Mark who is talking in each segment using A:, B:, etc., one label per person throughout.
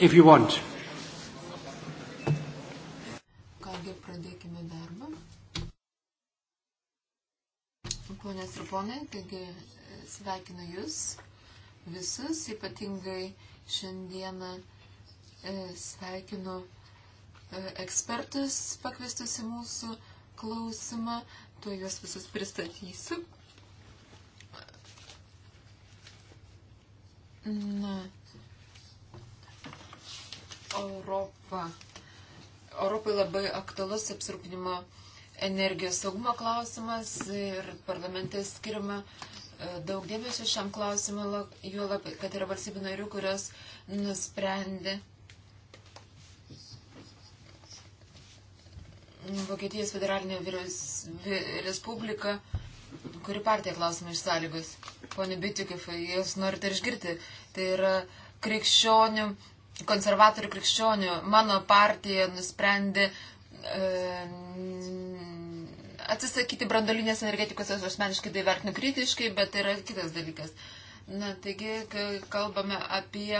A: if you want.
B: Kągi pradėkime darbą. Ponios ir ponai, taigi sveikinu Jūs visus, ypatingai šiandieną e, sveikinu e, ekspertus pakvestus į mūsų klausimą, tuo juos visus pristatysiu. Na, Europą. Europai labai aktualus apsirūpinimo energijos saugumo klausimas ir parlamente skiriama e, daug dėmesio šiam klausimui, juo labai, kad yra valstybių narių, kurios nusprendė Vokietijos federalinė vyriaus, vi, respublika, kuri partija klausimą iš sąlygos. Pone Bitikifai, jūs norite išgirti, tai yra krikščionių konservatorių krikščionių mano partija nusprendė e, atsisakyti brandolinės energetikos, aš asmeniškai tai vertinu kritiškai, bet tai yra kitas dalykas. Na, taigi, kai kalbame apie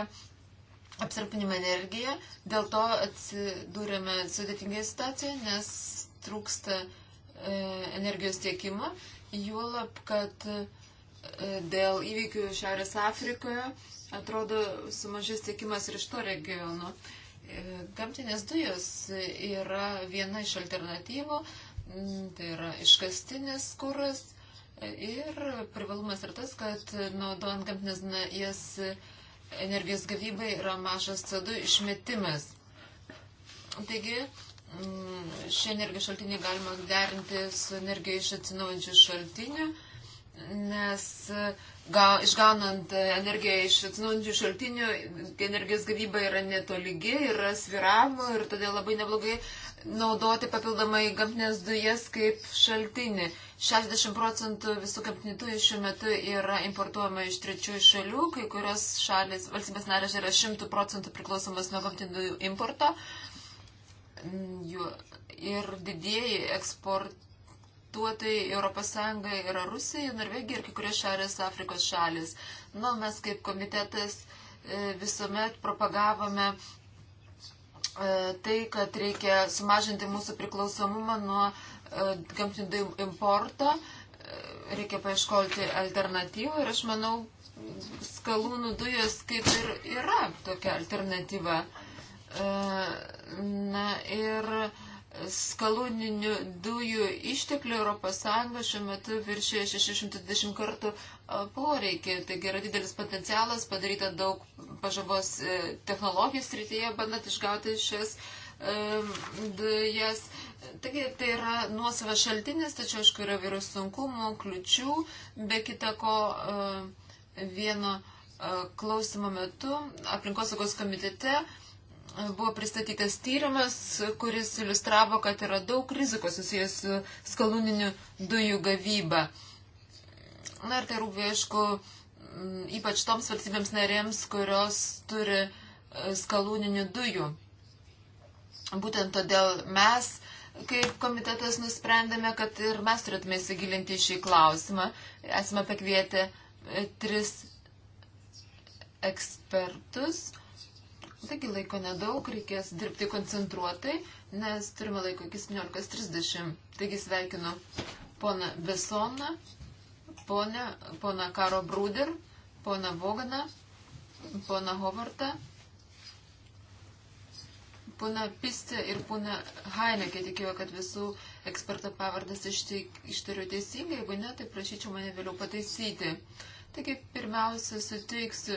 B: apsirūpinimą energiją, dėl to atsidūrėme sudėtingai situacijoje, nes trūksta e, energijos tiekimo, juolab, kad e, dėl įvykių Šiaurės Afrikoje e, atrodo sumažės tiekimas ir iš to regiono. E, gamtinės dujos yra viena iš alternatyvų, tai yra iškastinis kuras e, ir privalumas yra tas, kad naudojant gamtinės dujas energijos gavybai yra mažas CO2 išmetimas. Taigi, šį energijos šaltinį galima derinti su energija iš atsinaujančių šaltinių nes e, gal, išgaunant energiją iš atsinaujančių šaltinių, energijos gavyba yra netolygi, yra sviravimo ir todėl labai neblogai naudoti papildomai gamtinės dujas kaip šaltinį. 60 procentų visų gamtinių dujų šiuo metu yra importuojama iš trečiųjų šalių, kai kurios šalis, valstybės narės yra 100 procentų priklausomas nuo gamtinių dujų importo. Ir didieji eksport investuotojai Europos Sąjunga yra Rusija, Norvegija ir kai kurios Šiaurės Afrikos šalis. Nu, mes kaip komitetas e, visuomet propagavome e, tai, kad reikia sumažinti mūsų priklausomumą nuo e, gamtinių dujų importo, reikia paieškoti alternatyvų ir aš manau, skalūnų dujos kaip ir yra tokia alternatyva. Na ir uh, skaluninių dujų išteklių ES šiuo metu viršė 620 kartų e, poreikį. Taigi yra didelis potencialas, padaryta daug pažabos e, technologijų srityje, bandant išgauti šias e, dujas. Taigi tai yra nuosavas šaltinis, tačiau aišku yra vyrių sunkumų, kliučių, be kita ko vieno klausimo metu aplinkosaugos komitete buvo pristatytas tyrimas, kuris iliustravo, kad yra daug rizikos susijęs su skaluniniu dujų gavyba. Na ir tai rūpi, aišku, mm, ypač toms valstybėms narėms, kurios turi e, skaluninių dujų. Būtent todėl mes, kaip komitetas, nusprendėme, kad ir mes turėtume įsigilinti į šį klausimą. Esame pakvietę e, tris ekspertus, Taigi laiko nedaug, reikės dirbti koncentruotai, nes turime laiko iki 17.30. Taigi sveikinu poną Besoną, ponę, poną Karo Bruder, poną Voganą, poną Hovartą, poną Pistę ir poną Hainekę. Tikiu, kad visų eksperto pavardas ištariu teisingai, jeigu ne, tai prašyčiau mane vėliau pataisyti. Taigi, pirmiausia, suteiksiu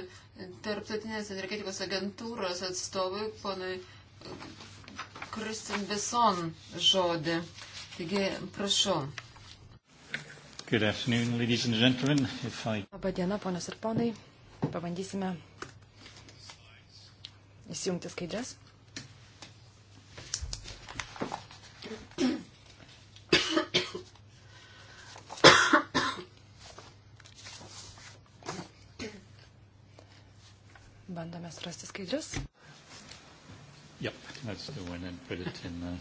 B: Tarptautinės energetikos agentūros atstovui, ponui Kristin Beson, žodį.
C: Taigi, prašau.
A: Good afternoon, ladies and gentlemen. If I...
C: Labadiena, ponios ir ponai. Pabandysime įsijungti skaidrės. bandome surasti skaidrius. Yep, that's the one and put it in. Uh...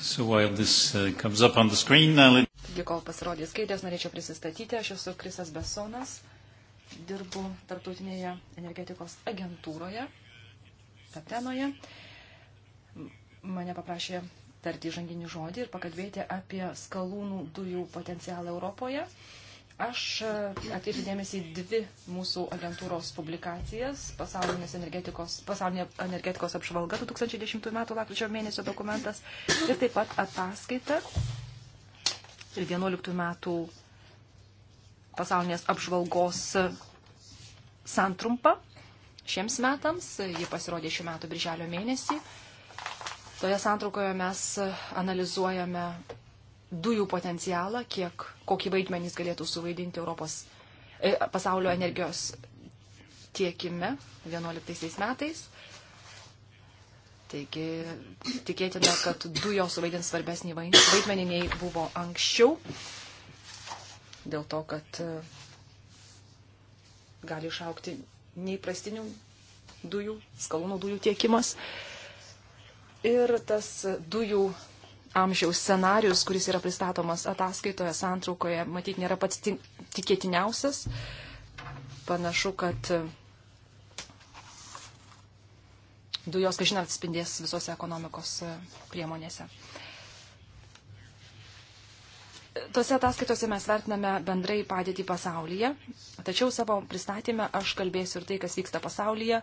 B: So while this uh, comes up on the screen, I'll...
C: Taigi, kol pasirodė skaidrės, norėčiau prisistatyti. Aš esu Krisas Besonas, dirbu tarptautinėje energetikos agentūroje, Tatenoje. Mane paprašė tarti žanginį žodį ir pakalbėti apie skalūnų dujų potencialą Europoje. Uh, Aš e, atkreipiu dėmesį į dvi mūsų agentūros publikacijas. Pasaulinės energetikos, pasaulinė energetikos apžvalga 2010 m. lapkričio mėnesio dokumentas ir taip pat ataskaita ir 11 metų pasaulinės apžvalgos santrumpa šiems metams. Ji pasirodė šių metų birželio mėnesį. Toje santraukoje mes analizuojame dujų potencialą, kiek, kokį vaidmenį jis galėtų suvaidinti Europos e, pasaulio energijos tiekime 2011 metais. Taigi tikėtina, kad dujos suvaidins svarbesnį vaidmenį nei buvo anksčiau, dėl to, kad e, gali išaukti neįprastinių dujų, skalūnų dujų tiekimas. Ir tas dujų amžiaus scenarius, kuris yra pristatomas ataskaitoje, santraukoje, matyt, nėra pats tikėtiniausias. Panašu, kad e, dujos, kažin, atspindės visose ekonomikos e, priemonėse. Tose ataskaitose mes vertiname bendrai padėtį pasaulyje, tačiau savo pristatymę aš kalbėsiu ir tai, kas vyksta pasaulyje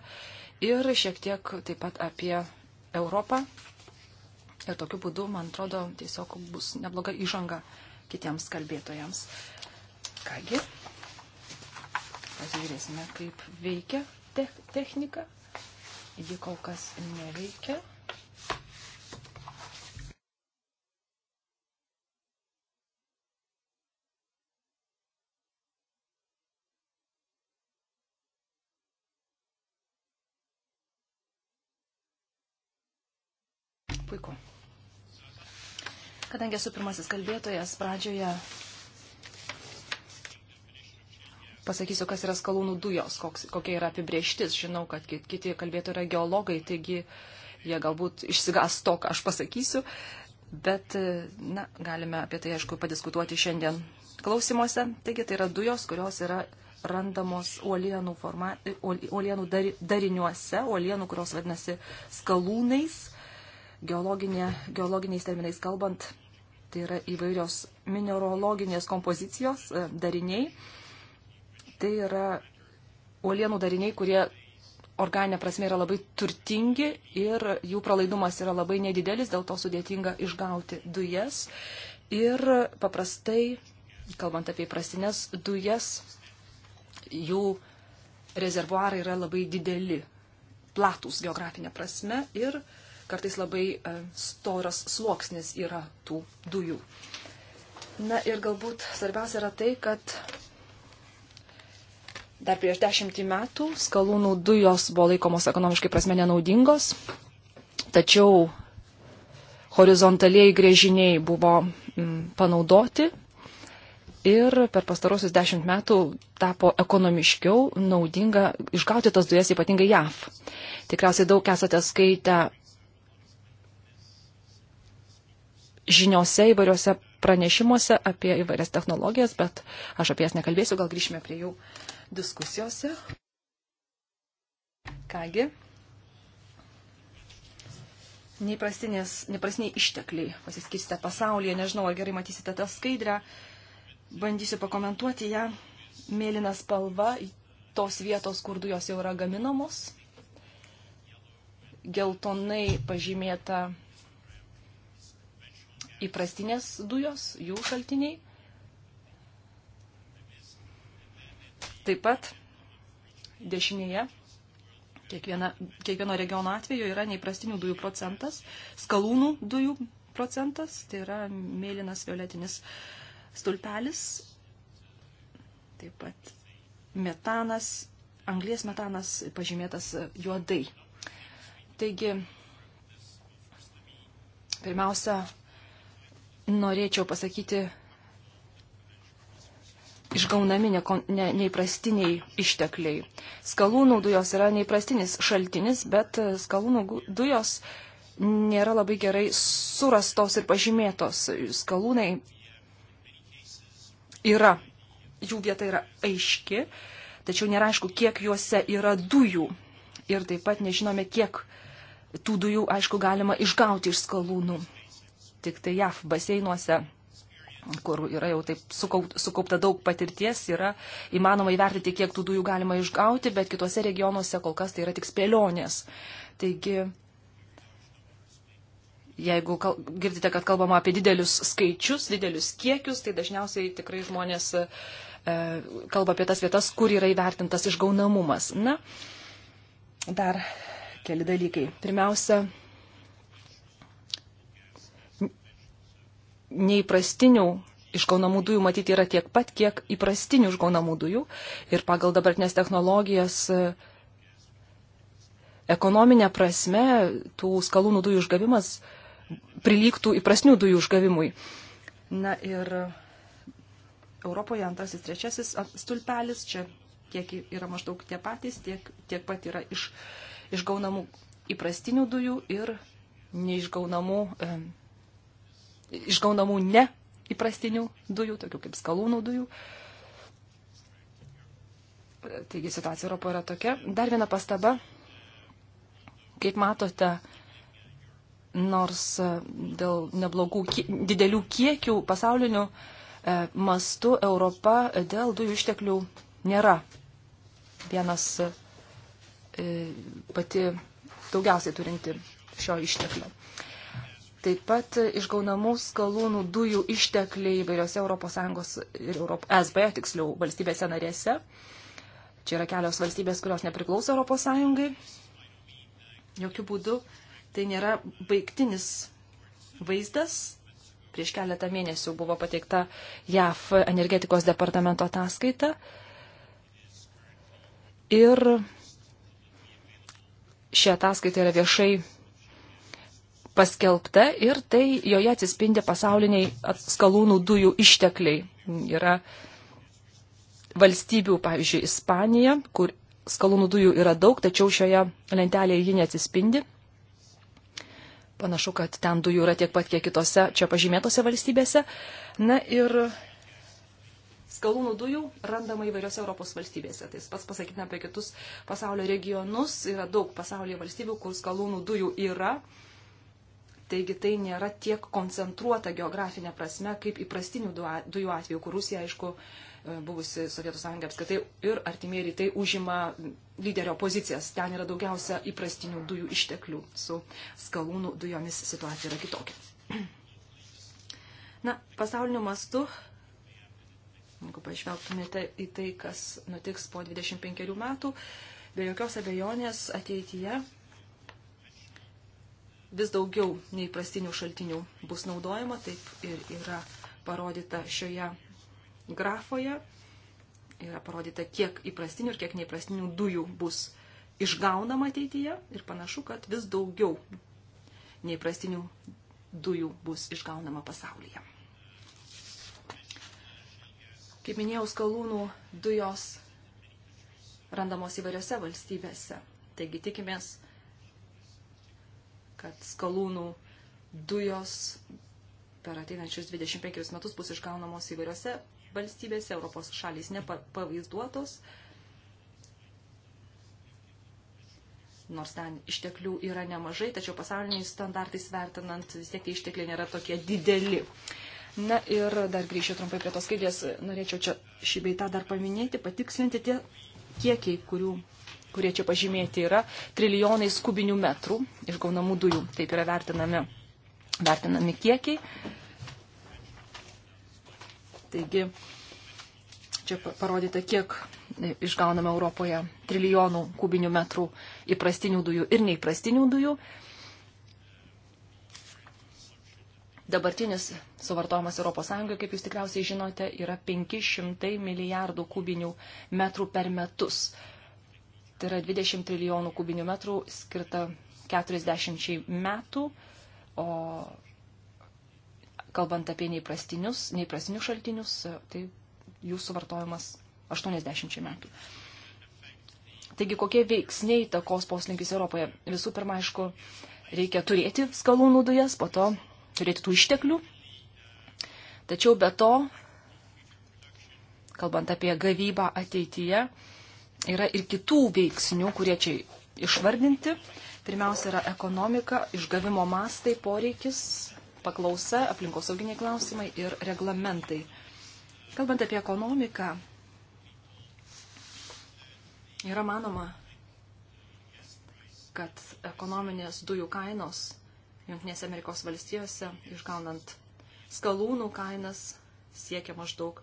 C: ir šiek tiek taip pat apie Europą Ir tokiu būdu, man atrodo, tiesiog bus nebloga įžanga kitiems kalbėtojams. Kągi, pasižiūrėsime, kaip veikia te technika. Ji kol kas neveikia. Puiku. Kadangi esu pirmasis kalbėtojas, pradžioje pasakysiu, kas yra skalūnų dujos, koks, kokia yra apibrieštis. Žinau, kad kiti kalbėtojai yra geologai, taigi jie galbūt išsigas to, ką aš pasakysiu. Bet, na, galime apie tai, aišku, padiskutuoti šiandien klausimuose. Taigi, tai yra dujos, kurios yra randamos uolienų, forma, uolienų dar, dariniuose, uolienų, kurios vadinasi skalūnais. Geologinė, geologiniais terminais kalbant, tai yra įvairios mineraloginės kompozicijos e, dariniai. Tai yra uolienų dariniai, kurie organinė prasme yra labai turtingi ir jų pralaidumas yra labai nedidelis, dėl to sudėtinga išgauti dujas. Ir paprastai, kalbant apie prastinės dujas, jų rezervuarai yra labai dideli, platus geografinė prasme ir uh, kartais labai e, storas sluoksnis yra tų dujų. Na ir galbūt svarbiausia yra tai, kad dar prieš dešimtį metų skalūnų dujos buvo laikomos ekonomiškai prasme nenaudingos, tačiau horizontaliai grėžiniai buvo m, mm, panaudoti ir per pastarosius dešimt metų tapo ekonomiškiau naudinga išgauti tas dujas ypatingai JAV. Tikriausiai daug esate skaitę žiniuose įvairiuose pranešimuose apie įvairias technologijas, bet aš apie jas nekalbėsiu, gal grįšime prie jų diskusijose. Kągi, neįprastiniai ištekliai pasiskirstę pasaulyje, nežinau, ar gerai matysite tą skaidrę, bandysiu pakomentuoti ją. Mėlyna spalva, tos vietos, kur dujos jau yra gaminamos, geltonai pažymėta įprastinės dujos, jų šaltiniai. Taip pat dešinėje kiekviena, kiekvieno regiono atveju yra neįprastinių dujų procentas, skalūnų dujų procentas, tai yra mėlynas violetinis stulpelis, taip pat metanas, anglės metanas pažymėtas juodai. Taigi, pirmiausia, norėčiau pasakyti, išgaunami ne, ne, neįprastiniai ištekliai. Skalūnų dujos yra neįprastinis šaltinis, bet e, skalūnų dujos nėra labai gerai surastos ir pažymėtos. Skalūnai yra, jų vieta yra aiški, tačiau nėra aišku, kiek juose yra dujų. Ir taip pat nežinome, kiek tų dujų, aišku, galima išgauti iš skalūnų tik tai JAF baseinuose kur yra jau taip sukaupta daug patirties, yra įmanoma įvertinti, kiek tų dujų galima išgauti, bet kitose regionuose kol kas tai yra tik spėlionės. Taigi, jeigu kal, girdite, kad kalbama apie didelius skaičius, didelius kiekius, tai dažniausiai tikrai žmonės e, kalba apie tas vietas, kur yra įvertintas išgaunamumas. Na, dar keli dalykai. Pirmiausia, neįprastinių išgaunamų dujų matyti yra tiek pat, kiek įprastinių išgaunamų dujų. Ir pagal dabartinės technologijas e, ekonominė prasme tų skalūnų dujų išgavimas prilygtų įprasnių dujų išgavimui. Na ir Europoje antrasis, trečiasis stulpelis, čia kiek yra maždaug tie patys, tiek, tiek pat yra iš, išgaunamų įprastinių dujų ir neišgaunamų. E, išgaunamų ne įprastinių dujų, tokių kaip skalūnų dujų. Taigi situacija Europoje yra tokia. Dar viena pastaba. Kaip matote, nors e, dėl neblogų, didelių kiekių pasaulinių e, mastų Europa dėl dujų išteklių nėra vienas e, pati daugiausiai turinti šio išteklio. Taip pat išgaunamų skalūnų dujų ištekliai įvairiose ES ir Europ... E SB, tiksliau, valstybėse narėse. Čia yra kelios valstybės, kurios nepriklauso ES. Jokių būdų tai nėra baigtinis vaizdas. Prieš keletą mėnesių buvo pateikta JAF energetikos departamento ataskaita. Ir ši ataskaita yra viešai paskelbta ir tai joje atsispindi pasauliniai skalūnų dujų ištekliai. Yra valstybių, pavyzdžiui, Ispanija, kur skalūnų dujų yra daug, tačiau šioje lentelėje ji neatsispindi. Panašu, kad ten dujų yra tiek pat, kiek kitose čia pažymėtose valstybėse. Na ir skalūnų dujų randama įvairiose Europos valstybėse. Tai pats pasakytume apie kitus pasaulio regionus. Yra daug pasaulio valstybių, kur skalūnų dujų yra. Taigi tai nėra tiek koncentruota geografinė prasme, kaip įprastinių dujų atveju, kur Rusija, aišku, e, buvusi Sovietų sąjunga apskritai ir artimieji rytai užima lyderio pozicijas. Ten yra daugiausia įprastinių dujų išteklių. Su skalūnų dujomis situacija yra kitokia. Na, pasauliniu mastu, jeigu pažvelgtumėte į tai, kas nutiks po 25 metų, be jokios abejonės ateityje vis daugiau neįprastinių šaltinių bus naudojama, taip ir yra parodyta šioje grafoje. Yra parodyta, kiek įprastinių ir kiek neįprastinių dujų bus išgaunama ateityje ir panašu, kad vis daugiau neįprastinių dujų bus išgaunama pasaulyje. Kaip minėjau, skalūnų dujos randamos įvairiose valstybėse. Taigi tikimės, kad skalūnų dujos per ateinančius 25 metus bus išgaunamos įvairiose valstybėse, Europos šalys nepavaizduotos, nors ten išteklių yra nemažai, tačiau pasauliniais standartais vertinant vis tiek tie ištekliai nėra tokie dideli. Na ir dar grįšiu trumpai prie tos skaidrės, norėčiau čia šį beitą dar paminėti, patikslinti tie kiekiai, kurių kurie čia pažymėti yra, trilijonais kubinių metrų išgaunamų dujų. Taip yra vertinami, vertinami kiekiai. Taigi, čia parodyta, kiek išgauname Europoje trilijonų kubinių metrų įprastinių dujų ir neįprastinių dujų. Dabartinis suvartojimas ES, kaip jūs tikriausiai žinote, yra 500 milijardų kubinių metrų per metus. Tai yra 20 trilijonų kubinių metrų skirta 40 metų, o kalbant apie neįprastinius, neįprastinius šaltinius, tai jų suvartojimas 80 metų. Taigi, kokie veiksniai takos poslinkis Europoje? Visų pirma, aišku, reikia turėti skalūnų dujas, po to turėti tų išteklių. Tačiau be to, kalbant apie gavybą ateityje, yra ir kitų veiksnių, kurie čia išvardinti. Pirmiausia yra ekonomika, išgavimo mastai, poreikis, paklausa, aplinkosauginiai klausimai ir reglamentai. Kalbant apie ekonomiką, yra manoma, kad ekonominės dujų kainos Junktinėse Amerikos valstijose, išgaunant skalūnų kainas, siekia maždaug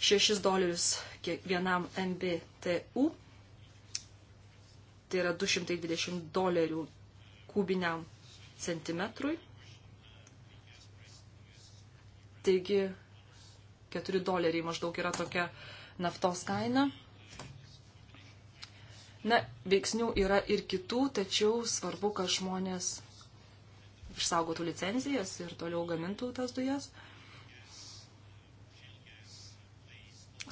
C: 6 dolerius kiekvienam MBTU, tai yra 220 dolerių kubiniam centimetrui. Taigi 4 doleriai maždaug yra tokia naftos kaina. Na, veiksnių yra ir kitų, tačiau svarbu, kad žmonės išsaugotų licenzijas ir toliau gamintų tas dujas.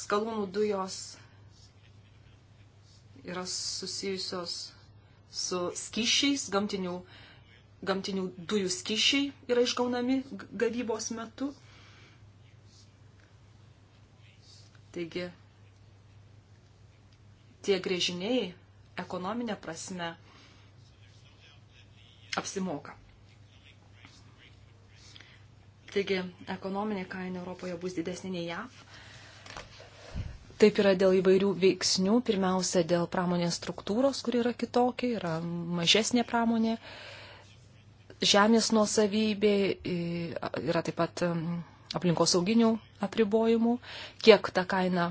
C: skalūnų dujos yra susijusios su skyšiais, gamtinių, gamtinių dujų skyšiai yra išgaunami gavybos metu. Taigi tie grėžiniai ekonominė prasme apsimoka. Taigi ekonominė kaina Europoje bus didesnė nei JAV, Taip yra dėl įvairių veiksnių. Pirmiausia, dėl pramonės struktūros, kuri yra kitokia, yra mažesnė pramonė. Žemės nuosavybė yra taip pat aplinkosauginių apribojimų. Kiek ta kaina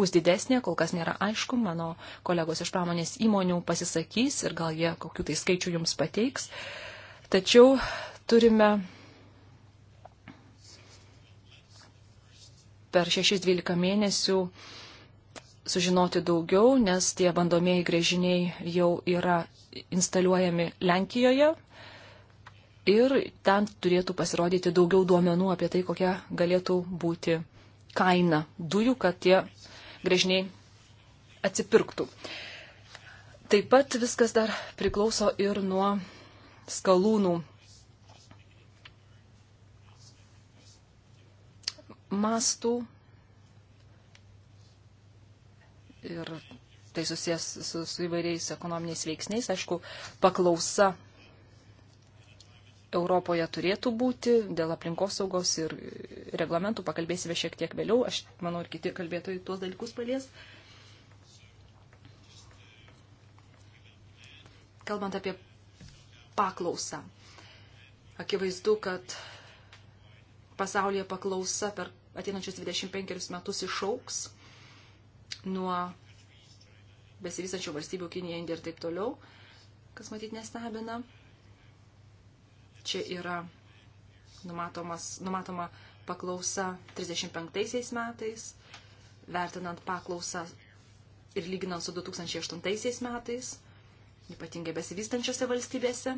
C: bus didesnė, kol kas nėra aišku. Mano kolegos iš pramonės įmonių pasisakys ir gal jie kokiu tai skaičiu jums pateiks. Tačiau turime per 6-12 mėnesių sužinoti daugiau, nes tie bandomieji grėžiniai jau yra instaliuojami Lenkijoje ir ten turėtų pasirodyti daugiau duomenų apie tai, kokia galėtų būti kaina dujų, kad tie grėžiniai atsipirktų. Taip pat viskas dar priklauso ir nuo skalūnų mastų ir tai susijęs su, su įvairiais ekonominiais veiksniais. Aišku, paklausa Europoje turėtų būti dėl aplinkosaugos ir reglamentų. Pakalbėsime šiek tiek vėliau. Aš manau, ir kiti kalbėtojai tuos dalykus palies. Kalbant apie paklausą. Akivaizdu, kad pasaulyje paklausa per ateinančius 25 metus išauks nuo besivystančių valstybių Kinija, Indija ir taip toliau, kas matyt nestebina. Čia yra numatomas, numatoma paklausa 35 metais, vertinant paklausą ir lyginant su 2008 metais, ypatingai besivystančiose valstybėse.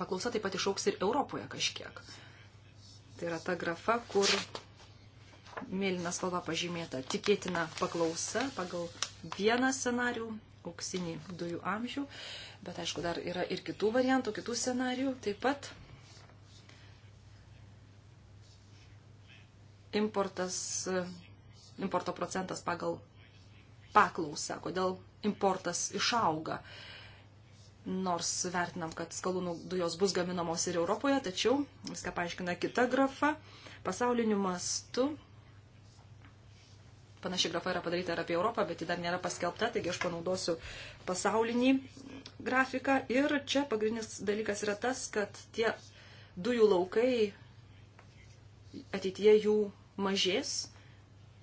C: Paklausa taip pat išauks ir Europoje kažkiek. Tai yra ta grafa, kur mėlyna spalva pažymėta tikėtina paklausa pagal vieną scenarių, auksinį dujų amžių, bet aišku, dar yra ir kitų variantų, kitų scenarių taip pat. Importas, importo procentas pagal paklausą, kodėl importas išauga. Nors vertinam, kad skalūnų dujos bus gaminamos ir Europoje, tačiau viską paaiškina kita grafa. Pasauliniu mastu Panaši grafa yra padaryta ir apie Europą, bet ji dar nėra paskelbta, taigi aš panaudosiu pasaulinį grafiką. Ir čia pagrindinis dalykas yra tas, kad tie dujų laukai ateityje jų mažės,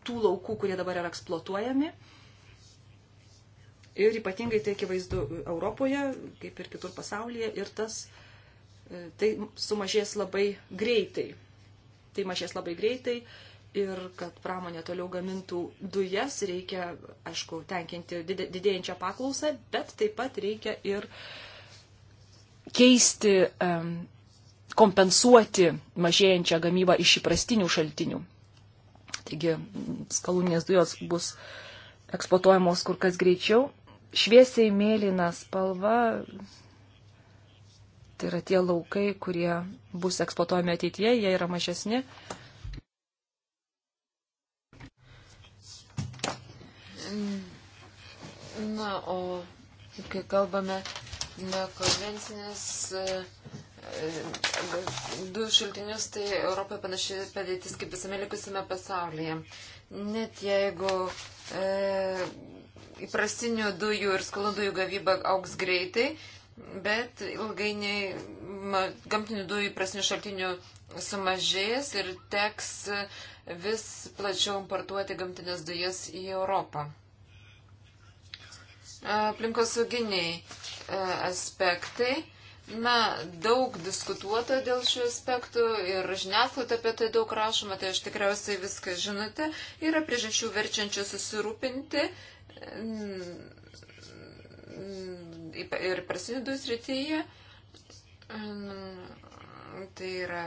C: tų laukų, kurie dabar yra eksploatuojami. Ir ypatingai tai akivaizdu Europoje, kaip ir kitur pasaulyje, ir tas, e, tai sumažės labai greitai. Tai mažės labai greitai ir kad pramonė toliau gamintų dujas, reikia, aišku, tenkinti didėjančią paklausą, bet taip pat reikia ir keisti, kompensuoti mažėjančią gamybą iš įprastinių šaltinių. Taigi skalūninės dujos bus eksploatuojamos kur kas greičiau. Šviesiai mėlyna spalva tai yra tie laukai, kurie bus eksploatuojami ateityje, jie yra mažesni. Uh,
B: Na, o kai kalbame nekonvencinės e, du šaltinius, tai Europoje panaši padėtis kaip visame likusime pasaulyje. Net jeigu e, įprastinių dujų ir skalundųjų gavyba auks greitai, bet ilgainiui gamtinių dujų įprastinių šaltinių sumažės ir teks vis plačiau importuoti gamtinės dujas į Europą. Aplinkosauginiai e, aspektai. Na, daug diskutuota dėl šių aspektų ir žiniasklaida apie tai daug rašoma, tai aš tikriausiai viską žinote. Yra priežasčių verčiančių susirūpinti ir prasidų srityje. Tai yra,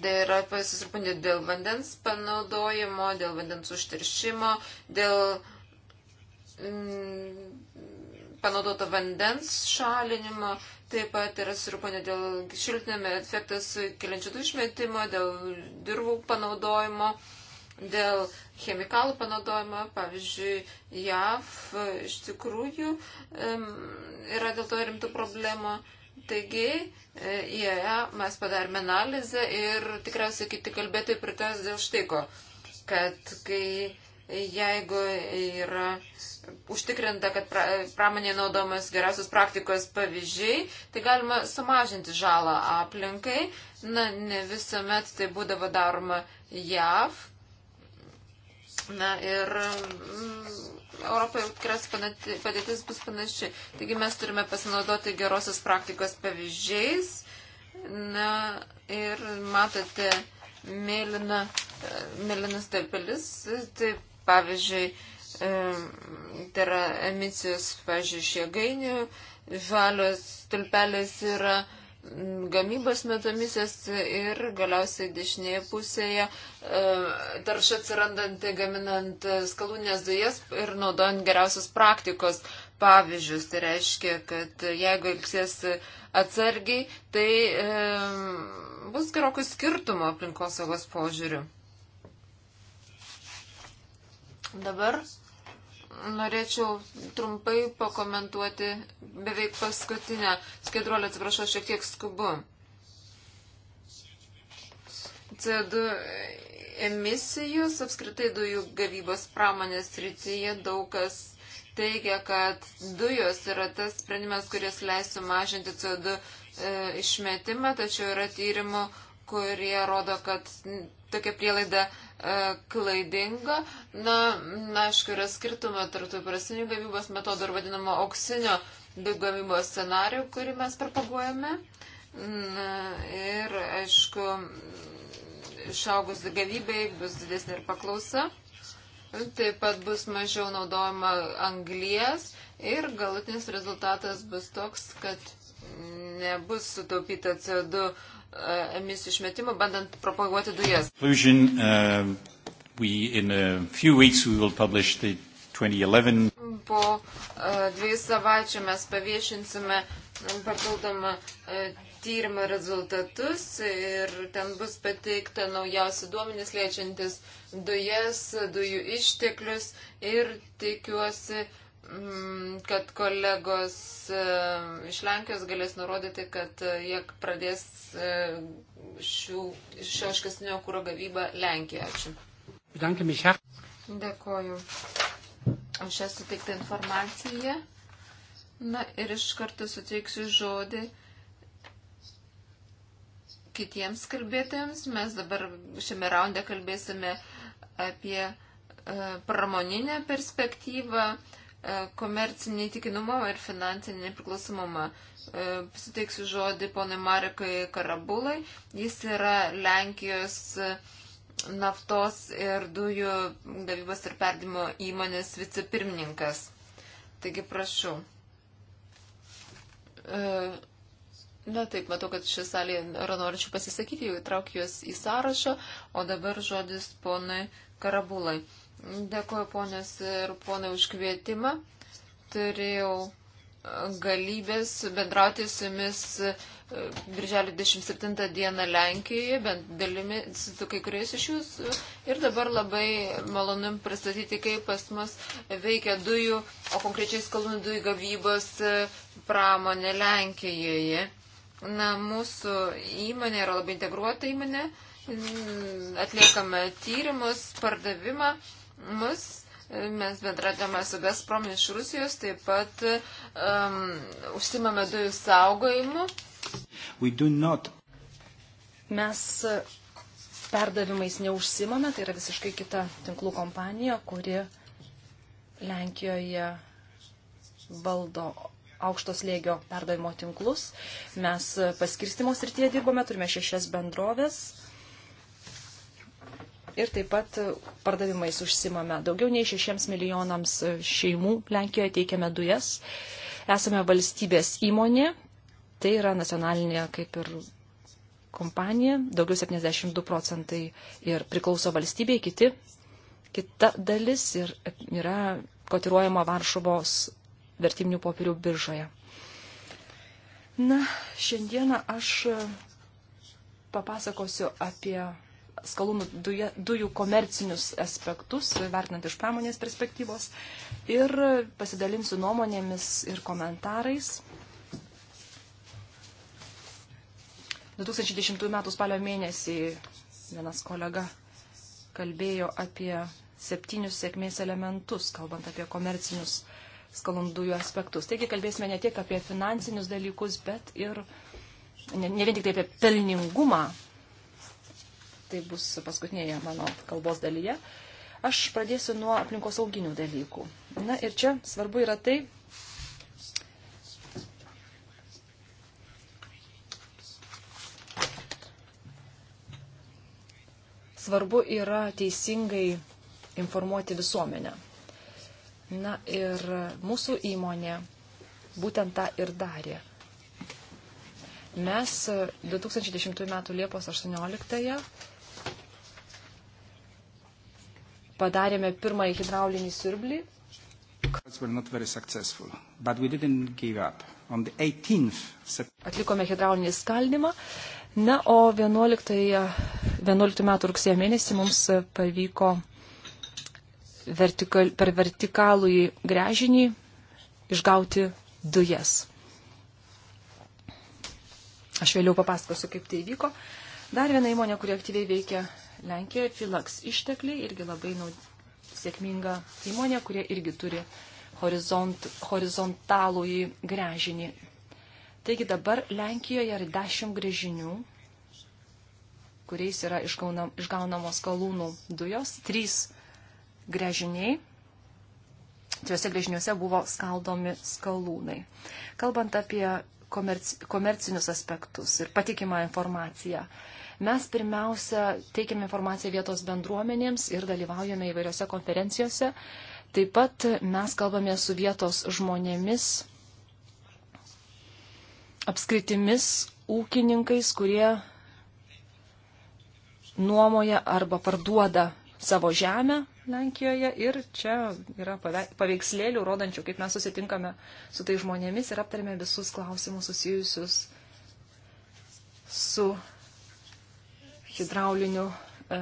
B: tai yra pasisirūpinti dėl vandens panaudojimo, dėl vandens užteršimo, dėl mm, panaudoto vandens šalinimo, taip pat yra susirūpinę dėl šiltinėme efektą sukeliančių dujų išmetimo, dėl dirvų panaudojimo, dėl chemikalų panaudojimo. Pavyzdžiui, JAV iš tikrųjų um, yra dėl to rimtų problemų. Taigi, IAE mes padarėme analizę ir tikriausiai kiti kalbėtojai pritars dėl štai ko, kad kai jeigu yra užtikrinta, kad pra, pramonėje naudomas geriausios praktikos pavyzdžiai, tai galima sumažinti žalą aplinkai. Na, ne visuomet tai būdavo daroma JAV, Na ir mm, Europoje tikriausiai padėtis bus panaši. Taigi mes turime pasinaudoti gerosios praktikos pavyzdžiais. Na ir matote mėlyna, mėlynas tarpelis. Tai pavyzdžiui, tai yra emisijos, pavyzdžiui, iš jėgainių, žalios tulpelės yra. Uh, gamybos metomisės ir galiausiai dešinėje pusėje e, tarša atsirandanti gaminant skalūnės dujas ir naudojant geriausios praktikos pavyzdžius. Tai reiškia, kad jeigu elgsies atsargiai, tai e, bus gerokai skirtumo aplinkosaugos požiūriu. Dabar norėčiau trumpai pakomentuoti beveik paskutinę skaidruolę, atsiprašau, šiek tiek skubu. CO2 emisijos apskritai dujų gavybos pramonės rytyje daug kas teigia, kad dujos yra tas sprendimas, kuris leis sumažinti CO2 e, išmetimą, tačiau yra tyrimų, kurie rodo, kad tokia prielaida E, klaidinga. Na, na aišku, yra skirtumo tarp įprastinių gamybos metodų ir vadinamo auksinio gamybos scenarių, kurį mes propaguojame. Na, ir, aišku, išaugus gavybai bus didesnė ir paklausa. Taip pat bus mažiau naudojama anglies ir galutinis rezultatas bus toks, kad nebus sutaupyta CO2 E, emisijų išmetimų, bandant propaguoti dujas.
C: Uh,
B: po e, dviejų savaičių mes paviešinsime papildomą e, tyrimo rezultatus ir ten bus pateikta naujausi duomenys liečiantis dujas, dujų išteklius ir tikiuosi, Mm, kad kolegos e, iš Lenkijos galės nurodyti, kad e, jie pradės e, šių, šio iškasnio kūro gavybą Lenkiją. Ačiū. Dėkoju už šią suteiktą informaciją. Na ir iš karto suteiksiu žodį kitiems kalbėtojams. Mes dabar šiame raunde kalbėsime apie pramoninę perspektyvą. Uh, E, komercinį įtikinumumą ir finansinį nepriklausomumą. E, suteiksiu žodį ponui Marekai Karabulai. Jis yra Lenkijos e, naftos ir dujų gavybos ir perdimo įmonės vicepirmininkas. Taigi prašau. Na taip, matau, kad šis salė yra norinčių pasisakyti, jau įtraukiu juos į sąrašą, o dabar žodis ponui Karabulai. Dėkuoju ponios ir ponai už kvietimą. Turėjau e, galybės bendrauti su jumis e, Birželio 27 dieną Lenkijoje, bent dalimi su kai kuriais iš jūsų. Ir dabar labai malonim pristatyti, kaip pas mus veikia dujų, o konkrečiai skalūnų dujų gavybos e, pramonė Lenkijoje. Na, mūsų įmonė yra labai integruota įmonė. Atliekame tyrimus, pardavimą mus. Mes bendradame su Gazprom iš Rusijos, taip pat um, užsimame dujų saugojimu.
C: Mes uh, perdavimais neužsimame, tai yra visiškai kita tinklų kompanija, kuri Lenkijoje valdo aukštos lėgio perdavimo tinklus. Mes uh, paskirstimo srityje dirbame, turime šešias bendrovės ir taip pat pardavimais užsimame. Daugiau nei 6 milijonams šeimų Lenkijoje teikiame dujas. Esame valstybės įmonė, tai yra nacionalinė kaip ir kompanija, daugiau 72 procentai ir priklauso valstybei, kiti, kita dalis ir yra kotiruojama Varšuvos vertiminių popierių biržoje. Na, šiandieną aš papasakosiu apie skalūnų duja, dujų komercinius aspektus, vertinant iš pramonės perspektyvos. Ir pasidalinsiu nuomonėmis ir komentarais. 2010 m. spalio mėnesį vienas kolega kalbėjo apie septynius sėkmės elementus, kalbant apie komercinius skalundųjų aspektus. Taigi kalbėsime ne tiek apie finansinius dalykus, bet ir ne, ne vien tik tai apie pelningumą, tai bus paskutinėje mano kalbos dalyje. Aš pradėsiu nuo aplinkosauginių dalykų. Na ir čia svarbu yra tai, svarbu yra teisingai informuoti visuomenę. Na ir mūsų įmonė būtent tą ir darė. Mes 2010 m. Liepos 18 padarėme pirmąjį hidraulinį siurblį. Atlikome hidraulinį skaldimą. Na, o 11, 11 metų rugsėjo mėnesį mums pavyko vertikal, per vertikalų į grežinį išgauti dujas. Aš vėliau papasakosiu, kaip tai vyko. Dar viena įmonė, kuri aktyviai veikia Lenkijoje Filaks ištekliai, irgi labai naud... sėkminga įmonė, kurie irgi turi horizont... horizontalų į grežinį. Taigi dabar Lenkijoje yra dešimt grėžinių, kuriais yra išgaunam, išgaunamos kalūnų dujos, trys grėžiniai. Trijose grėžiniuose buvo skaldomi skalūnai. Kalbant apie komerc, komercinius aspektus ir patikimą informaciją. Mes pirmiausia teikiame informaciją vietos bendruomenėms ir dalyvaujame įvairiose konferencijose. Taip pat mes kalbame su vietos žmonėmis, apskritimis, ūkininkais, kurie nuomoja arba parduoda savo žemę Lenkijoje ir čia yra paveikslėlių rodančių, kaip mes susitinkame su tai žmonėmis ir aptarėme visus klausimus susijusius su hidrauliniu e,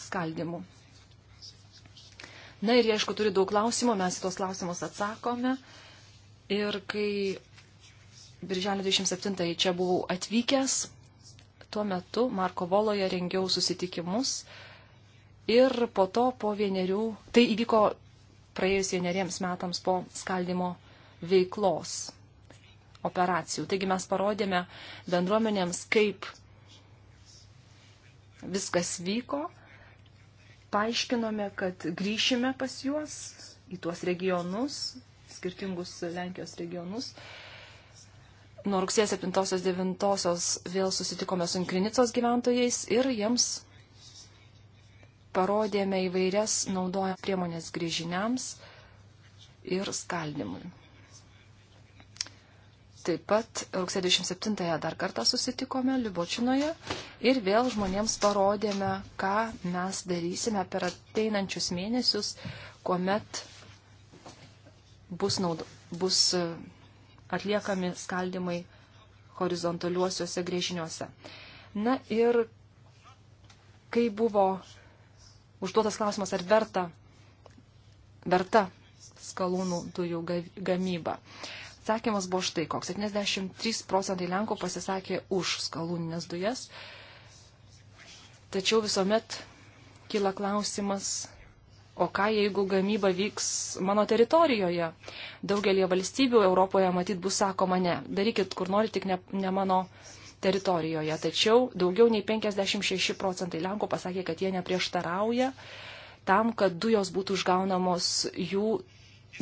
C: skaldimu. Na ir aišku, turi daug klausimų, mes į tuos klausimus atsakome. Ir kai Birželio 27-ąjį čia buvau atvykęs, tuo metu Marko Voloje rengiau susitikimus ir po to po vienerių, tai įvyko praėjus vieneriems metams po skaldimo veiklos operacijų. Taigi mes parodėme bendruomenėms, kaip viskas vyko, paaiškinome, kad grįšime pas juos į tuos regionus, skirtingus Lenkijos regionus. Nuo rugsėjo 7-9 vėl susitikome su Inkrinicos gyventojais ir jiems parodėme įvairias naudojant priemonės grįžiniams ir skaldimui. Taip pat rugsėjo 27-ąją dar kartą susitikome Libočinoje ir vėl žmonėms parodėme, ką mes darysime per ateinančius mėnesius, kuomet bus, naudo, bus e, atliekami skaldimai horizontaliuosiuose grėžiniuose. Na ir kai buvo užduotas klausimas, ar verta, verta skalūnų dujų gamyba. Uh, atsakymas buvo štai koks. 73 procentai Lenkų pasisakė už skalūninės dujas. Tačiau visuomet kyla klausimas, o ką jeigu gamyba vyks mano teritorijoje? Daugelie valstybių Europoje matyt bus sakoma ne, darykit kur nori, tik ne, ne mano teritorijoje. Tačiau daugiau nei 56 procentai Lenkų pasakė, kad jie neprieštarauja tam, kad dujos būtų išgaunamos jų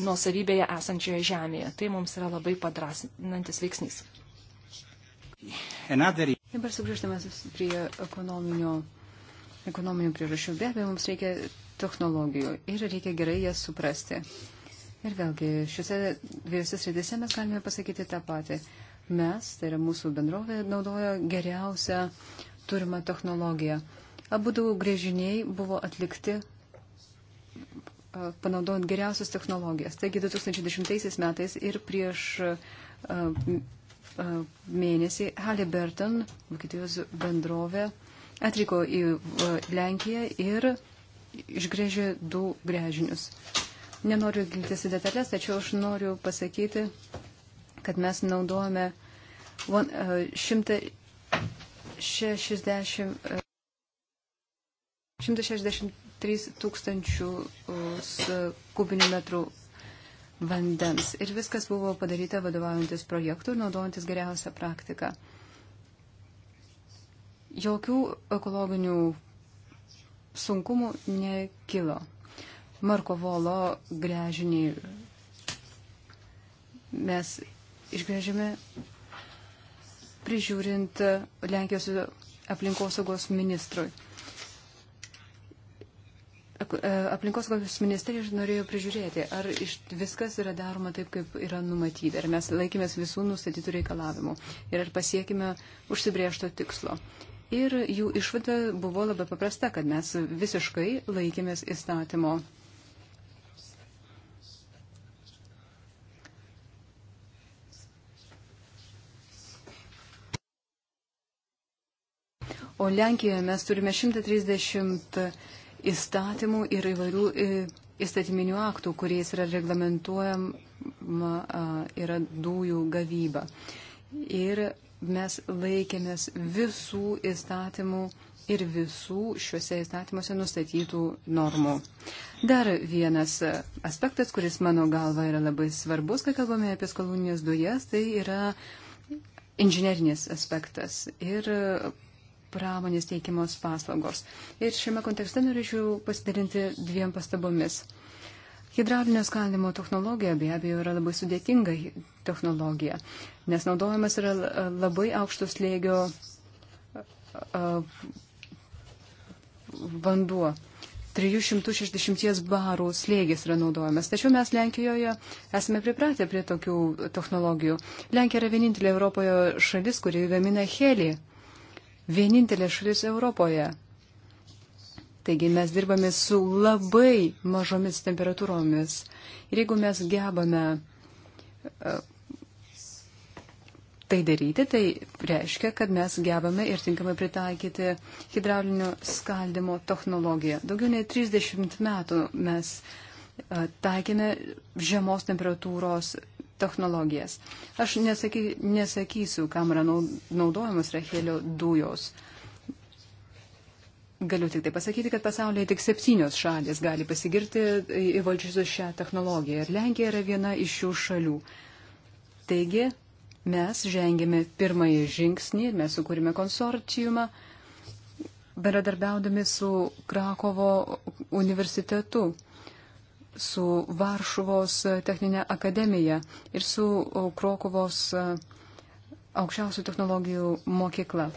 C: nuosavybėje esančioje žemėje. Tai mums yra labai padrasinantis veiksnys. Dabar sugrįžtamas prie ekonominio, ekonominio priežasčių. Be abejo, mums
A: reikia technologijų ir reikia gerai jas suprasti. Ir vėlgi, šiuose dviejose srityse mes galime pasakyti tą patį. Mes, tai yra mūsų bendrovė, naudoja geriausią turimą technologiją. Abu du grėžiniai buvo atlikti panaudojant geriausias technologijas. Taigi 2010 metais ir prieš mėnesį Halliburton, Vokietijos bendrovė, atvyko į Lenkiją ir išgrėžė du grėžinius. Nenoriu gilintis į detalės, tačiau aš noriu pasakyti, kad mes naudojame 160, 160 3000 kubinių metrų vandens. Ir viskas buvo padaryta vadovaujantis projektų ir naudojantis geriausią praktiką. Jokių ekologinių sunkumų nekilo. Marko Volo grežinį mes išgrėžėme prižiūrint Lenkijos aplinkosaugos ministrui. E, aplinkos kokios ministerijos norėjo prižiūrėti, ar iš, viskas yra daroma taip, kaip yra numatyta, ar mes laikėmės visų nustatytų reikalavimų ir ar pasiekime užsibriešto tikslo. Ir jų išvada buvo labai paprasta, kad mes visiškai laikėmės įstatymo. O Lenkijoje mes turime 130 įstatymų ir įvairių e, įstatyminių aktų, kuriais yra reglamentuojama yra dujų gavyba. Ir mes laikėmės visų įstatymų ir visų šiuose įstatymuose nustatytų normų. Dar vienas aspektas, kuris mano galva yra labai svarbus, kai kalbame apie skalūninės dujas, tai yra inžinerinės aspektas ir pramonės teikiamos paslaugos. Ir šiame kontekste norėčiau pasidalinti dviem pastabomis. Hidraulinio skaldimo technologija be abejo yra labai sudėtinga technologija, nes naudojamas yra labai aukšto slėgio vanduo. 360 barų slėgis yra naudojamas. Tačiau mes Lenkijoje esame pripratę prie tokių technologijų. Lenkija yra vienintelė Europoje šalis, kuri gamina helį vienintelė šalis Europoje. Taigi mes dirbame su labai mažomis temperatūromis. Ir jeigu mes gebame e, tai daryti, tai reiškia, kad mes gebame ir tinkamai pritaikyti hidraulinio skaldimo technologiją. Daugiau nei 30 metų mes e, taikėme žiemos temperatūros technologijas. Aš nesaky, nesakysiu, kam yra naudojamos rachelio dujos. Galiu tik tai pasakyti, kad pasaulyje tik septynios šalis gali pasigirti įvaldžiusios šią technologiją ir Lenkija yra viena iš šių šalių. Taigi, mes žengėme pirmąjį žingsnį, mes sukūrėme konsorciumą, bendradarbiaudami su Krakovo universitetu su Varšuvos techninė akademija ir su Krokovos aukščiausių technologijų mokykla.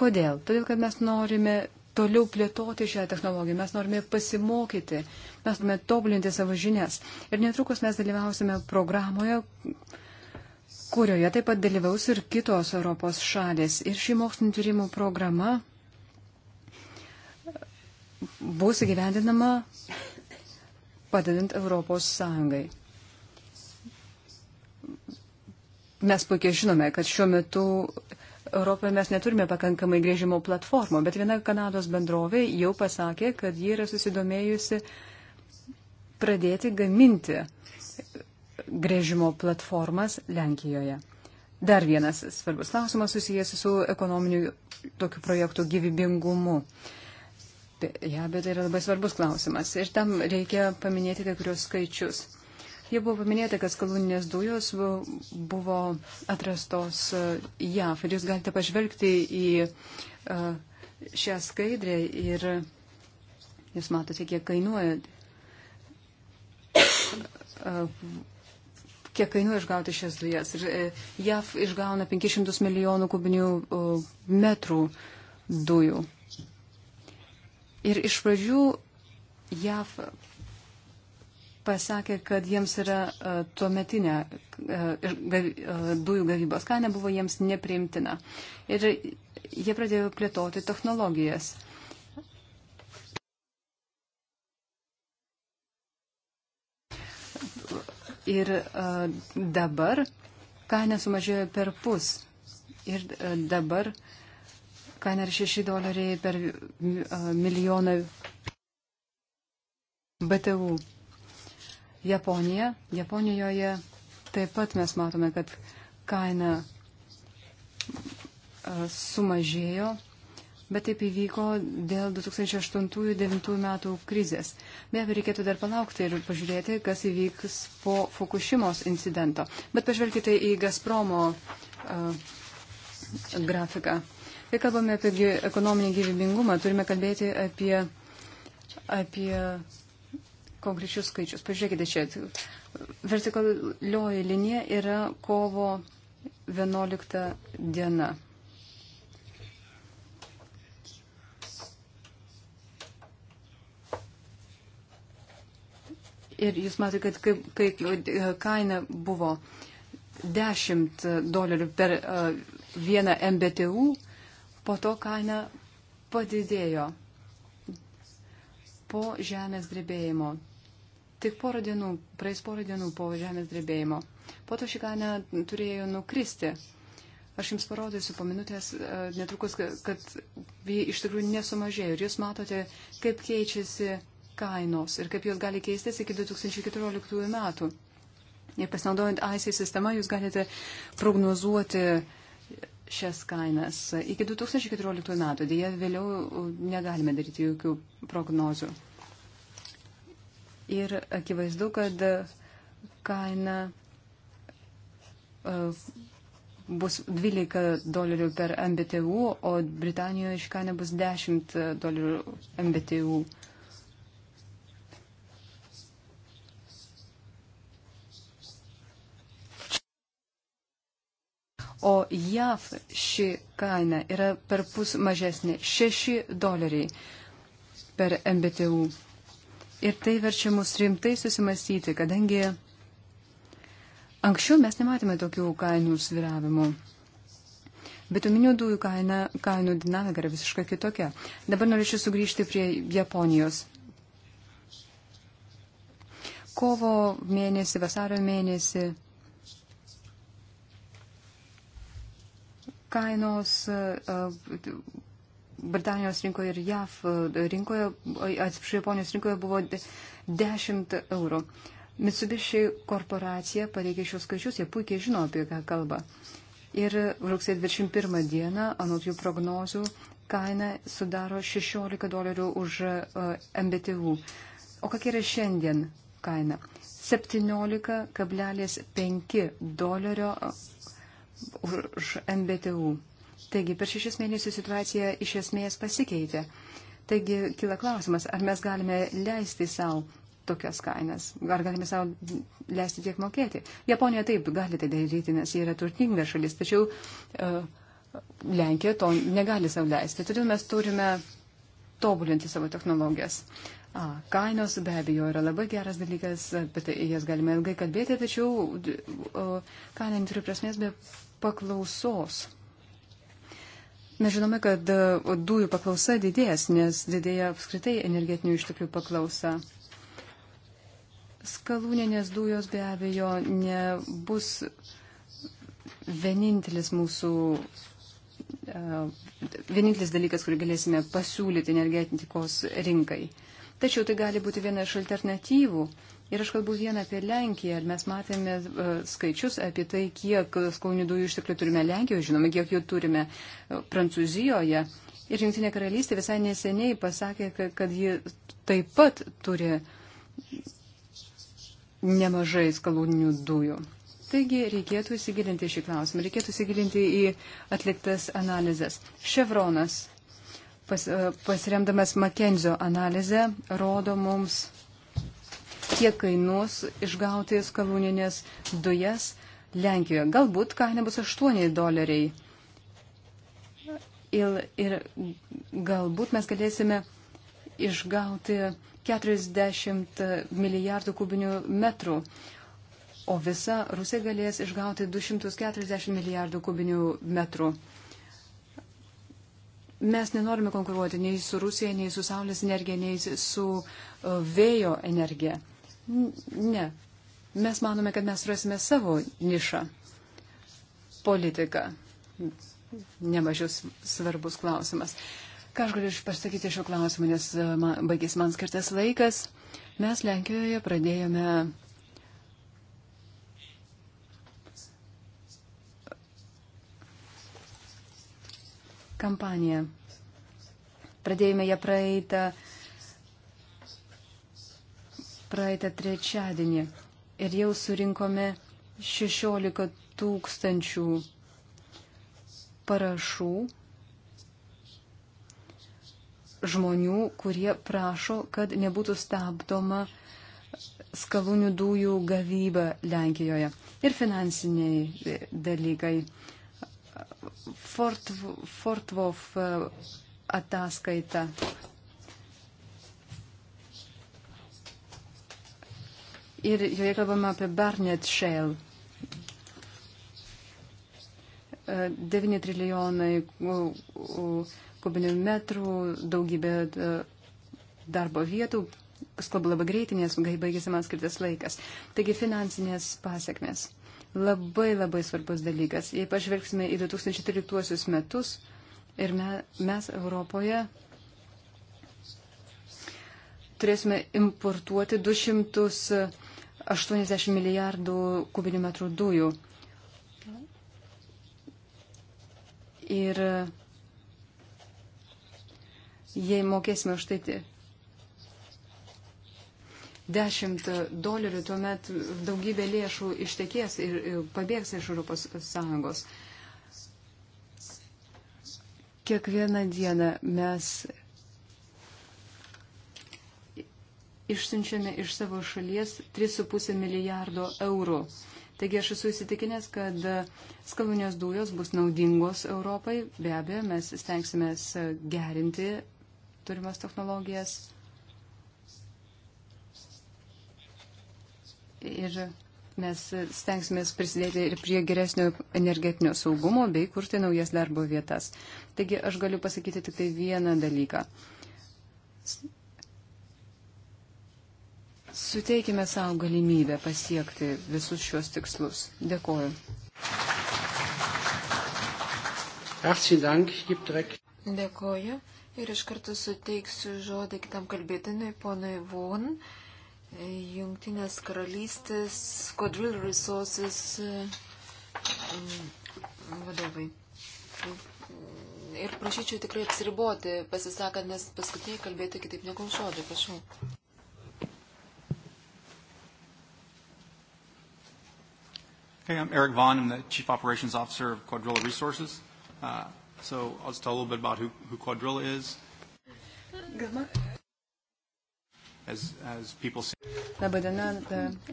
A: Kodėl? Todėl, kad mes norime toliau plėtoti šią technologiją, mes norime pasimokyti, mes norime tobulinti savo žinias. Ir netrukus mes dalyvausime programoje, kurioje taip pat dalyvaus ir kitos Europos šalis. Ir ši mokslinio tyrimų programa bus įgyvendinama padedant Europos Sąjungai. Mes puikiai žinome, kad šiuo metu Europoje mes neturime pakankamai grėžimo platformų, bet viena Kanados bendrovė jau pasakė, kad ji yra susidomėjusi pradėti gaminti grėžimo platformas Lenkijoje. Dar vienas svarbus klausimas susijęs su ekonominiu tokių projektų gyvybingumu. Uh, ją, bet tai yra labai svarbus klausimas. Ir tam reikia paminėti kai kurios skaičius. Jau buvo paminėta, kad skalūninės dujos buvo atrastos e, JAV ir jūs galite pažvelgti į e, šią skaidrę ir jūs matote, kiek kainuoja, e, kiek kainuoja išgauti šias dujas. Ir JAV išgauna 500 milijonų kubinių metrų dujų. Ir iš pradžių JAV pasakė, kad jiems yra uh, tuometinė uh, gav, uh, dujų gavybos kaina buvo jiems nepriimtina. Ir jie pradėjo plėtoti technologijas. Ir uh, dabar kaina sumažėjo per pus. Ir uh, dabar uh, kaina yra 6 doleriai per milijoną BTU. Japonija. Japonijoje taip pat mes matome, kad kaina sumažėjo, bet taip įvyko dėl 2008-2009 metų krizės. Be abejo, reikėtų dar palaukti ir pažiūrėti, kas įvyks po Fukushimos incidento. Bet pažvelkite į Gazpromo uh, grafiką. Kai kalbame apie ekonominį gyvybingumą, turime kalbėti apie, apie konkrečius skaičius. Pažiūrėkite čia, vertikalioji linija yra kovo 11 diena. Ir jūs matote, kad kai, kai e, kaina buvo 10 dolerių per uh, vieną MBTU, Po to kaina padidėjo po žemės drebėjimo. Tik porą dienų, praeis porą dienų po žemės drebėjimo. Po to ši kaina turėjo nukristi. Aš jums parodysiu po minutės e, netrukus, kad ji iš tikrųjų nesumažėjo. Ir jūs matote, kaip keičiasi kainos ir kaip jos gali keistis iki 2014 metų. Ir pasinaudojant ICE sistemą, jūs galite prognozuoti uh, šias kainas iki 2014 metų. Dėja, vėliau negalime daryti jokių prognozių. Ir akivaizdu, kad kaina e, bus 12 dolerių per MBTU, o Britanijoje ši kaina bus 10 dolerių MBTU. o JAV ši kaina yra per pus mažesnė - 6 doleriai per MBTU. Ir tai verčia mus rimtai susimastyti, kadangi anksčiau mes nematėme tokių kainų sviravimų. Bituminių dujų kaina, kainų dinamika yra visiškai kitokia. Dabar norėčiau sugrįžti prie Japonijos. Kovo mėnesį, vasario mėnesį kainos e, e, Britanijos rinkoje ir JAF e, rinkoje, atsiprašau, Japonijos rinkoje buvo 10 eurų. Mitsubishi korporacija pateikė šios skaičius, jie puikiai žino, apie ką kalba. Ir rugsėjo 21 dieną, anot jų prognozių, kaina sudaro 16 dolerių už MBTU. O kokia yra šiandien kaina? 17,5 dolerio už MBTU. Taigi per šešis mėnesius situacija iš esmės pasikeitė. Taigi kila klausimas, ar mes galime leisti savo tokias kainas, ar galime savo leisti tiek mokėti. Japonija taip gali tai daryti, nes jie yra turtinga šalis, tačiau uh, Lenkija to negali savo leisti. Todėl mes turime tobulinti savo technologijas. A, kainos be abejo yra labai geras dalykas, apie tai jas galime ilgai kalbėti, tačiau o, kaina neturi prasmės be paklausos. Mes žinome, kad dujų paklausa didės, nes didėja apskritai energetinių išteklių paklausa. Skalūninės dujos be abejo nebus vienintelis mūsų, vienintelis dalykas, kurį galėsime pasiūlyti energetikos rinkai. Tačiau tai gali būti viena iš alternatyvų Ir aš kalbu vieną apie Lenkiją. Mes matėme uh, skaičius apie tai, kiek skalūnių dujų išteklių turime Lenkijoje, žinome, kiek jų turime uh, Prancūzijoje. Ir Junktinė karalystė visai neseniai pasakė, kad, kad ji taip pat turi nemažai skalūnių dujų. Taigi reikėtų įsigilinti šį klausimą, reikėtų įsigilinti į atliktas analizės. Ševronas, pas, e, pasiremdamas Makenzio analizę, rodo mums kiek kainuos išgauti skalūninės dujas Lenkijoje. Galbūt kaina bus 8 doleriai. Ir, ir galbūt mes galėsime išgauti 40 milijardų kubinių metrų, o visa Rusija galės išgauti 240 milijardų kubinių metrų. Mes nenorime konkuruoti nei su Rusija, nei su Saulės energija, nei su e, vėjo energija. Ne. Mes manome, kad mes rasime savo nišą politiką. Nemažiaus svarbus klausimas. Ką aš galiu pasakyti šio klausimu, nes e, man, baigės man skirtas laikas. Mes Lenkijoje pradėjome e, kampaniją. Pradėjome ją praeitą uh, praeitą trečiadienį ir jau surinkome 16 tūkstančių parašų žmonių, kurie prašo, kad nebūtų stabdoma skalūnių dujų gavyba Lenkijoje. Ir finansiniai e, dalykai. Fortvov e, ataskaita ir joje kalbama apie Barnet Shell. 9 e, trilijonai kubinių metrų, daugybė e, darbo vietų, kalbu labai greitai, nes baigėsi man skirtas laikas. Taigi finansinės pasiekmes. Labai labai svarbus dalykas. Jei pažvelgsime į 2013 metus ir me, mes Europoje turėsime importuoti 200 80 milijardų kubinių metrų dujų. Ir jei mokėsime už tai 10 dolerių, tuomet daugybė lėšų ištekės ir pabėgs iš Europos Sąjungos. Kiekvieną dieną mes išsiunčiame iš savo šalies 3,5 milijardo eurų. Taigi aš esu įsitikinęs, kad skalūnės dujos bus naudingos Europai. Be abejo, mes stengsime gerinti turimas technologijas. Ir mes stengsimės prisidėti ir prie geresnio energetinio saugumo bei kurti naujas darbo vietas. Taigi aš galiu pasakyti tik tai vieną dalyką. Suteikime savo galimybę pasiekti visus šios tikslus. Dėkoju.
B: Dėkoju. Ir iš karto suteiksiu žodį kitam kalbėtinui, ponui Von, Jungtinės karalystės Squadril Resources mm, vadovai. Ir prašyčiau tikrai apsiriboti, pasisakant, nes paskutiniai kalbėti kitaip negu žodį, prašau.
A: Hey, I'm Eric Vaughn. I'm the Chief Operations Officer of Quadrilla Resources. Uh, so I'll just tell a little bit about who, who Quadrilla is. As, as people see. Labai diena,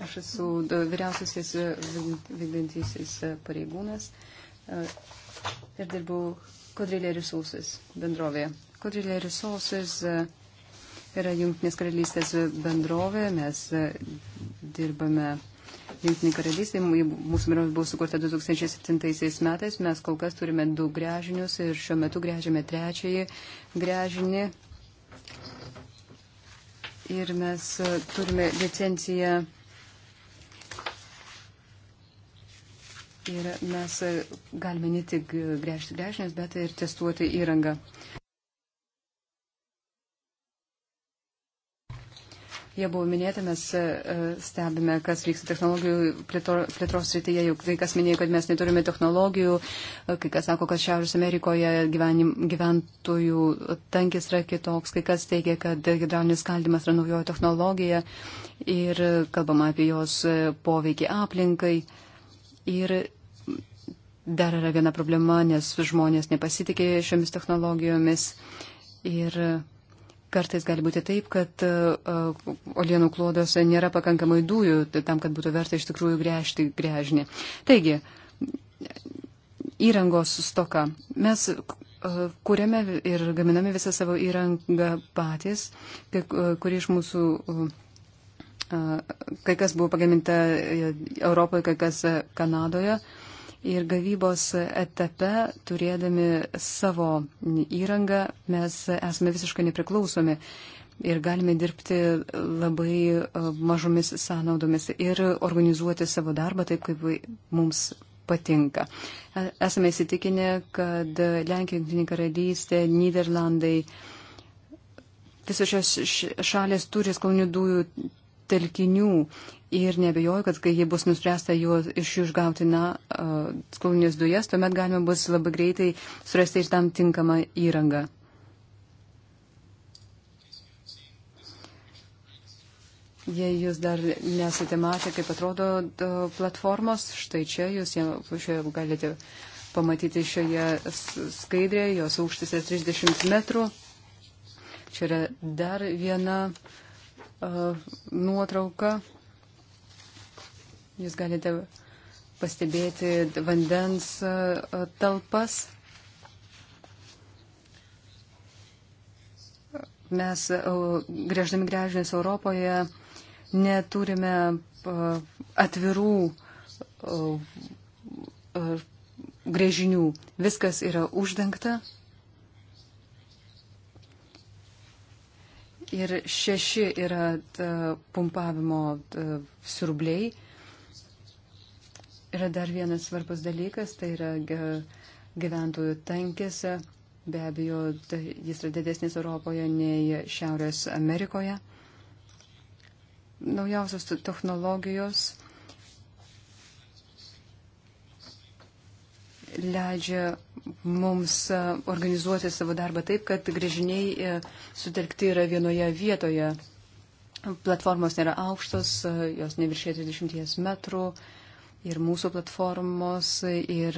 A: aš esu vyriausiasis e, vykdantysis e, pareigūnas e, ir dirbu Quadrilla Resources bendrovėje. Quadrilla Resources yra Junktinės karalystės bendrovė, mes dirbame Junktinė karalystė, mūsų biuras buvo sukurta 2007 metais, mes kol kas turime du grežinius ir šiuo metu grežime trečiąjį grežinį. Ir mes e, turime licenciją. Ir mes e, galime ne tik gręžti gręžinius, bet ir testuoti įrangą. jie buvo minėti, mes e, stebime, kas vyksta technologijų plėtros srityje. Juk kai kas minėjo, kad mes neturime technologijų, e, kai kas sako, kad Šiaurės Amerikoje gyvenim, gyventojų tankis yra kitoks, kai kas teigia, kad hidraulinis skaldimas yra naujoji technologija ir kalbama apie jos e, poveikį aplinkai. Ir dar yra viena problema, nes žmonės nepasitikė šiomis technologijomis. Ir Kartais gali būti taip, kad e, e, olienų klodose nėra pakankamai dujų tai tam, kad būtų verta iš tikrųjų gręžti gręžinį. Taigi, įrangos stoka. Mes e, kuriame ir gaminame visą savo įrangą patys, kuri iš mūsų kai kas buvo pagaminta Europoje, kai kas Kanadoje ir gavybos etape, turėdami savo įrangą, mes esame visiškai nepriklausomi ir galime dirbti labai e, mažomis sąnaudomis ir organizuoti savo darbą taip, kaip mums patinka. E, esame įsitikinę, kad Lenkija, Junktinė karalystė, Niderlandai, visos šios šalės turi skalnių dujų telkinių ir nebejoju, kad kai jie bus nuspręsta juo, iš jų išgauti na, uh, skolonės dujas, tuomet galima bus labai greitai surasti ir tam tinkamą įrangą. Jei jūs dar nesate matę, kaip atrodo platformos, štai čia jūs šioje galite pamatyti šioje skaidrėje, jos aukštis yra 30 metrų. Čia yra dar viena uh, nuotrauką. Jūs galite pastebėti vandens talpas. Mes, grėždami grežinės Europoje, neturime atvirų grėžinių. Viskas yra uždengta ir šeši yra ta, pumpavimo ta, siurbliai. Yra dar vienas svarbus dalykas, tai yra gyventojų tankis. Be abejo, tai jis yra didesnis Europoje nei Šiaurės Amerikoje. Naujausios technologijos leidžia mums e, organizuoti savo darbą taip, kad grėžiniai e, sutelkti yra vienoje vietoje. Platformos nėra aukštos, e, jos neviršė 30 metrų. Ir mūsų platformos, ir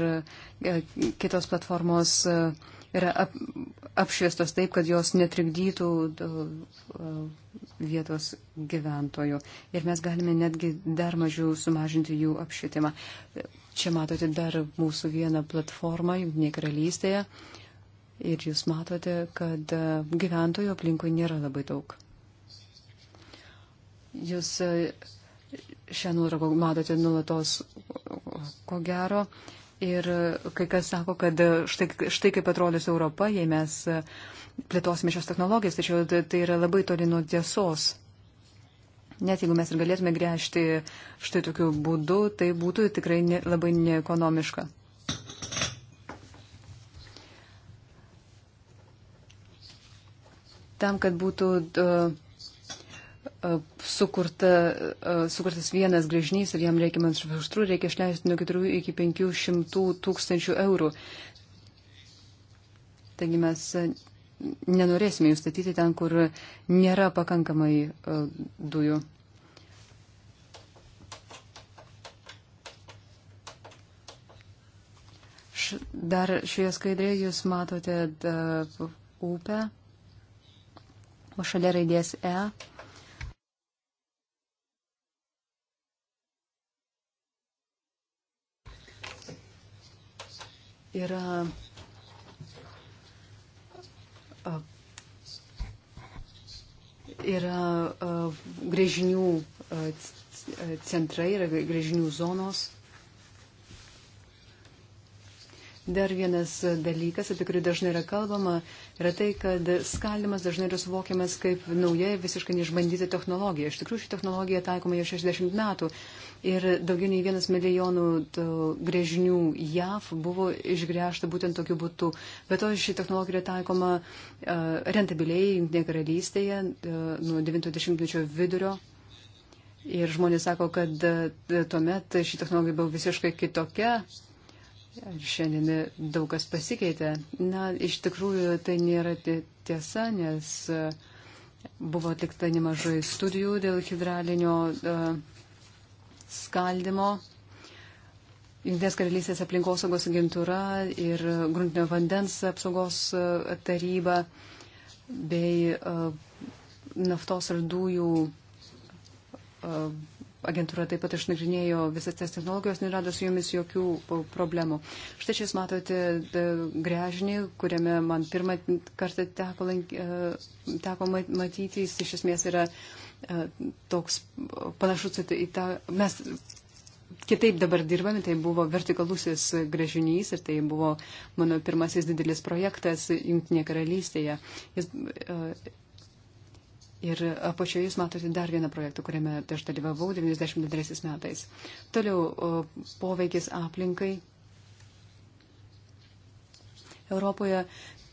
A: kitos platformos yra ap, apšviestos taip, kad jos netrikdytų vietos gyventojų. Ir mes galime netgi dar mažiau sumažinti jų apšvietimą. Čia matote dar mūsų vieną platformą Junktinėje karalystėje ir jūs matote, kad e, gyventojų aplinkui nėra labai daug. Jūs e, šią nuotrauką matote nulatos, ko gero. Ir e, kai kas sako, kad štai, štai kaip atrodys Europa, jei mes plėtosime šios technologijas, tačiau tai, tai yra labai toli nuo tiesos. Net jeigu mes ir galėtume gręžti štai tokiu būdu, tai būtų tikrai ne, labai neekonomiška. Tam, kad būtų uh, uh sukurta, uh, sukurtas vienas grėžinys ir jam reikia manšvaštrų, reikia išleisti nuo 4 iki 500 tūkstančių eurų. Taigi mes nenorėsime jų statyti ten, kur nėra pakankamai e, dujų. Dar šioje skaidrėje jūs matote e, upę, o šalia raidės E. Yra yra uh, grėžinių uh, centrai, yra grėžinių zonos. Dar vienas dalykas, apie kurį dažnai yra kalbama, uh, yra tai, kad skaldimas dažnai yra suvokiamas kaip nauja ir visiškai neišbandyta technologija. Iš tikrųjų, ši technologija taikoma jau 60 metų ir daugiau nei vienas milijonų grėžinių JAV buvo išgręžta būtent tokiu būtų. Be to, ši technologija yra taikoma uh, rentabiliai Junktinėje karalystėje uh, nuo 90-mečio vidurio. Ir žmonės sako, kad e, tuomet ši technologija buvo visiškai kitokia, Ir šiandien daug kas pasikeitė. Na, iš tikrųjų tai nėra tiesa, nes e, buvo atlikta nemažai studijų dėl hidralinio uh, e, skaldimo. Junktinės karalystės aplinkosaugos agentūra ir gruntinio vandens apsaugos e, taryba bei uh, naftos ir dujų uh, agentūra taip pat išnagrinėjo visas tas technologijos, nerado su jomis jokių problemų. Štai čia jūs matote grežinį, kuriame man pirmą kartą teko, e, teko matyti, jis iš esmės yra e, toks panašus į tą. Mes kitaip dabar dirbame, tai buvo vertikalusis gražinys ir tai buvo mano pirmasis didelis projektas Junktinėje karalystėje. Jis, e, Ir apačioje jūs matote dar vieną projektą, kuriame aš dalyvavau 92 metais. Toliau poveikis aplinkai. Europoje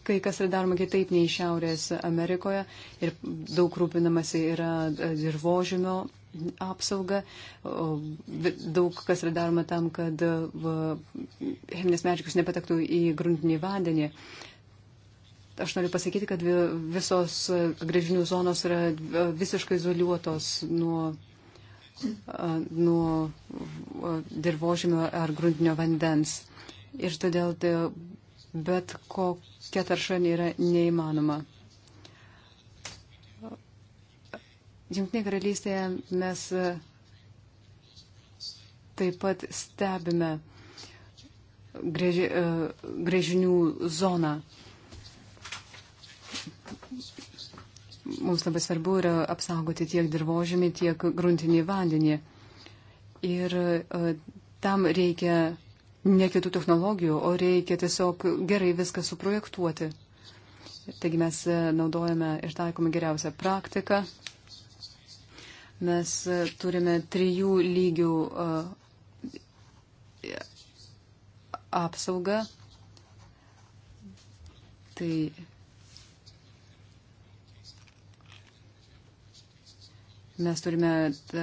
A: kai kas yra daroma kitaip nei Šiaurės Amerikoje ir daug rūpinamasi yra e, dirbožymio apsauga, daug kas yra daroma tam, kad e, cheminės medžiagos nepatektų į gruntinį vandenį. Uh, Aš noriu pasakyti, kad visos grėžinių zonos yra visiškai izoliuotos nuo, nuo dirbožymio ar gruntinio vandens. Ir todėl tai, bet kokia tarša yra neįmanoma. Junktinėje karalystėje mes taip pat stebime grėži, grėžinių zoną. Mums labai svarbu yra apsaugoti tiek dirbožymį, tiek gruntinį vandenį. Ir e, tam reikia ne kitų technologijų, o reikia tiesiog gerai viską suprojektuoti. Taigi mes e, naudojame ir taikome geriausią praktiką. Mes e, turime trijų lygių apsaugą. Tai Mes turime e, e,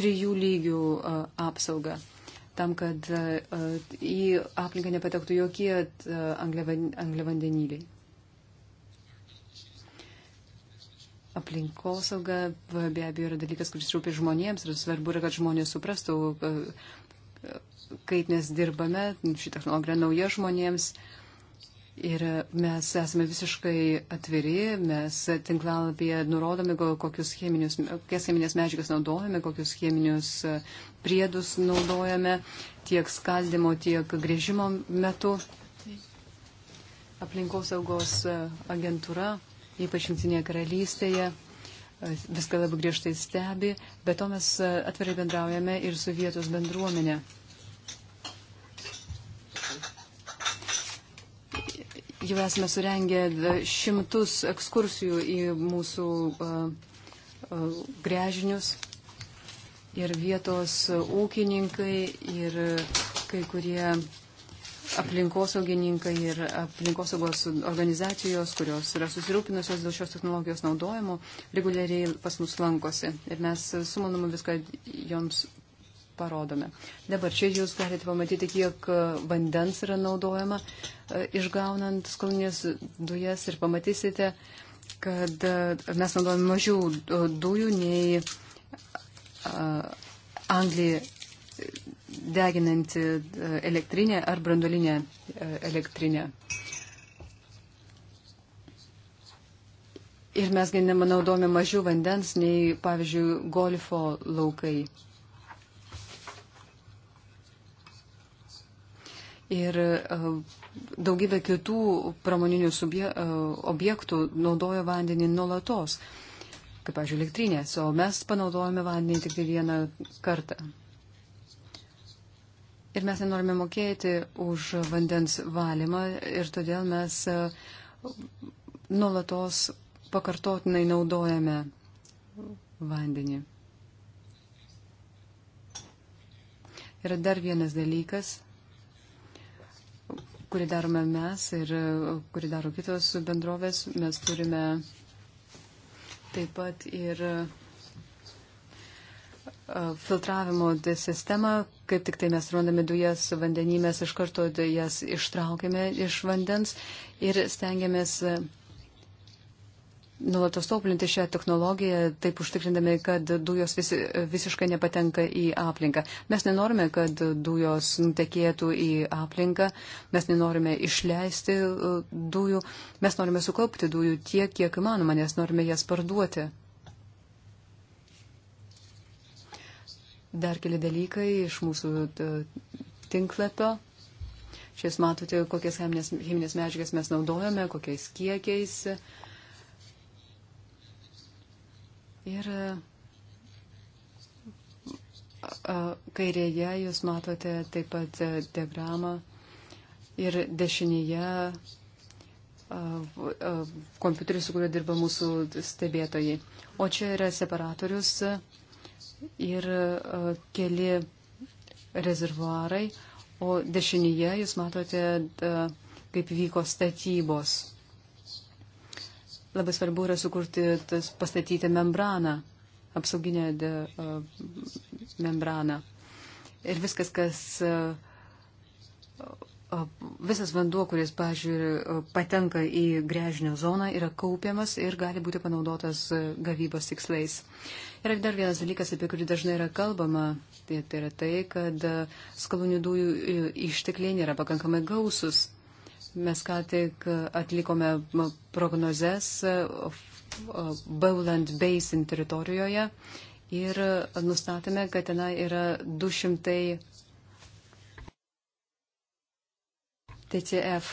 A: trijų lygių e, apsaugą tam, kad į aplinką nepatektų jokie angliavandeniliai. Aplinkosauga be abejo yra dalykas, kuris rūpi žmonėms ir svarbu yra, kad žmonės suprastų, kaip mes dirbame, ši technologija nauja žmonėms. Uh, Ir mes esame visiškai atviri, mes tinklalapyje nurodome, kokius cheminius, kokias cheminės medžiagas naudojame, kokius cheminius e, priedus naudojame tiek skaldimo, tiek grėžimo metu. Aplinkosaugos e, agentūra, ypač Junktinėje karalystėje, e, viską labai griežtai stebi, bet to mes atvirai bendraujame ir su vietos bendruomenė. Jau esame surengę šimtus ekskursijų į mūsų grežinius ir vietos ūkininkai ir kai kurie aplinkosaugininkai ir aplinkosaugos organizacijos, kurios yra susirūpinusios dėl šios technologijos naudojimo, reguliariai pas mus lankosi. Ir mes su manumu viską joms parodome. Dabar čia jūs galite pamatyti, kiek e, vandens yra naudojama e, išgaunant skolinės dujas ir pamatysite, kad e, mes naudojame mažiau dujų nei anglį deginanti elektrinė ar brandolinė elektrinė. Ir mesgi nenaudojame mažiau vandens nei, pavyzdžiui, golfo laukai. ir e, daugybė kitų pramoninių subje, e, objektų naudoja vandenį nuolatos, kaip, pavyzdžiui, elektrinės, o mes panaudojame vandenį tik tai vieną kartą. Ir mes nenorime mokėti už vandens valymą ir todėl mes e, nuolatos pakartotinai naudojame vandenį. Yra dar vienas dalykas, kurį darome mes ir e, kurį daro kitos bendrovės. Mes turime taip pat ir e, filtravimo sistemą, kaip tik tai mes randame dujas vandenį, mes iš karto jas ištraukėme iš vandens ir stengiamės nulatos tobulinti šią technologiją, taip užtikrindami, kad dujos visi, visiškai nepatenka į aplinką. Mes nenorime, kad dujos nutekėtų į aplinką, mes nenorime išleisti e, dujų, mes norime sukaupti dujų tiek, kiek įmanoma, nes norime jas parduoti. Dar keli dalykai iš mūsų e, tinklapio. Šis matote, kokias cheminės, cheminės medžiagas mes naudojame, kokiais kiekiais. Uh, Ir kairėje jūs matote taip pat diagramą ir dešinėje kompiuteris, su kuriuo dirba mūsų stebėtojai. O čia yra separatorius ir keli rezervuarai, o dešinėje jūs matote, kaip vyko statybos. Labai svarbu yra sukurti, tas, pastatyti membraną, apsauginę de, uh, membraną. Ir viskas, kas, uh, uh, visas vanduo, kuris, pažiūrėjau, patenka į grežinio zoną, yra kaupiamas ir gali būti panaudotas gavybos tikslais. Ir dar vienas dalykas, apie kurį dažnai yra kalbama, tai, tai yra tai, kad skalūnių dujų ištekliai nėra pakankamai gausus. Mes ką tik atlikome prognozes Bowland Basin teritorijoje ir nustatėme, kad ten yra 200 TCF.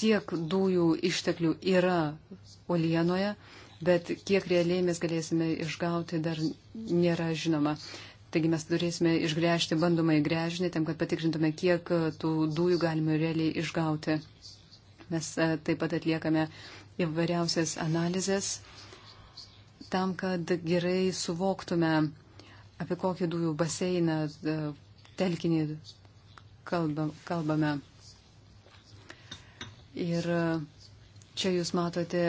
A: Tiek dujų išteklių yra uolienoje, bet kiek realiai mes galėsime išgauti dar nėra žinoma. Taigi mes turėsime išgręžti bandomąjį gręžinį tam, kad patikrintume, kiek e, tų dujų galime realiai išgauti. Mes e, taip pat atliekame įvairiausias analizės tam, kad gerai suvoktume, apie kokį dujų baseiną, e, telkinį kalbame. Ir čia jūs matote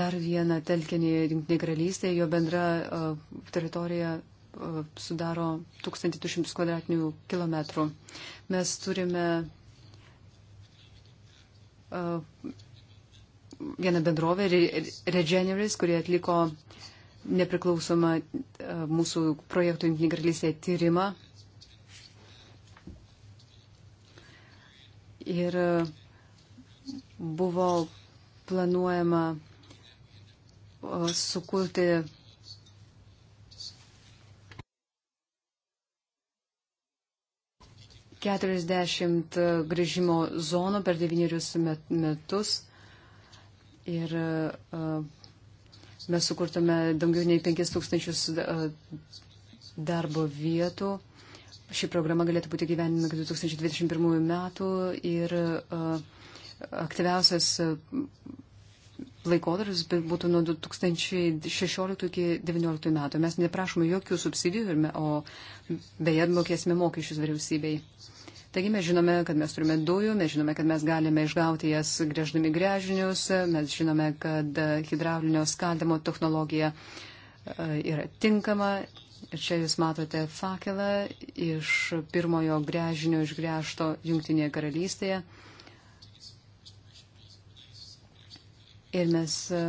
A: dar vieną telkinį Junktinė karalystė, jo bendra teritorija sudaro 1200 kvadratinių kilometrų. Mes turime vieną bendrovę, Regeneris, kurie atliko nepriklausomą mūsų projektų Junktinė karalystė tyrimą. Ir buvo planuojama sukurti 40 grįžimo zonų per devynerius metus ir mes sukurtume daugiau nei 5000 darbo vietų. Ši programa galėtų būti gyvenime 2021 metų ir aktyviausias laikotarpis būtų nuo 2016 iki 2019 metų. Mes neprašome jokių subsidijų, o beje, mokėsime mokesčius vyriausybei. Taigi mes žinome, kad mes turime dujų, mes žinome, kad mes galime išgauti jas grėždami grėžinius, mes žinome, kad hidraulinio skaldimo technologija e, yra tinkama. Ir čia jūs matote fakelą iš pirmojo grėžinio išgręžto Junktinėje karalystėje. Ir mes e,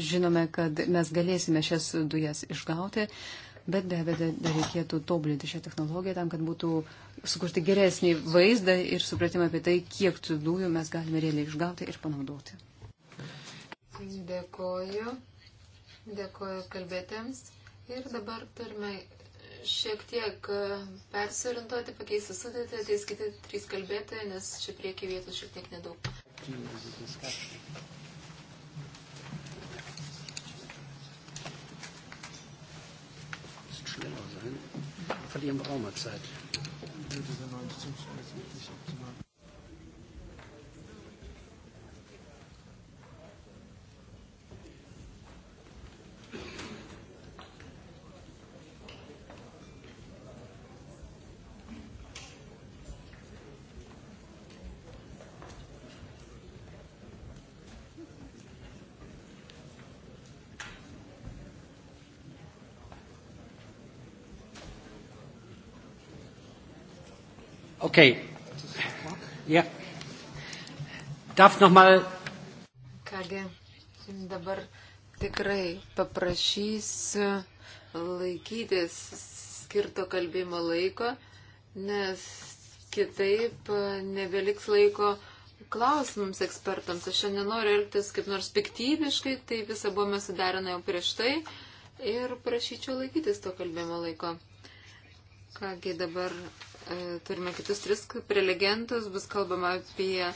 A: žinome, kad mes galėsime šias dujas išgauti. Uh, Bet be abejo, dar reikėtų tobulinti šią technologiją tam, kad būtų sukurti geresnį vaizdą ir supratimą apie tai, kiek tų dujų mes galime realiai išgauti ir panaudoti. Dėkoju. Dėkoju
B: kalbėtėms. Ir dabar turime šiek tiek e, persiorintuoti, pakeisti sudėtį, ateis kiti trys kalbėtojai, nes čia priekį vietų šiek tiek nedaug.
A: schneller sein. Verlieren wir auch mal Zeit. Okay. Yeah. Darf nochmal.
B: Kągi, dabar tikrai paprašysiu laikytis skirto kalbėjimo laiko, nes kitaip nebeliks laiko klausimams ekspertams. Aš šiandien noriu elgtis kaip nors piktybiškai, tai visą buvome sudarinę jau prieš tai ir prašyčiau laikytis to kalbėjimo laiko. Kągi dabar E, turime kitus tris prelegentus, bus kalbama apie e,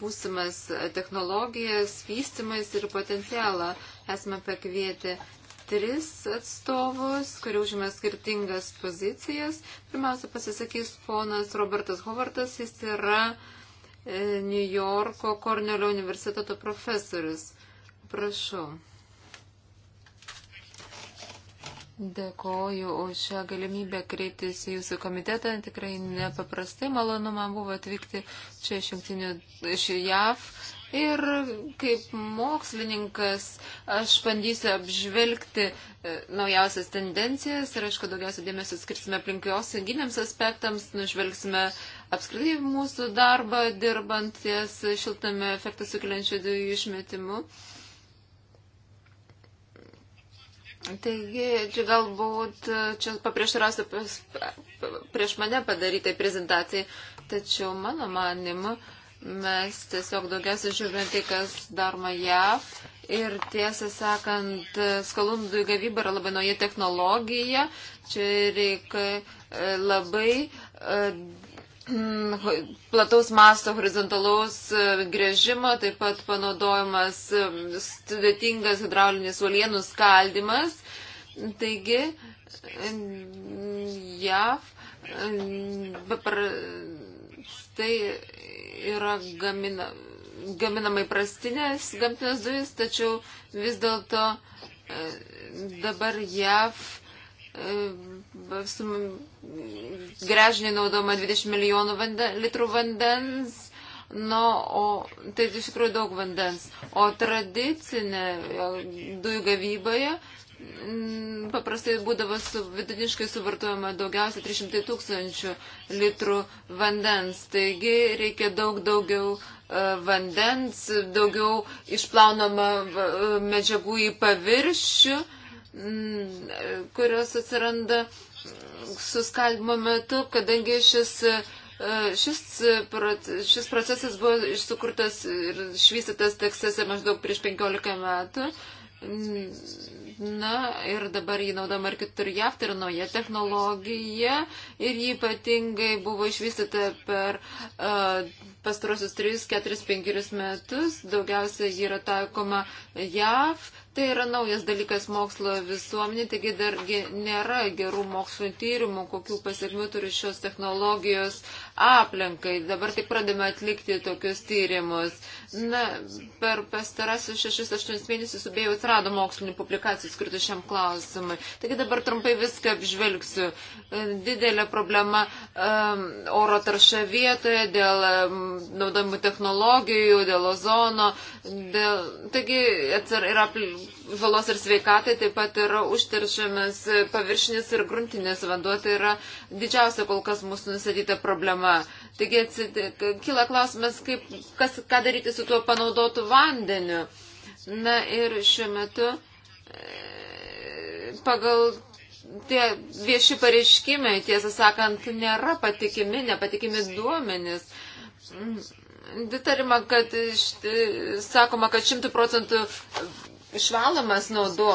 B: būsimas technologijas, vystimais ir potencialą. Esame pakvietę tris atstovus, kurie užima skirtingas pozicijas. Pirmiausia, pasisakys ponas Robertas Hovartas, jis yra e, New Yorko Kornelio universiteto profesorius. Prašau. Dėkoju už šią galimybę kreiptis į jūsų komitetą. Tikrai nepaprastai malonu man buvo atvykti čia iš jungtinių, iš JAV. Ir kaip mokslininkas aš bandysiu apžvelgti e, naujausias tendencijas ir, aišku, daugiausia dėmesio skirsime aplinkosauginiams aspektams, nužvelgsime apskritai mūsų darbą dirbant ties šiltame efektą sukeliančių dujų išmetimu. Uh, Taigi, galbūt čia paprieštarosiu prieš mane padarytai prezentacijai, tačiau mano manimu, mes tiesiog daugiausia žiūrime tai, kas daroma JAV. Ir tiesą sakant, skalundų gavyba yra labai nauja technologija. Čia reikia e, labai e, Mm, plataus masto horizontalaus e, grėžimo, taip pat panaudojamas e, sudėtingas hidraulinis uolienų skaldimas. Taigi, e, JAV tai yra gamina, gaminama įprastinės gamtinės dujas, tačiau vis dėlto dabar JAV grežinį naudojama 20 milijonų vanden, litrų vandens, nu, o tai iš tikrųjų daug vandens. O tradicinė dujų gavyboje mm, paprastai būdavo su, vidutiniškai suvartojama daugiausia 300 tūkstančių litrų vandens. Taigi reikia daug daugiau e, vandens, daugiau išplaunama e, medžiagų į paviršių, mm, kurios atsiranda suskaldimo metu, kadangi šis, e, šis, e, šis procesas buvo sukurtas ir švystytas Teksase maždaug prieš 15 metų. Na ir dabar jį naudama ir kitur jav, tai yra nauja technologija ir jį ypatingai buvo išvystyta per uh, pastarosius 3, 4, 5 metus. Daugiausia jį yra taikoma jav, Tai yra naujas dalykas mokslo visuomenė, taigi dar nėra gerų mokslo tyrimų, kokių pasiekmių turi šios technologijos aplinkai. Dabar tik pradame atlikti tokius tyrimus. Na, per pastarasius 6-8 mėnesius subėjau atrado mokslinį publikacijų skirtų šiam klausimui. Taigi dabar trumpai viską apžvelgsiu. E, didelė problema um, oro tarša vietoje dėl um, naudojimų technologijų, dėl ozono. Dėl, taigi yra žalos ir sveikatai, taip pat yra užteršiamas paviršinis ir gruntinis vanduo. Tai yra didžiausia kol kas mūsų nusatyta problema problema. Taigi atsitik, kyla klausimas, kaip, kas, ką daryti su tuo panaudotu vandeniu. Na ir šiuo metu e, pagal tie vieši pareiškimai, tiesą sakant, nėra patikimi, nepatikimi duomenys. Ditarima, kad sakoma, kad 100 procentų išvalomas naudo,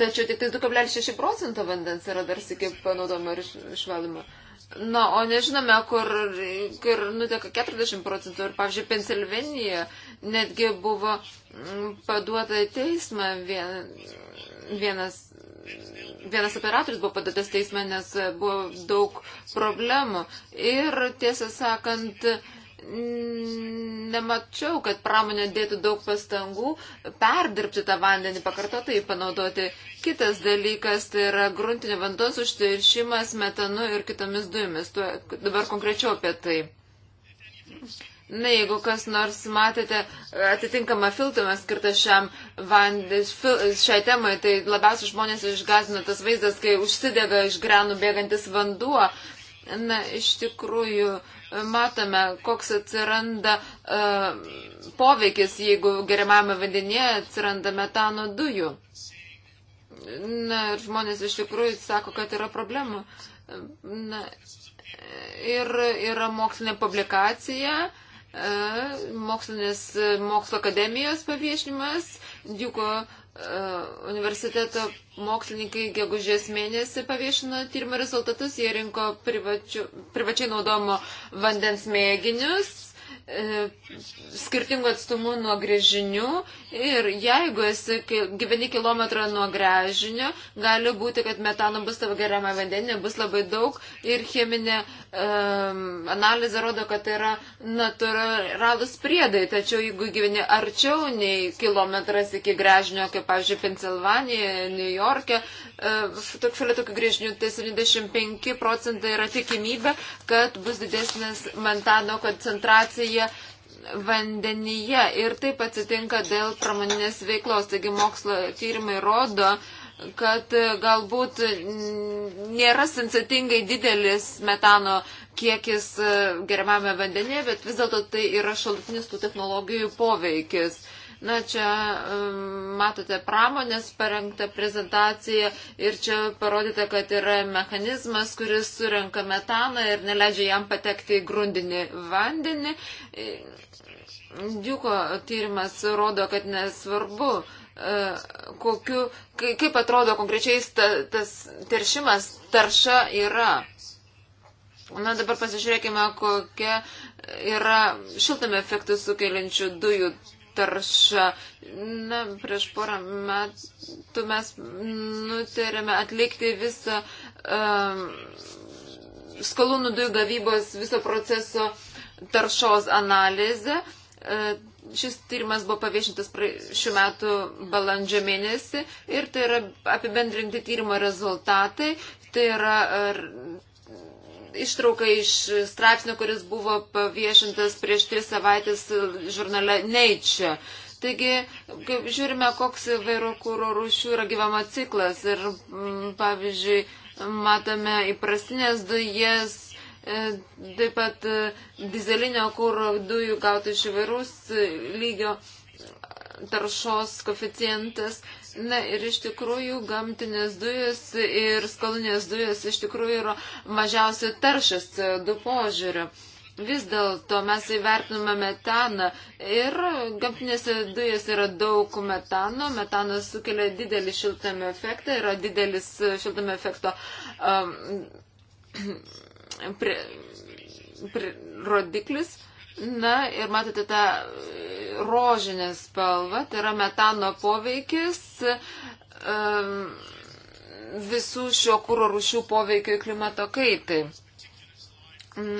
B: tačiau tik 2,6 tai procento vandens yra dar sėkiai panaudojama ir išvaloma. Iš Na, o nežinome, kur, kur nuteka 40 procentų. Ir, pavyzdžiui, Pensilvenija netgi buvo mm, paduota į teismą vien, vienas. Vienas operatorius buvo padatas teisme, nes buvo daug problemų. Ir tiesą sakant, uh, Mm, nemačiau, kad pramonė dėtų daug pastangų perdirbti tą vandenį, pakartotai panaudoti. Kitas dalykas tai yra gruntinio vandens užteršimas metanu ir kitomis dujomis. Tu dabar konkrečiau apie tai. Na, jeigu kas nors matėte atitinkamą filtrą skirtą šiam vandens, fil, šiai temai, tai labiausiai žmonės išgazino tas vaizdas, kai užsidega iš grenų bėgantis vanduo. Na, iš tikrųjų, uh, matome, koks atsiranda e, poveikis, jeigu geriamame vandenyje atsiranda metano dujų. Na, ir žmonės iš tikrųjų sako, kad yra problemų. Na, ir yra mokslinė publikacija, e, mokslinės mokslo akademijos paviešinimas, juk E, universiteto mokslininkai gegužės mėnesį paviešino tyrimo rezultatus, jie rinko privačių, privačiai naudomo vandens mėginius e, skirtingų atstumų nuo grėžinių Ir jeigu esi gyveni kilometrą nuo grežinio, gali būti, kad metano bus tavo geriamą vandenį, bus labai daug ir cheminė um, analizė rodo, kad tai yra natūralus priedai. Tačiau jeigu gyveni arčiau nei kilometras iki grežinio, kaip pavyzdžiui, Pensilvanijoje, New York'e, uh, tokiu šalia tokių grežinių, tai 75 procentai yra tikimybė, kad bus didesnis metano koncentracija vandenyje ir taip atsitinka dėl pramoninės veiklos. Taigi mokslo tyrimai rodo, kad galbūt nėra sensitingai didelis metano kiekis geriamame vandenyje, bet vis dėlto tai yra šalutinis tų technologijų poveikis. Na, čia um, matote pramonės parengtą prezentaciją ir čia parodyta, kad yra mechanizmas, kuris surenka metaną ir neleidžia jam patekti į grundinį vandenį. Diuko tyrimas rodo, kad nesvarbu, e, kokiu, kaip atrodo konkrečiai ta, tas teršimas, tarša yra. Na dabar pasižiūrėkime, kokia yra šiltame efektų sukeliančių dujų tarša. Na, prieš porą metų mes nutarėme atlikti visą um, skalūnų dujų gavybos viso proceso taršos analizę. Uh, E, šis tyrimas buvo paviešintas šių metų balandžio mėnesį ir tai yra apibendrinti tyrimo rezultatai. Tai yra er, ištrauka iš straipsnio, kuris buvo paviešintas prieš tris savaitės žurnale Nature. Taigi, kaip žiūrime, koks vairo kūro rūšių yra gyvama ciklas ir, mm, pavyzdžiui, matome įprastinės dujas, E, taip pat e, dizelinio kūro dujų gauti iš įvairūs e, lygio taršos koficijantas. Na ir iš tikrųjų gamtinės dujos ir skalunės dujos iš tikrųjų yra mažiausiai taršas du požiūriu. Vis dėlto mes įvertiname metaną ir gamtinėse dujose yra daug metano. Metanas sukelia didelį šiltame efektą, yra didelis šiltame efekto um, pri, pri, rodiklis. Na ir matote tą rožinę spalvą, tai yra metano poveikis um, visų šio kūro rušių poveikio į klimato kaitai.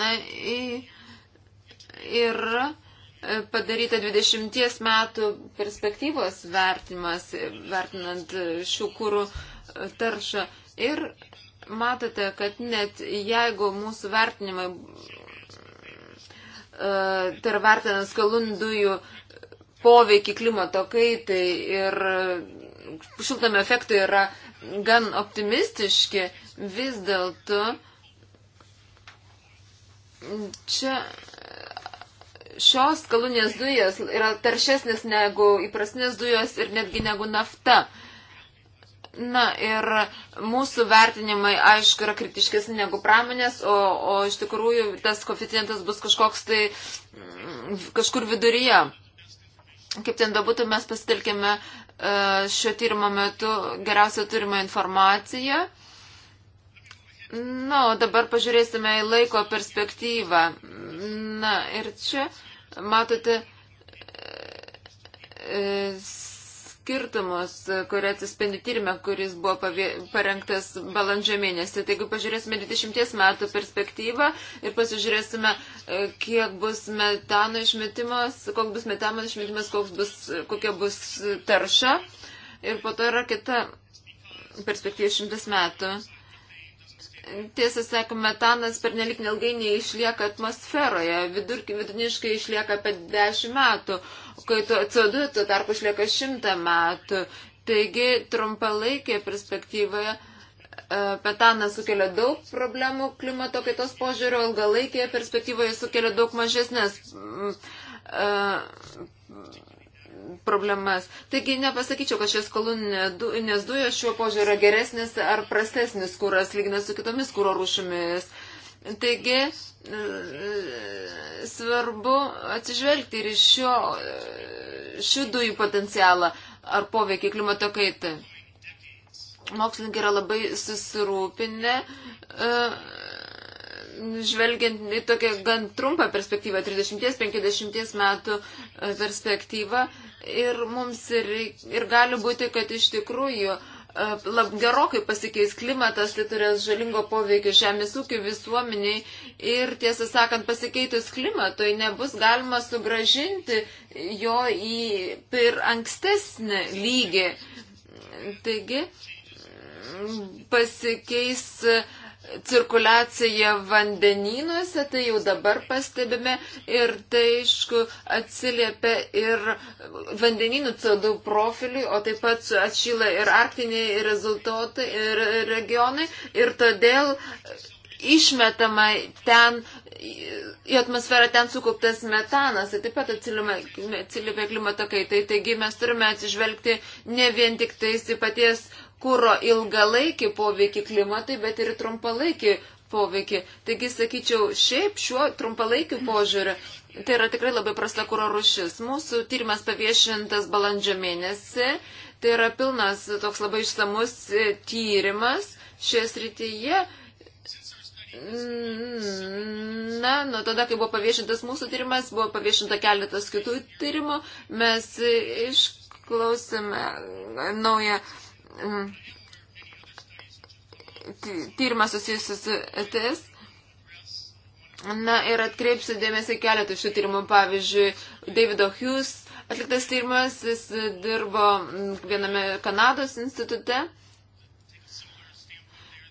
B: Na ir e, padaryta 20 metų perspektyvos vertimas, vertinant šių kūrų taršą. Ir matote, kad net jeigu mūsų vertinimai e, tai yra vertinant skalūnų dujų poveikį klimato kaitai ir šiltame efektai yra gan optimistiški, vis dėlto čia šios skalūnės dujos yra taršesnės negu įprasnės dujos ir netgi negu nafta. Na ir mūsų vertinimai, aišku, yra kritiškesni negu pramonės, o, o iš tikrųjų tas koeficientas bus kažkoks tai mm, kažkur viduryje. Kaip ten bebūtų, mes pasitelkėme e, šio tyrimo metu geriausią turimą informaciją. Na, o dabar pažiūrėsime į laiko perspektyvą. Na, ir čia matote. E, e, skirtumus, kurie atsispindi tyrimę, kuris buvo parengtas balandžio mėnesį. Taigi pažiūrėsime 20 metų perspektyvą ir pasižiūrėsime, e, kiek bus metano išmetimas, koks bus metano išmetimas, koks bus, kokia bus tarša. Ir po to yra kita perspektyva 100 metų. Tiesą sakant, metanas per nelik nelgai neišlieka atmosferoje, vidurki vidutiniškai išlieka apie 10 metų, kai CO2 tuo tarpu išlieka šimtą metų. Taigi trumpalaikėje perspektyvoje e, petanas sukelia daug problemų klimato kaitos požiūrio, ilgalaikėje perspektyvoje sukelia daug mažesnės mm, e, problemas. Taigi nepasakyčiau, kad šios kolonės dujos šiuo požiūriu yra geresnis ar prastesnis kūras lyginant su kitomis kūro rūšimis. Taigi svarbu atsižvelgti ir šio, šių dujų potencialą ar poveikį klimato kaitai. Mokslininkai yra labai susirūpinę, e, žvelgiant į tokią gan trumpą perspektyvą, 30-50 metų e, perspektyvą. Ir mums ir, ir gali būti, kad iš tikrųjų e, lab, gerokai pasikeis klimatas, tai turės žalingo poveikio žemės ūkio visuomeniai ir tiesą sakant pasikeitus klimatui nebus galima sugražinti jo į per ankstesnį lygį. Taigi pasikeis cirkuliacija vandenynuose, tai jau dabar pastebime ir tai, aišku, atsiliepia ir vandenynų CO2 profiliui, o taip pat atšyla ir arktiniai rezultatai ir regionai ir todėl išmetama ten, į atmosferą ten sukauptas metanas, tai taip pat atsiliepia klimato kaitai. Taigi mes turime atsižvelgti ne vien tik tais į paties kūro ilgalaikį poveikį klimatui, bet ir trumpalaikį poveikį. Taigi, sakyčiau, šiaip šiuo trumpalaikiu požiūriu Tai yra tikrai labai prasta kūro rušis. Mūsų tyrimas paviešintas balandžio mėnesį. Tai yra pilnas toks labai išsamus e, tyrimas šioje srityje. Na, nuo tada, kai buvo paviešintas mūsų tyrimas, buvo paviešinta keletas kitų tyrimų, mes išklausėme naują mm, tyrimą susijusiu su ETS. Na ir atkreipsiu dėmesį keletą šių tyrimų. Pavyzdžiui, Davido Hughes atliktas tyrimas, jis dirbo mm, viename Kanados institute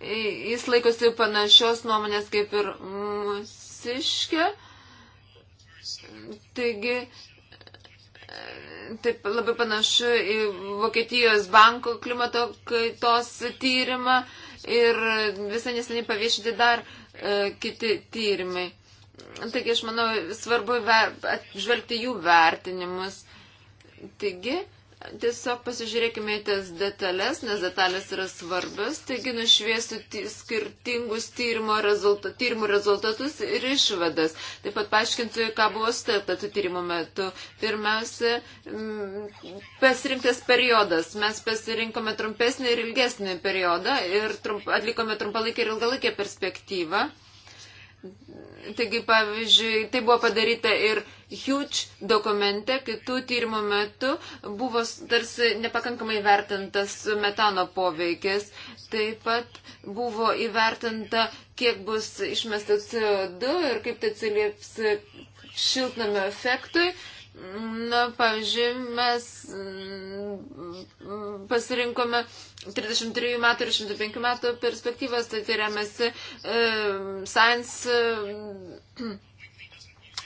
B: jis laikosi panašios nuomonės kaip ir mūsiškė. Taigi, taip labai panašu į Vokietijos banko klimato kaitos tyrimą ir visai neseniai paviešinti dar e, kiti tyrimai. Taigi, aš manau, svarbu atžvelgti jų vertinimus. Taigi, e, Tiesiog pasižiūrėkime į tas detalės, nes detalės yra svarbios, taigi nušviesiu skirtingus tyrimo rezultat, tyrimų rezultatus ir išvadas. Taip pat paaiškinsiu, ką buvo stelta tų tyrimų metu. Pirmiausia, pasirinktas periodas. Mes pasirinkome trumpesnį ir ilgesnį periodą ir trump, atlikome trumpalaikį ir ilgalaikį perspektyvą. Taigi, pavyzdžiui, tai buvo padaryta ir huge dokumente, kitų tyrimų metu buvo tarsi nepakankamai vertintas metano poveikis. Taip pat buvo įvertinta, kiek bus išmestas CO2 ir kaip tai atsilieps šiltnamio efektui. Uh, Na, pavyzdžiui, mes mm, pasirinkome 33 metų ir 105 metų perspektyvas, tai tai remiasi e, Science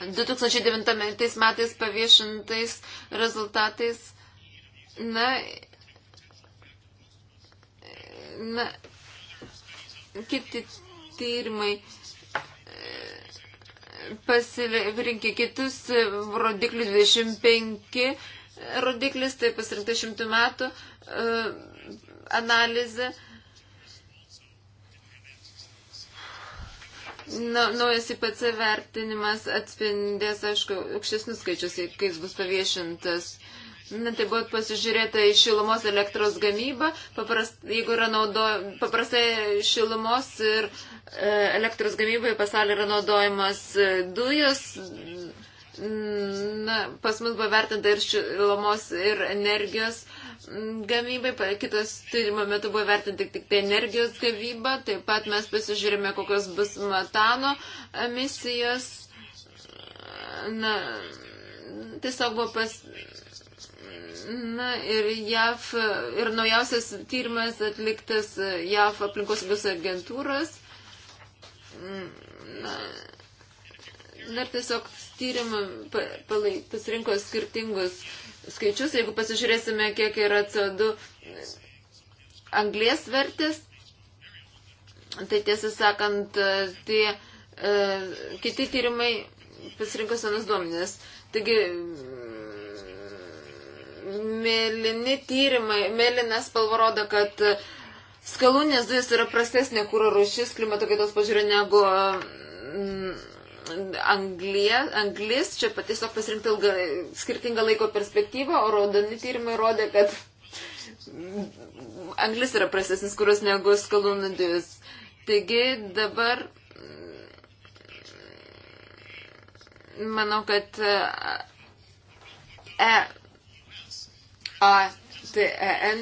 B: e, 2009 metais paviešintais rezultatais. Na, na kiti tyrimai. E, pasirinkė kitus e, rodiklius 25 rodiklis, tai pasirinkta šimtų metų e, analizė. Na, naujas IPC vertinimas atspindės, aišku, aukštesnius skaičius, kai jis bus paviešintas. Uh, Tai buvo pasižiūrėta į šilumos elektros gamybą, paprast, jeigu yra naudo, paprastai šilumos ir e, elektros gamybai pasaulyje yra naudojamas e, dujos. Na, pas mus buvo vertinta ir šilumos ir energijos gamybai, kitas tyrimo metu buvo vertinta tik, tik tai energijos gamyba, taip pat mes pasižiūrėjome, kokios bus metano emisijos. Na, tiesiog buvo pas Na ir JAV, ir naujausias tyrimas atliktas JAV aplinkosaugos agentūros. Na, na ir tiesiog tyrimą palai, pasirinko skirtingus skaičius. Jeigu pasižiūrėsime, kiek yra CO2 anglės vertės, tai tiesą sakant, tie e, kiti tyrimai pasirinko senas duomenės. Taigi mėlyni tyrimai, mėlynas spalvaroda, kad skalūnės dujas yra prastesnė kūro rušis klimato kaitos požiūrė negu mm, anglie, anglis. Čia tiesiog pasirinkti ilgą, skirtingą laiko perspektyvą, o raudoni tyrimai rodė, kad anglis yra prastesnis kūros negu skalūnų dujas. Taigi dabar mm, manau, kad E ATN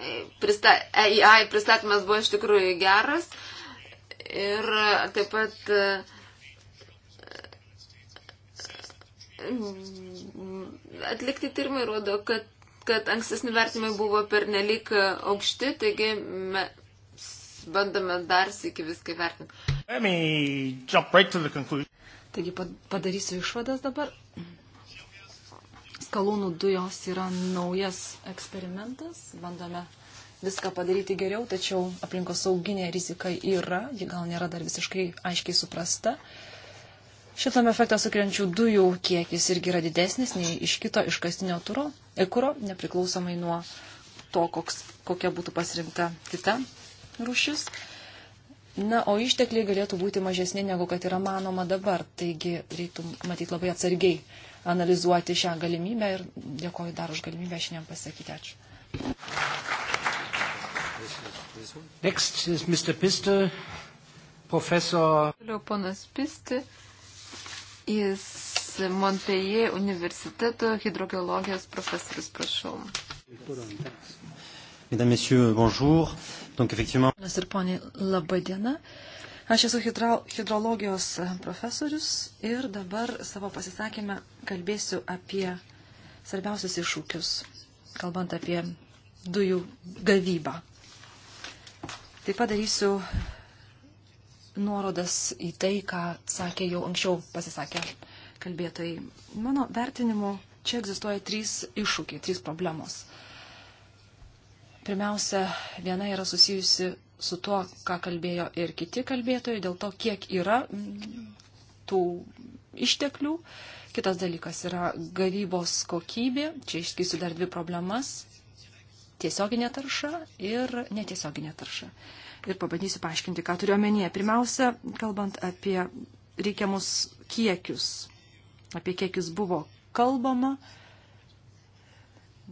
B: e prista, EIA pristatymas buvo iš tikrųjų geras ir taip pat atlikti tyrimai rodo, kad, kad ankstesni vertimai buvo pernelyg aukšti, taigi mes bandome dar sėki viską vertinti.
C: Taigi padarysiu išvadas dabar skalūnų dujos yra naujas eksperimentas, bandome viską padaryti geriau, tačiau aplinkos sauginė rizika yra, ji gal nėra dar visiškai aiškiai suprasta. Šitam efektą sukeliančių dujų kiekis irgi yra didesnis nei iš kito iškastinio turo, ekuro, nepriklausomai nuo to, koks, kokia būtų pasirinkta kita rušis. Na, o ištekliai galėtų būti mažesni negu kad yra manoma dabar, taigi reiktų matyti labai atsargiai analizuoti šią galimybę ir dėkoju dar už galimybę šiandien pasakyti. Ačiū. Next is Mr. Piste, profesor.
B: Toliau ponas Pisti, jis Montpellier universiteto
C: hidrogeologijos profesorius, prašau.
B: Mesdames, messieurs,
A: bonjour. Donc, effectivement.
C: Ponas ir poniai, laba diena. Uh, Aš esu hidro, hidrologijos profesorius ir dabar savo pasisakymę kalbėsiu apie svarbiausius iššūkius, kalbant apie dujų gavybą. Tai padarysiu nuorodas į tai, ką sakė jau anksčiau pasisakę kalbėtojai. Mano vertinimu, čia egzistuoja trys iššūkiai, trys problemos. Pirmiausia, viena yra susijusi su tuo, ką kalbėjo ir kiti kalbėtojai, dėl to, kiek yra mm, tų išteklių. Kitas dalykas yra gavybos kokybė. Čia išskisiu dar dvi problemas. Tiesioginė tarša ir netiesioginė tarša. Ir pabandysiu paaiškinti, ką turiu omenyje. Pirmiausia, kalbant apie reikiamus kiekius. Apie kiekius buvo kalbama.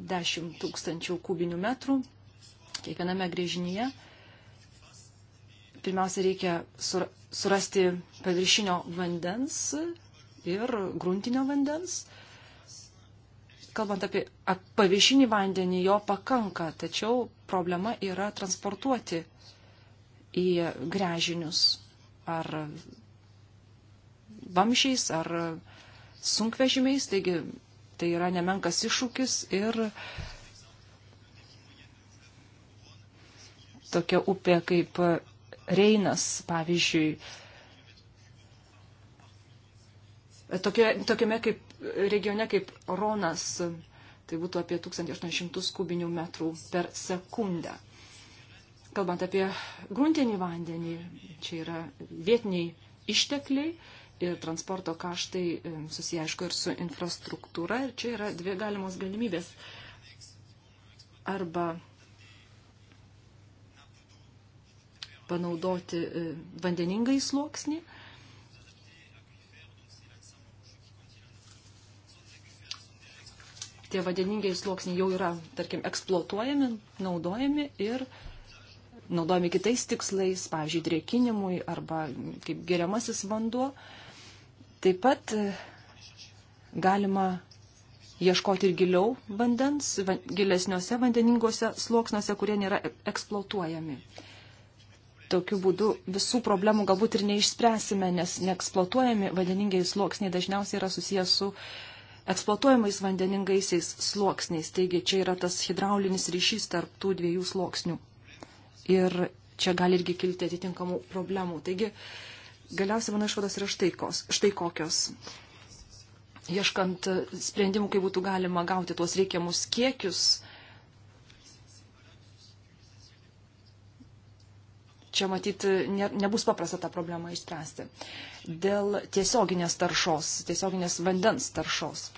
C: 10 tūkstančių kubinių metrų kiekviename grėžinyje pirmiausia reikia surasti paviršinio vandens ir gruntinio vandens. Kalbant apie paviršinį vandenį, jo pakanka, tačiau problema yra transportuoti į grežinius ar vamšiais ar sunkvežimiais, taigi tai yra nemenkas iššūkis ir tokia upė kaip Reinas, pavyzdžiui, tokie, tokiame kaip regione kaip Ronas, tai būtų apie 1800 kubinių metrų per sekundę. Kalbant apie gruntinį vandenį, čia yra vietiniai ištekliai ir transporto kaštai e, susiję aišku ir su infrastruktūra. Ir čia yra dvi galimos galimybės. Arba panaudoti e, vandeningai sluoksnį. Tie vandeningai sluoksniai jau yra, tarkim, eksploatuojami, naudojami ir naudojami kitais tikslais, pavyzdžiui, drėkinimui arba kaip geriamasis vanduo. Taip pat e, galima ieškoti ir giliau vandens, gilesniuose vandeningose sluoksniuose, kurie nėra e, eksploatuojami tokiu būdu visų problemų galbūt ir neišspręsime, nes neeksploatuojami vandeningiai sluoksniai dažniausiai yra susijęs su eksploatuojamais vandeningaisiais sluoksniais. Taigi čia yra tas hidraulinis ryšys tarp tų dviejų sluoksnių. Ir čia gali irgi kilti atitinkamų problemų. Taigi galiausiai mano išvados yra štai, kos, štai kokios. Ieškant sprendimų, kaip būtų galima gauti tuos reikiamus kiekius, čia matyti ne, nebus paprasta tą problemą išspręsti. Dėl tiesioginės taršos, tiesioginės vandens taršos.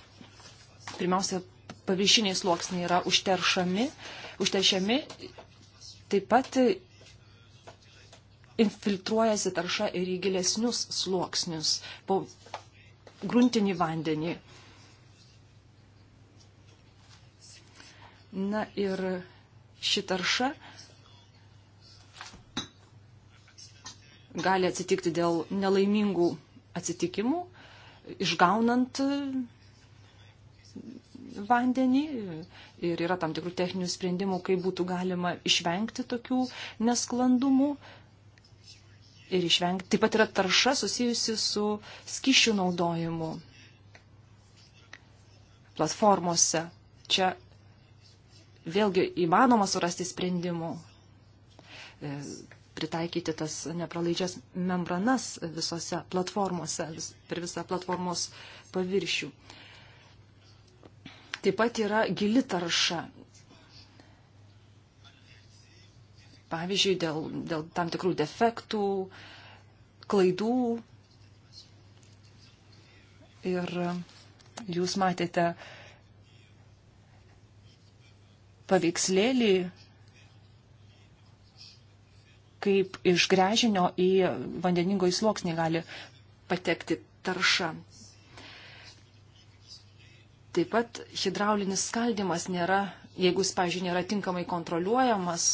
C: Pirmiausia, paviršiniai sluoksniai yra užteršami, užteršiami, taip pat infiltruojasi tarša ir į gilesnius sluoksnius, po gruntinį vandenį. Na ir ši tarša gali atsitikti dėl nelaimingų atsitikimų, išgaunant e, vandenį ir yra tam tikrų techninių sprendimų, kaip būtų galima išvengti tokių nesklandumų. Ir išvengti. Taip pat yra tarša susijusi su skyšių naudojimu platformose. Čia vėlgi įmanoma surasti sprendimų e, pritaikyti tas nepralaidžias membranas visose platformose, vis, per visą platformos paviršių. Taip pat yra gili tarša. Pavyzdžiui, dėl, dėl tam tikrų defektų, klaidų. Ir jūs matėte paveikslėlį kaip iš grežinio į vandeningo įsloksnį gali patekti tarša. Taip pat hidraulinis skaldimas nėra, jeigu jis, pažiūrėjau, nėra tinkamai kontroliuojamas,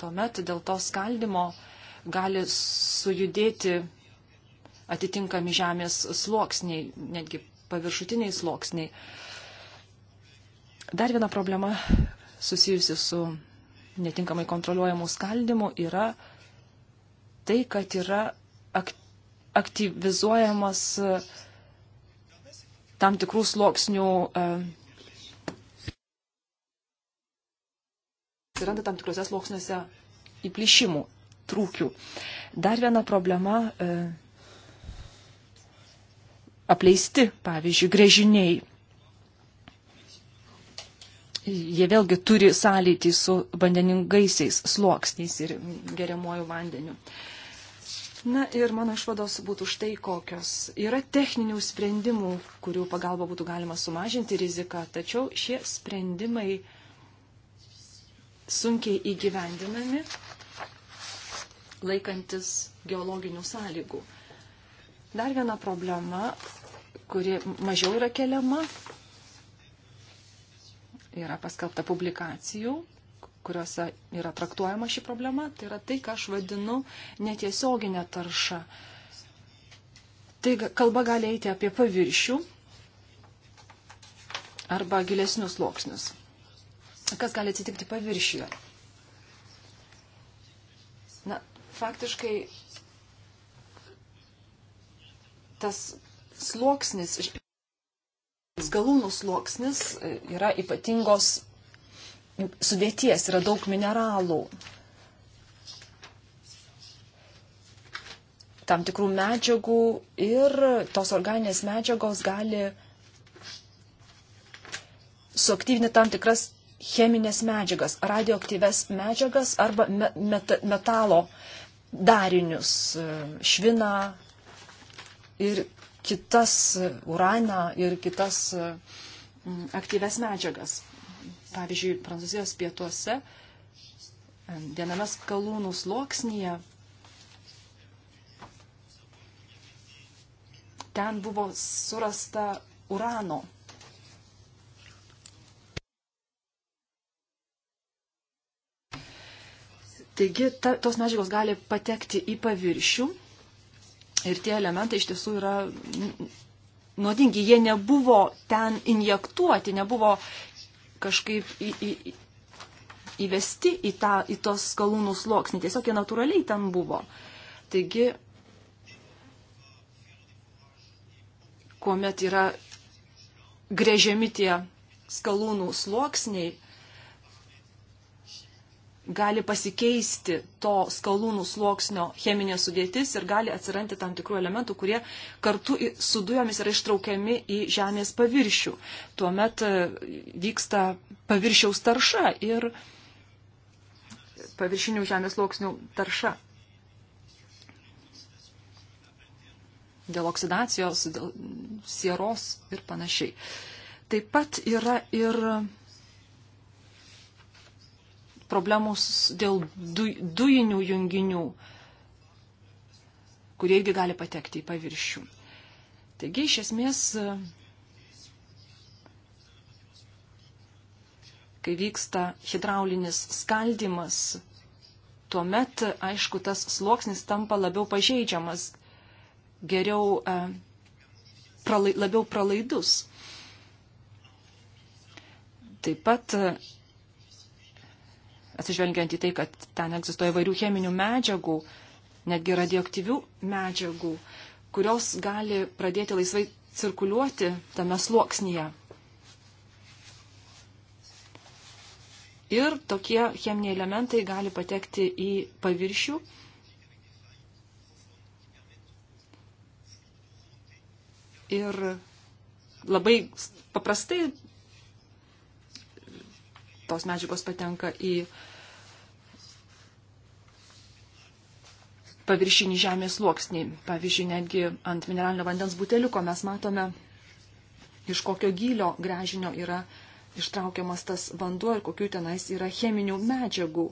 C: tuomet dėl to skaldimo gali sujudėti atitinkami žemės sluoksniai, netgi paviršutiniai sluoksniai. Dar viena problema susijusi su netinkamai kontroliuojamu skaldimu yra tai, kad yra aktyvizuojamas e, tam tikrų sluoksnių. E, atsiranda tam tikrose sluoksniuose įplišimų, trūkių. Dar viena problema e, apleisti, pavyzdžiui, grėžiniai. Jie vėlgi turi sąlytį su vandeningaisiais sluoksniais ir geriamuoju vandeniu. Uh, Na ir mano išvados būtų štai kokios. Yra techninių sprendimų, kurių pagalba būtų galima sumažinti riziką, tačiau šie sprendimai sunkiai įgyvendinami laikantis geologinių sąlygų. Dar viena problema, kuri mažiau yra keliama, yra paskelbta publikacijų kuriuose yra traktuojama ši problema, tai yra tai, ką aš vadinu netiesioginė tarša. Tai kalba gali eiti apie paviršių arba gilesnius sluoksnius. Kas gali atsitikti paviršiuje? Na, faktiškai tas sluoksnis, galūnų sluoksnis yra ypatingos sudėties, yra daug mineralų, tam tikrų medžiagų ir tos organinės medžiagos gali suaktyvinti tam tikras cheminės medžiagas, radioaktyves medžiagas arba met metalo darinius, šviną ir kitas uraną ir kitas mm, aktyves medžiagas. Pavyzdžiui, Prancūzijos pietuose viename skalūnų sluoksnyje ten buvo surasta urano. Taigi ta, tos medžiagos gali patekti į paviršių ir tie elementai iš tiesų yra nuodingi. Jie nebuvo ten injektuoti, nebuvo kažkaip į, į, įvesti į, tą, į tos skalūnų sluoksnį. Tiesiog jie natūraliai ten buvo. Taigi, kuomet yra grėžiami tie skalūnų sluoksniai, gali pasikeisti to skalūnų sluoksnio cheminė sudėtis ir gali atsirasti tam tikrų elementų, kurie kartu su dujomis yra ištraukiami į žemės paviršių. Tuomet e, vyksta paviršiaus tarša ir paviršinių žemės sluoksnių tarša. Dėl oksidacijos, dėl sieros ir panašiai. Taip pat yra ir problemus dėl du, dujinių junginių, kurie irgi gali patekti į paviršių. Taigi, iš esmės, kai vyksta hidraulinis skaldimas, tuomet, aišku, tas sluoksnis tampa labiau pažeidžiamas, geriau, e, pralai, labiau pralaidus. Taip pat atsižvelgiant į tai, kad ten egzistuoja įvairių cheminių medžiagų, netgi radioaktyvių medžiagų, kurios gali pradėti laisvai cirkuliuoti tame sluoksnyje. Ir tokie cheminiai elementai gali patekti į paviršių. Ir labai paprastai tos medžiagos patenka į uh, paviršinį žemės sluoksnį. Pavyzdžiui, netgi ant mineralinio vandens buteliuko mes matome, iš kokio gylio grežinio yra ištraukiamas tas vanduo ir kokiu tenais yra cheminių medžiagų.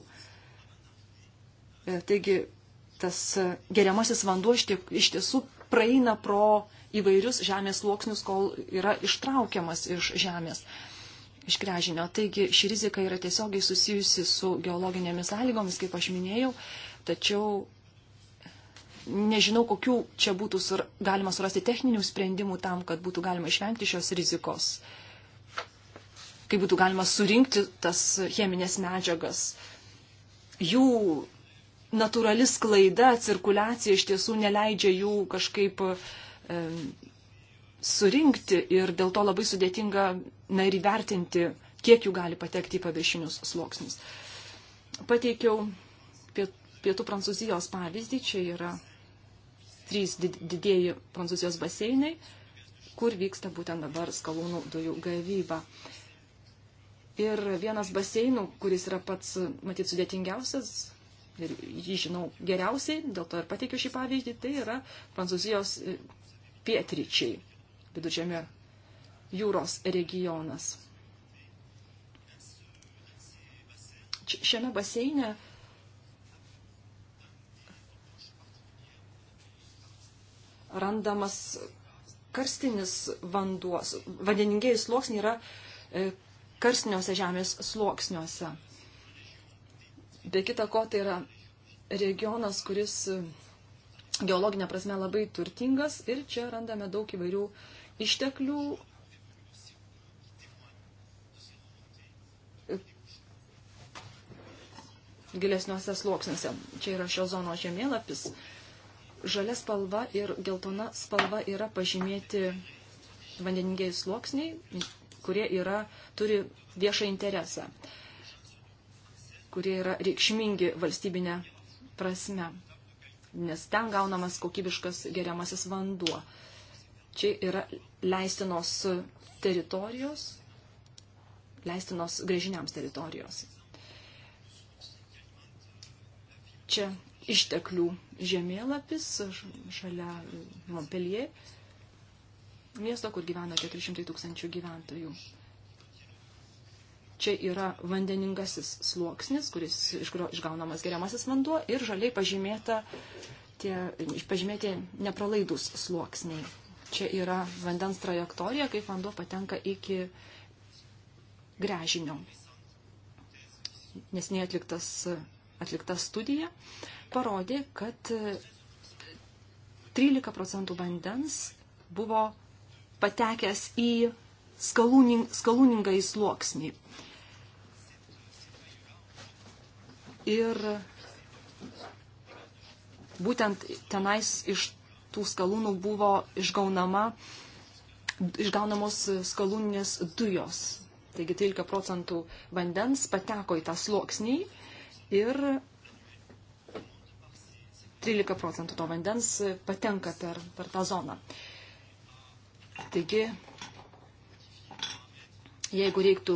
C: E, taigi, tas geriamasis vanduo iš tiesų praeina pro įvairius žemės sluoksnius, kol yra ištraukiamas iš žemės iš grežinio. Taigi ši rizika yra tiesiogiai susijusi su geologinėmis sąlygomis, kaip aš minėjau, tačiau nežinau, kokių čia būtų sur, galima surasti techninių sprendimų tam, kad būtų galima išvengti šios rizikos, kaip būtų galima surinkti tas cheminės medžiagas. Jų natūrali sklaida, cirkulacija iš tiesų neleidžia jų kažkaip e, surinkti ir dėl to labai sudėtinga na, ir įvertinti, kiek jų gali patekti į paviršinius sluoksnius. Pateikiau pietų Prancūzijos pavyzdį, čia yra trys didieji Prancūzijos baseinai, kur vyksta būtent dabar skalūnų dujų gavyba. Ir vienas baseinų, kuris yra pats, matyt, sudėtingiausias, ir jį žinau geriausiai, dėl to ir pateikiu šį pavyzdį, tai yra Prancūzijos e, pietryčiai, viduržėmio jūros regionas. Šiame baseine randamas karstinis vanduo, vandeningieji sluoksniai yra e, karstiniuose žemės sluoksniuose. Be kita ko, tai yra regionas, kuris e, geologinė prasme labai turtingas ir čia randame daug įvairių išteklių. E, gilesniuose sluoksniuose. Čia yra šio zono žemėlapis žalia spalva ir geltona spalva yra pažymėti vandeningiai sluoksniai, kurie yra, turi viešą interesą, kurie yra reikšmingi valstybinė prasme, nes ten gaunamas kokybiškas geriamasis vanduo. Čia yra leistinos teritorijos, leistinos grėžiniams teritorijos. Čia išteklių žemėlapis šalia Montpellier, nu, miesto, kur gyvena 400 tūkstančių gyventojų. Čia yra vandeningasis sluoksnis, kuris, iš kurio išgaunamas geriamasis vanduo ir žaliai pažymėta tie, pažymėti nepralaidus sluoksniai. Čia yra vandens trajektorija, kaip vanduo patenka iki grežinio. Nesiniai atliktas, atlikta studija parodė, kad 13 e, procentų vandens buvo patekęs į skalūning, skalūningą į sluoksnį. Ir būtent tenais iš tų skalūnų buvo išgaunama, išgaunamos skalūninės dujos. Taigi 13 procentų vandens pateko į tą sluoksnį ir 13 procentų to vandens patenka per, per tą zoną. Taigi, jeigu reiktų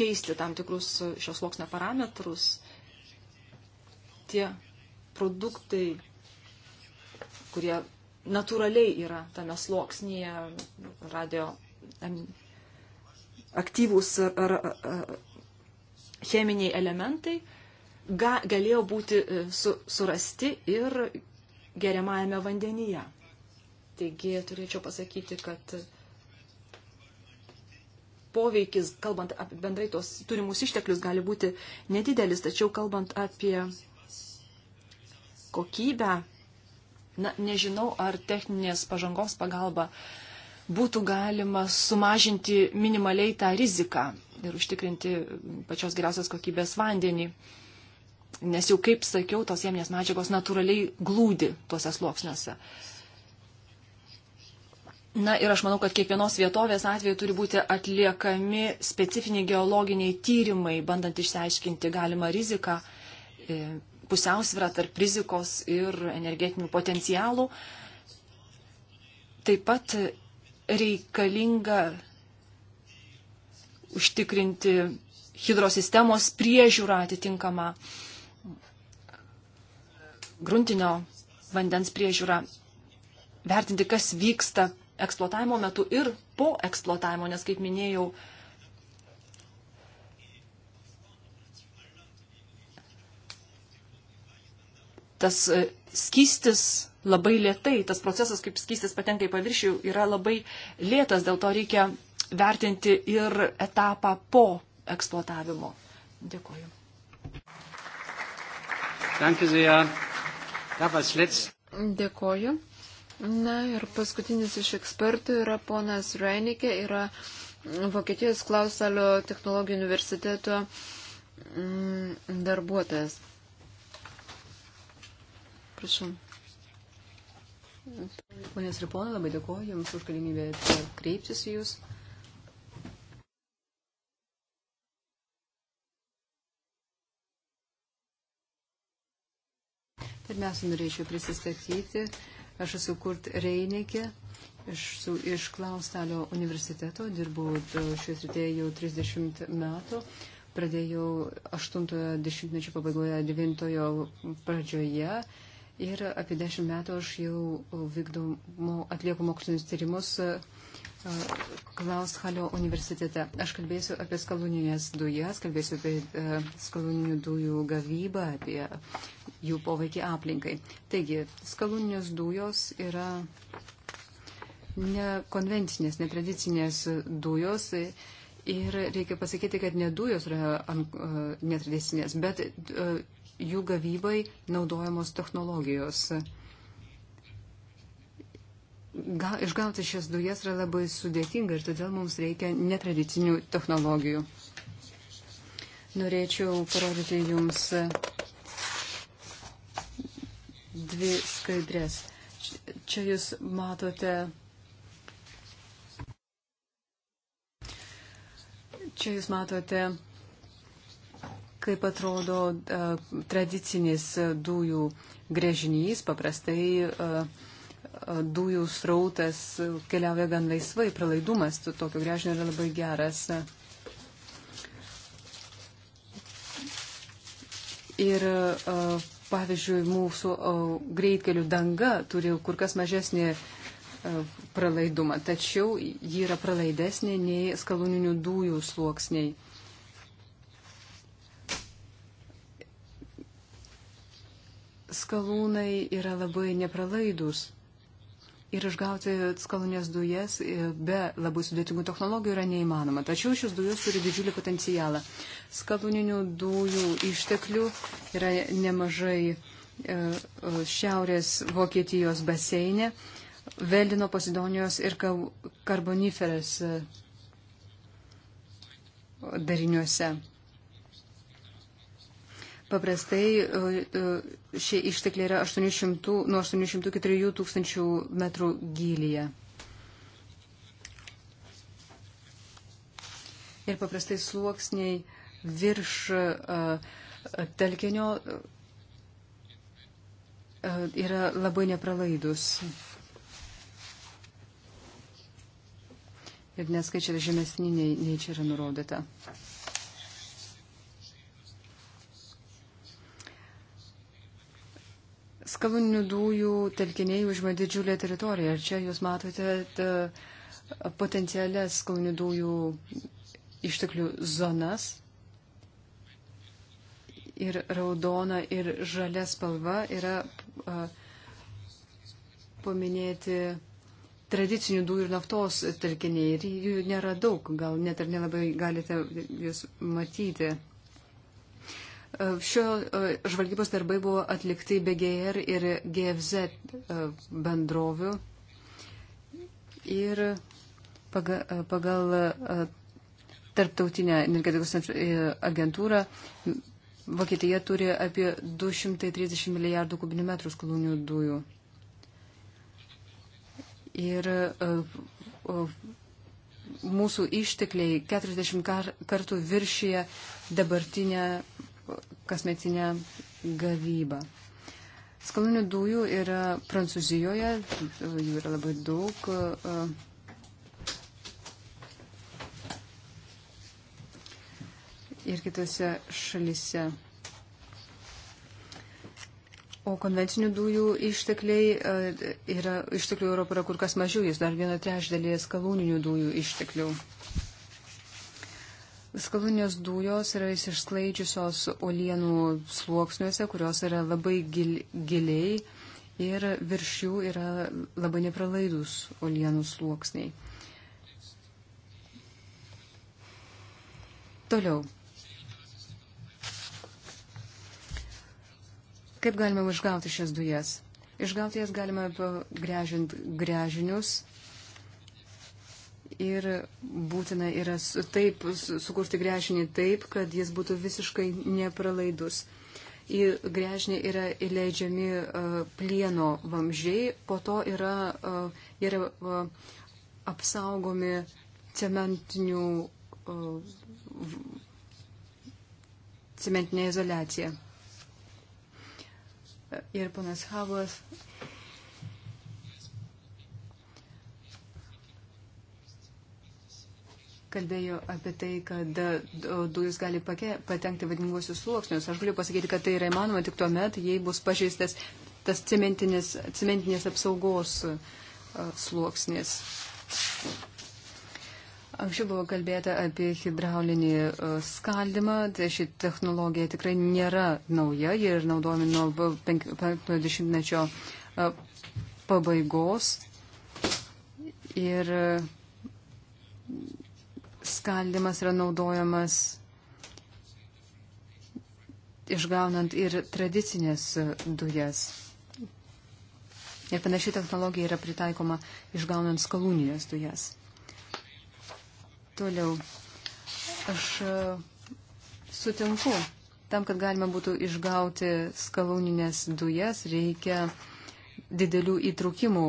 C: keisti tam tikrus šios sluoksnio parametrus, tie produktai, kurie natūraliai yra tame sluoksnyje, radio aktyvūs ar, ar, ar cheminiai elementai, ga, galėjo būti e, su, surasti ir geriamajame vandenyje. Taigi turėčiau pasakyti, kad poveikis, kalbant apie bendrai tos turimus išteklius, gali būti nedidelis, tačiau kalbant apie kokybę, na, nežinau, ar techninės pažangos pagalba būtų galima sumažinti minimaliai tą riziką ir užtikrinti pačios geriausios kokybės vandenį. Uh, Nes jau, kaip sakiau, tos cheminės medžiagos natūraliai glūdi tuose sluoksniuose. Na ir aš manau, kad kiekvienos vietovės atveju turi būti atliekami specifiniai geologiniai tyrimai, bandant išsiaiškinti galimą riziką, e, pusiausvyrą tarp rizikos ir energetinių potencialų. Taip pat reikalinga užtikrinti hidrosistemos priežiūrą atitinkamą gruntinio vandens priežiūrą, vertinti, kas vyksta eksploatavimo metu ir po eksploatavimo, nes, kaip minėjau, tas e, skystis labai lietai, tas procesas, kaip skystis patenka į paviršių, yra labai lėtas, dėl to reikia vertinti ir etapą po eksploatavimo. Dėkuoju.
A: Danke sehr.
C: Dėkoju.
B: Na ir paskutinis iš ekspertų yra ponas Reinikė, yra Vokietijos Klausalio technologijų universiteto mm, darbuotojas.
A: Prašau. Ponės Riponai, labai dėkoju Jums už galimybę kreiptis į Jūs. Pirmiausia, norėčiau prisistatyti. Aš esu Kurt Reinikė. Aš esu iš Klaustalio universiteto, dirbu šioje srityje jau 30 metų. Pradėjau 80-ojo dešimtmečio pabaigoje, 9-ojo pradžioje. Ir apie 10 metų aš jau vykdau, atlieku mokslinius tyrimus Klaus Halio universitete. Aš kalbėsiu apie skalūninės dujas, kalbėsiu apie uh, skalūninių dujų gavybą, apie jų poveikį aplinkai. Taigi, skalūninės dujos yra nekonvencinės, netradicinės dujos. Ir reikia pasakyti, kad ne dujos yra uh, netradicinės, bet uh, jų gavybai naudojamos technologijos. Uh, ga, išgauti šias dujas yra labai sudėtinga ir todėl mums reikia netradicinių technologijų. Norėčiau parodyti Jums dvi skaidrės. Čia Jūs matote. Čia Jūs matote, kaip atrodo uh, tradicinis dujų grėžinys, paprastai uh, dujų srautas keliauja gan laisvai, pralaidumas to tokio grėžinio yra labai geras. Ir pavyzdžiui, mūsų greitkelių danga turi kur kas mažesnį pralaidumą, tačiau ji yra pralaidesnė nei skaluninių dujų sluoksniai. Skalūnai yra labai nepralaidus ir išgauti skalonės dujas e, be labai sudėtingų technologijų yra neįmanoma. Tačiau šios dujos turi didžiulį potencialą. Skaloninių dujų išteklių yra nemažai e, e, šiaurės Vokietijos baseinė, Veldino, Posidonijos ir Karboniferės dariniuose. Paprastai e, e, šie ištekliai yra 800, nuo 800 iki 3000 metrų gylyje. Ir paprastai sluoksniai virš uh, telkinio uh, yra labai nepralaidus. Ir neskaičia žemesnį nei, nei čia yra nurodyta. Skaluninių dujų telkiniai užima didžiulę teritoriją. Ir čia jūs matote potencialias skaluninių dujų išteklių zonas. Ir raudona ir žalia spalva yra a, paminėti tradicinių dujų ir naftos telkiniai. Ir jų nėra daug, gal net ir nelabai galite jūs matyti. Šio e, žvalgybos darbai buvo atlikti BGR ir GFZ e, bendrovių. Ir e, pagal, pagal tarptautinę energetikos agentūrą Vokietija turi apie 230 milijardų kubinių metrų skalūnių dujų. Ir mūsų ištekliai 40 kartų viršyje dabartinę kasmetinę gavybą. Skalūnių dujų yra Prancūzijoje, jų yra labai daug. Ir kitose šalise. O konvencinių dujų ištekliai e, yra, išteklių Europoje kur kas mažiau, jis dar viena trečdalė skalūninių dujų išteklių. Skalūnės dujos yra išsklaidžiusios olienų sluoksniuose, kurios yra labai gil, giliai ir virš jų yra labai nepralaidus olienų sluoksniai. Toliau. Kaip galima išgauti šias dujas? Išgauti jas galima grežint grežinius Ir būtina yra taip sukurti grešinį taip, kad jis būtų visiškai nepralaidus. Į grešinį yra įleidžiami uh, plieno vamžiai, po to yra, uh, yra uh, apsaugomi cementinių, uh, cementinė izolacija. Ir ponas Havas kalbėjo apie tai, kad dujus gali pake, patenkti vadinguosius sluoksnius. Aš galiu pasakyti, kad tai yra įmanoma tik tuo met, jei bus pažeistas tas cementinės, cementinės apsaugos e, sluoksnis. Anksčiau buvo kalbėta apie hidraulinį e, skaldimą. Tai ši technologija tikrai nėra nauja. Ji yra naudojama nuo 50-mečio e, pabaigos. Ir skaldimas yra naudojamas išgaunant ir tradicinės dujas. Ir panaši technologija yra pritaikoma išgaunant skalūninės dujas. Toliau. Aš e, sutinku. Tam, kad galima būtų išgauti skalūninės dujas, reikia didelių įtrukimų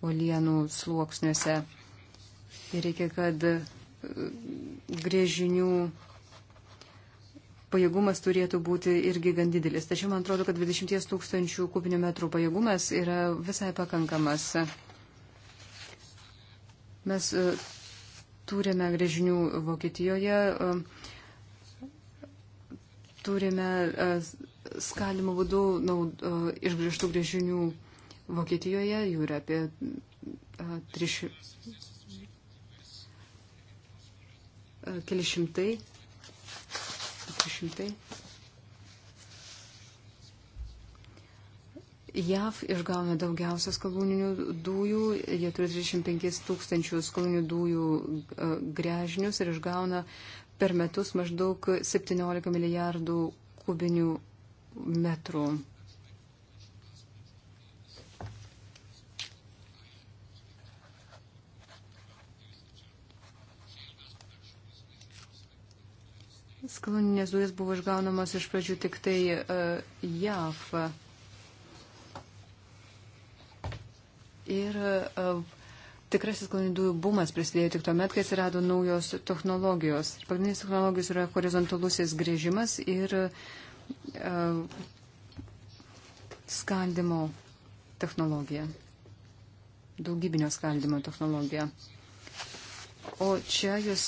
A: uolienų sluoksniuose. Ir reikia, kad grėžinių pajėgumas turėtų būti irgi gan didelis. Tačiau man atrodo, kad 20 tūkstančių kubinių metrų pajėgumas yra visai pakankamas. Mes e, turime grėžinių Vokietijoje, e, turime e, skalimo būdu išgrįžtų grėžinių Vokietijoje, jų yra apie 300 keli šimtai, keli šimtai. JAV išgauna daugiausia skalūninių dujų, jie turi 35 tūkstančius skalūninių dujų e, grežinius ir išgauna per metus maždaug 17 milijardų kubinių metrų. Skaloninės dujas buvo išgaunamos iš pradžių tik tai uh, JAV. Ir uh, tikrasis skaloninių dujų bumas prasidėjo tik tuomet, kai atsirado naujos technologijos. Ir pagrindinės technologijos yra horizontalusis grėžimas ir uh, skaldimo technologija. Daugybinio skaldimo technologija. Uh, O čia jūs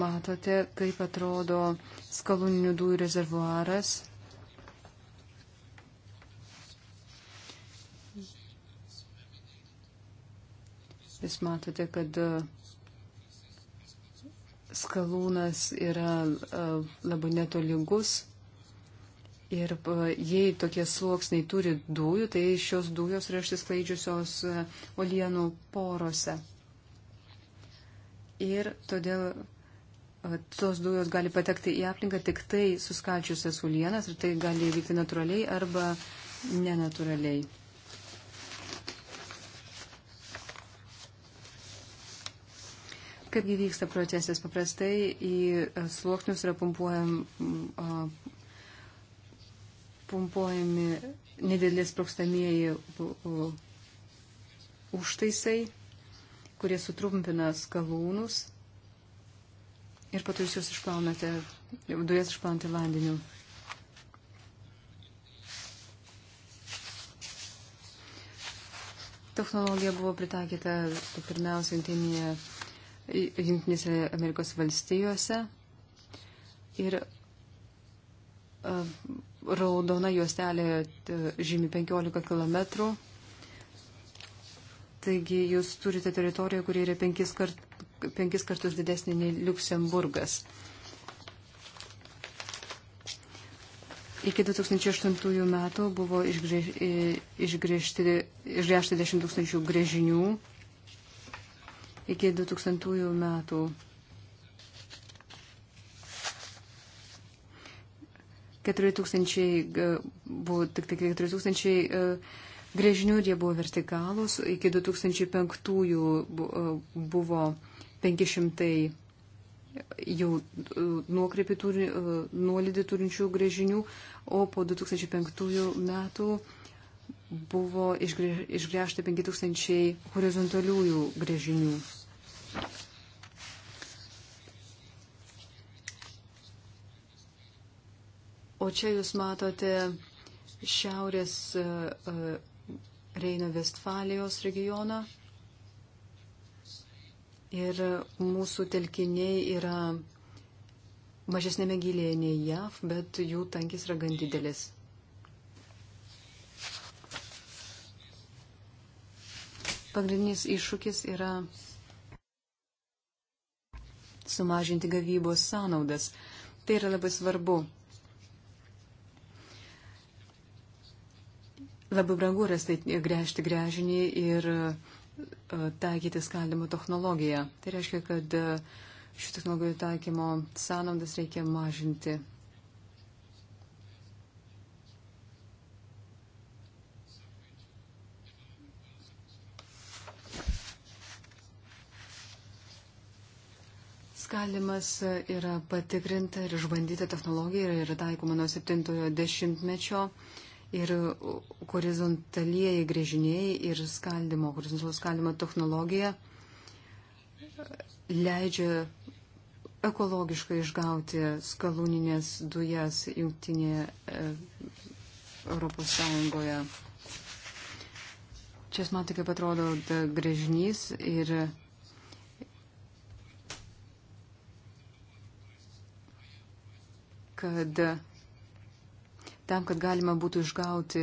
A: matote, kaip atrodo skaluninių dujų rezervuaras. Jūs matote, kad e, skalūnas yra e, labai netolygus. Ir e, jei tokie sluoksniai turi dujų, tai šios dujos yra išsisklaidžiusios olienų porose ir todėl e, tos dujos gali patekti į aplinką tik tai suskalčiusias ulienas ir tai gali įvykti natūraliai arba nenatūraliai. Kaipgi vyksta procesas? Paprastai į e, sluoksnius yra pumpuojam, pumpuojami nedidelės sprokstamieji užtaisai. Uh, uh, kurie sutrumpina skalūnus ir pato jūs juos išplaunate, dujas išplaunate vandeniu. Technologija buvo pritaikyta pirmiausia Junktinėse Amerikos valstijose ir raudona juostelė žymi 15 km Taigi jūs turite teritoriją, kuri yra penkis, kart, penkis kartus didesnė nei Luksemburgas. Iki 2008 metų buvo išgrėžti 10 tūkstančių grėžinių. Iki 2000 metų keturi tūkstančiai, buvo tik tai keturi tūkstančiai uh, grėžinių ir jie buvo vertikalūs. Iki 2005 e, buvo 500 jau e, nuokreipį turi, e, nuolydį turinčių grėžinių, o po 2005 metų buvo išgręžta 5000 horizontaliųjų grėžinių. O čia jūs matote šiaurės uh, Reino Vestfalijos regioną. Ir mūsų telkiniai yra mažesnėme gilėje nei JAV, bet jų tankis yra gan didelis. Pagrindinis iššūkis yra sumažinti gavybos sąnaudas. Tai yra labai svarbu, Labai brangu rasti gręžti gręžinį ir e, taikyti skaldimo technologiją. Tai reiškia, kad e, šių technologijų taikymo sąnaudas reikia mažinti. Skalimas yra patikrinta ir išbandyta technologija ir yra taikoma nuo 70-ojo dešimtmečio ir horizontalieji grėžiniai ir skaldimo, horizontalų skaldimo technologija leidžia ekologiškai išgauti skaluninės dujas jungtinėje e, Europos Sąjungoje. Čia man tik atrodo grėžinys ir kad tam, kad galima būtų išgauti,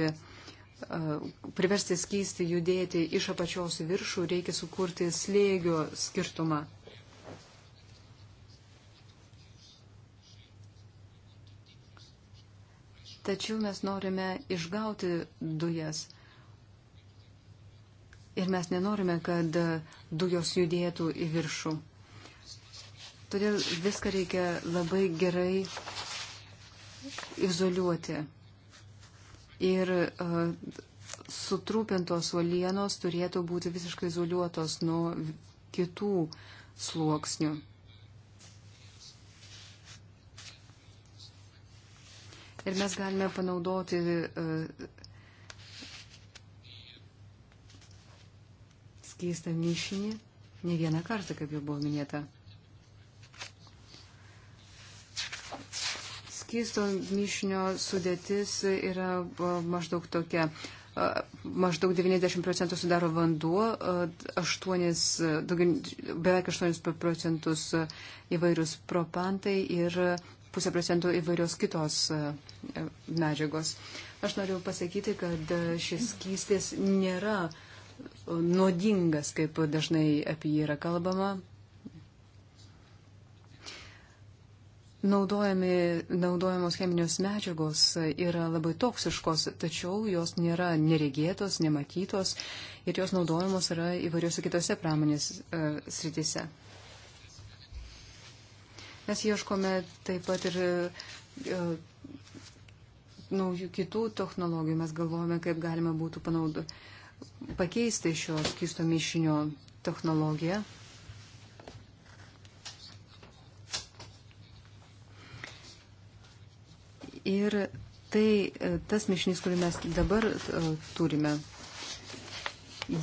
A: priversti skysti judėti iš apačios į viršų, reikia sukurti slėgio skirtumą. Tačiau mes norime išgauti dujas. Ir mes nenorime, kad dujos judėtų į viršų. Todėl viską reikia labai gerai izoliuoti. Ir uh, e, sutrūpintos uolienos turėtų būti visiškai izoliuotos nuo kitų sluoksnių. Ir mes galime panaudoti uh, e, skystą mišinį ne vieną kartą, kaip jau buvo minėta. skysto mišinio sudėtis yra maždaug tokia. Maždaug 90 procentų sudaro vanduo, 8, beveik 8 procentus įvairius propantai ir pusę procentų įvairios kitos medžiagos. Aš noriu pasakyti, kad šis skystis nėra nuodingas, kaip dažnai apie jį yra kalbama, naudojami, naudojamos cheminios medžiagos yra labai toksiškos, tačiau jos nėra neregėtos, nematytos ir jos naudojamos yra įvairiose kitose pramonės uh, e, sritise. Mes ieškome taip pat ir uh, naujų kitų technologijų. Mes galvojame, kaip galima būtų panaudo, pakeisti šio skisto mišinio technologiją. Ir tai e, tas mišinys, kurį mes dabar e, turime,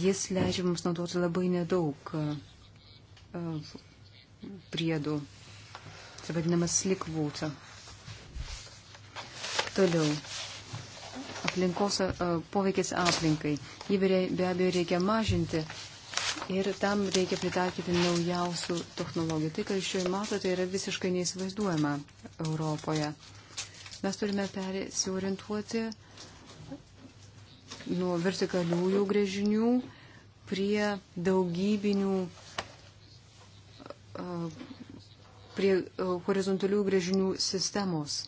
A: jis leidžia mums naudoti labai nedaug e, priedų. Tai vadinamas slikvūta. Toliau. Aplinkos poveikis aplinkai. Jį be abejo reikia mažinti ir tam reikia pritaikyti naujausių technologijų. Tai, ką iš jo matote, yra visiškai neįsivaizduojama Europoje. Mes turime persiorientuoti nuo vertikaliųjų grėžinių prie daugybinių, prie horizontalių grėžinių sistemos.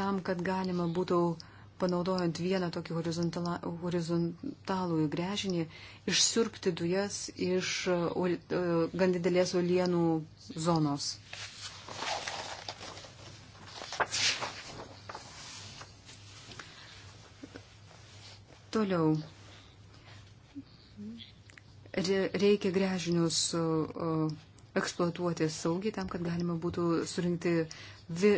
A: Tam, kad galima būtų panaudojant vieną tokį horizontalų grėžinį, išsirpti dujas iš gan didelės uolienų zonos. Toliau. Reikia grežinius eksploatuoti saugiai tam, kad galima būtų surinkti vi,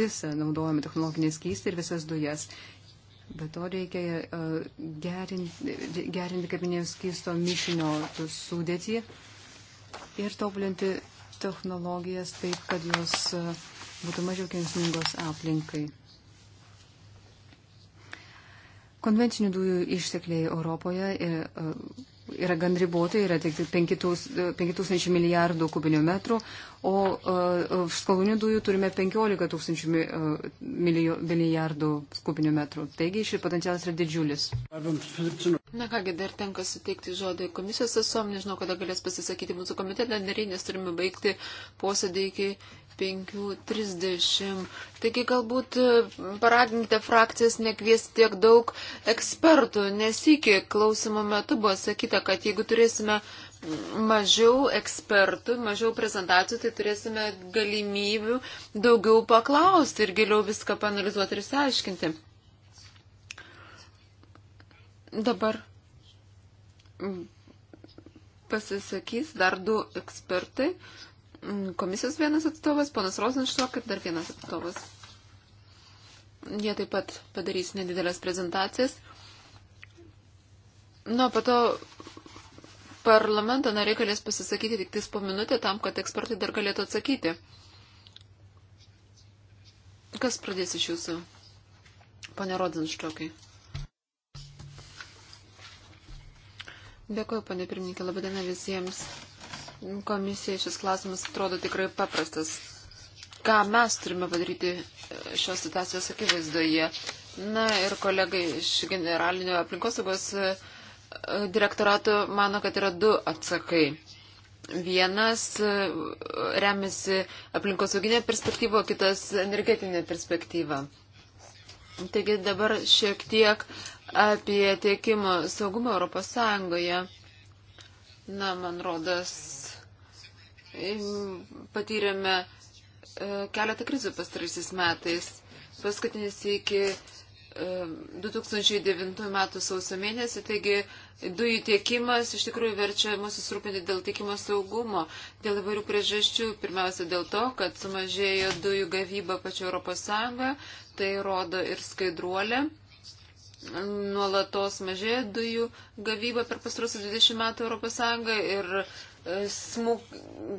A: visą naudojamą technologinį skystį ir visas dujas. Be to reikia gerinti, gerinti kaip minėjau, skysto mišinio sudėtį ir tobulinti technologijas taip, kad jos būtų mažiau kenksmingos aplinkai. Konvencinių dujų ištekliai Europoje yra, e, yra gan ribotai, yra tik 5000 e, milijardų kubinių metrų, o e, skalūnių dujų turime 15 tūkstančių milijardų kubinių metrų. Taigi šis potencialas yra didžiulis.
B: Na kągi, dar tenka suteikti žodį komisijos asom, nežinau, kada galės pasisakyti mūsų komiteto nariai, nes turime baigti posėdį iki 5.30. Taigi galbūt e, paraginkite frakcijas nekviesti tiek daug ekspertų, nes iki klausimo metu buvo sakyta, kad jeigu turėsime mažiau ekspertų, mažiau prezentacijų, tai turėsime galimybių daugiau paklausti ir giliau viską panalizuoti ir išsiaiškinti. Dabar pasisakys dar du ekspertai. Uh, komisijos vienas atstovas, ponas Rosenštok ir dar vienas atstovas. Jie taip pat padarys nedidelės prezentacijas. Nu, po to parlamento nariai galės pasisakyti tik tais po minutę tam, kad ekspertai dar galėtų atsakyti. Kas pradės iš jūsų, pane Rodinščiokai? Dėkuoju, pane pirmininkė, labadiena visiems. Komisijai šis klausimas atrodo tikrai paprastas. Ką mes turime padaryti e, šios situacijos akivaizdoje? Na ir kolegai iš generalinio aplinkosaugos e, e, direktorato mano, kad yra du atsakai. Vienas remiasi aplinkosauginė perspektyva, kitas energetinė perspektyva. Taigi dabar šiek tiek apie tiekimo saugumą Europos Sąjungoje. Na, man rodas, patyrėme e, keletą krizių pastaraisiais metais. Paskutinis iki 2009 e, metų sausio mėnesį, taigi dujų tiekimas iš tikrųjų verčia mūsų susirūpinti dėl tiekimo saugumo, dėl įvairių priežasčių. Pirmiausia dėl to, kad sumažėjo dujų gavyba pačio Europos Sąjunga, tai rodo ir skaidruolė nuolatos mažėja dujų gavyba per pastarusius 20 metų ES ir e, smuk,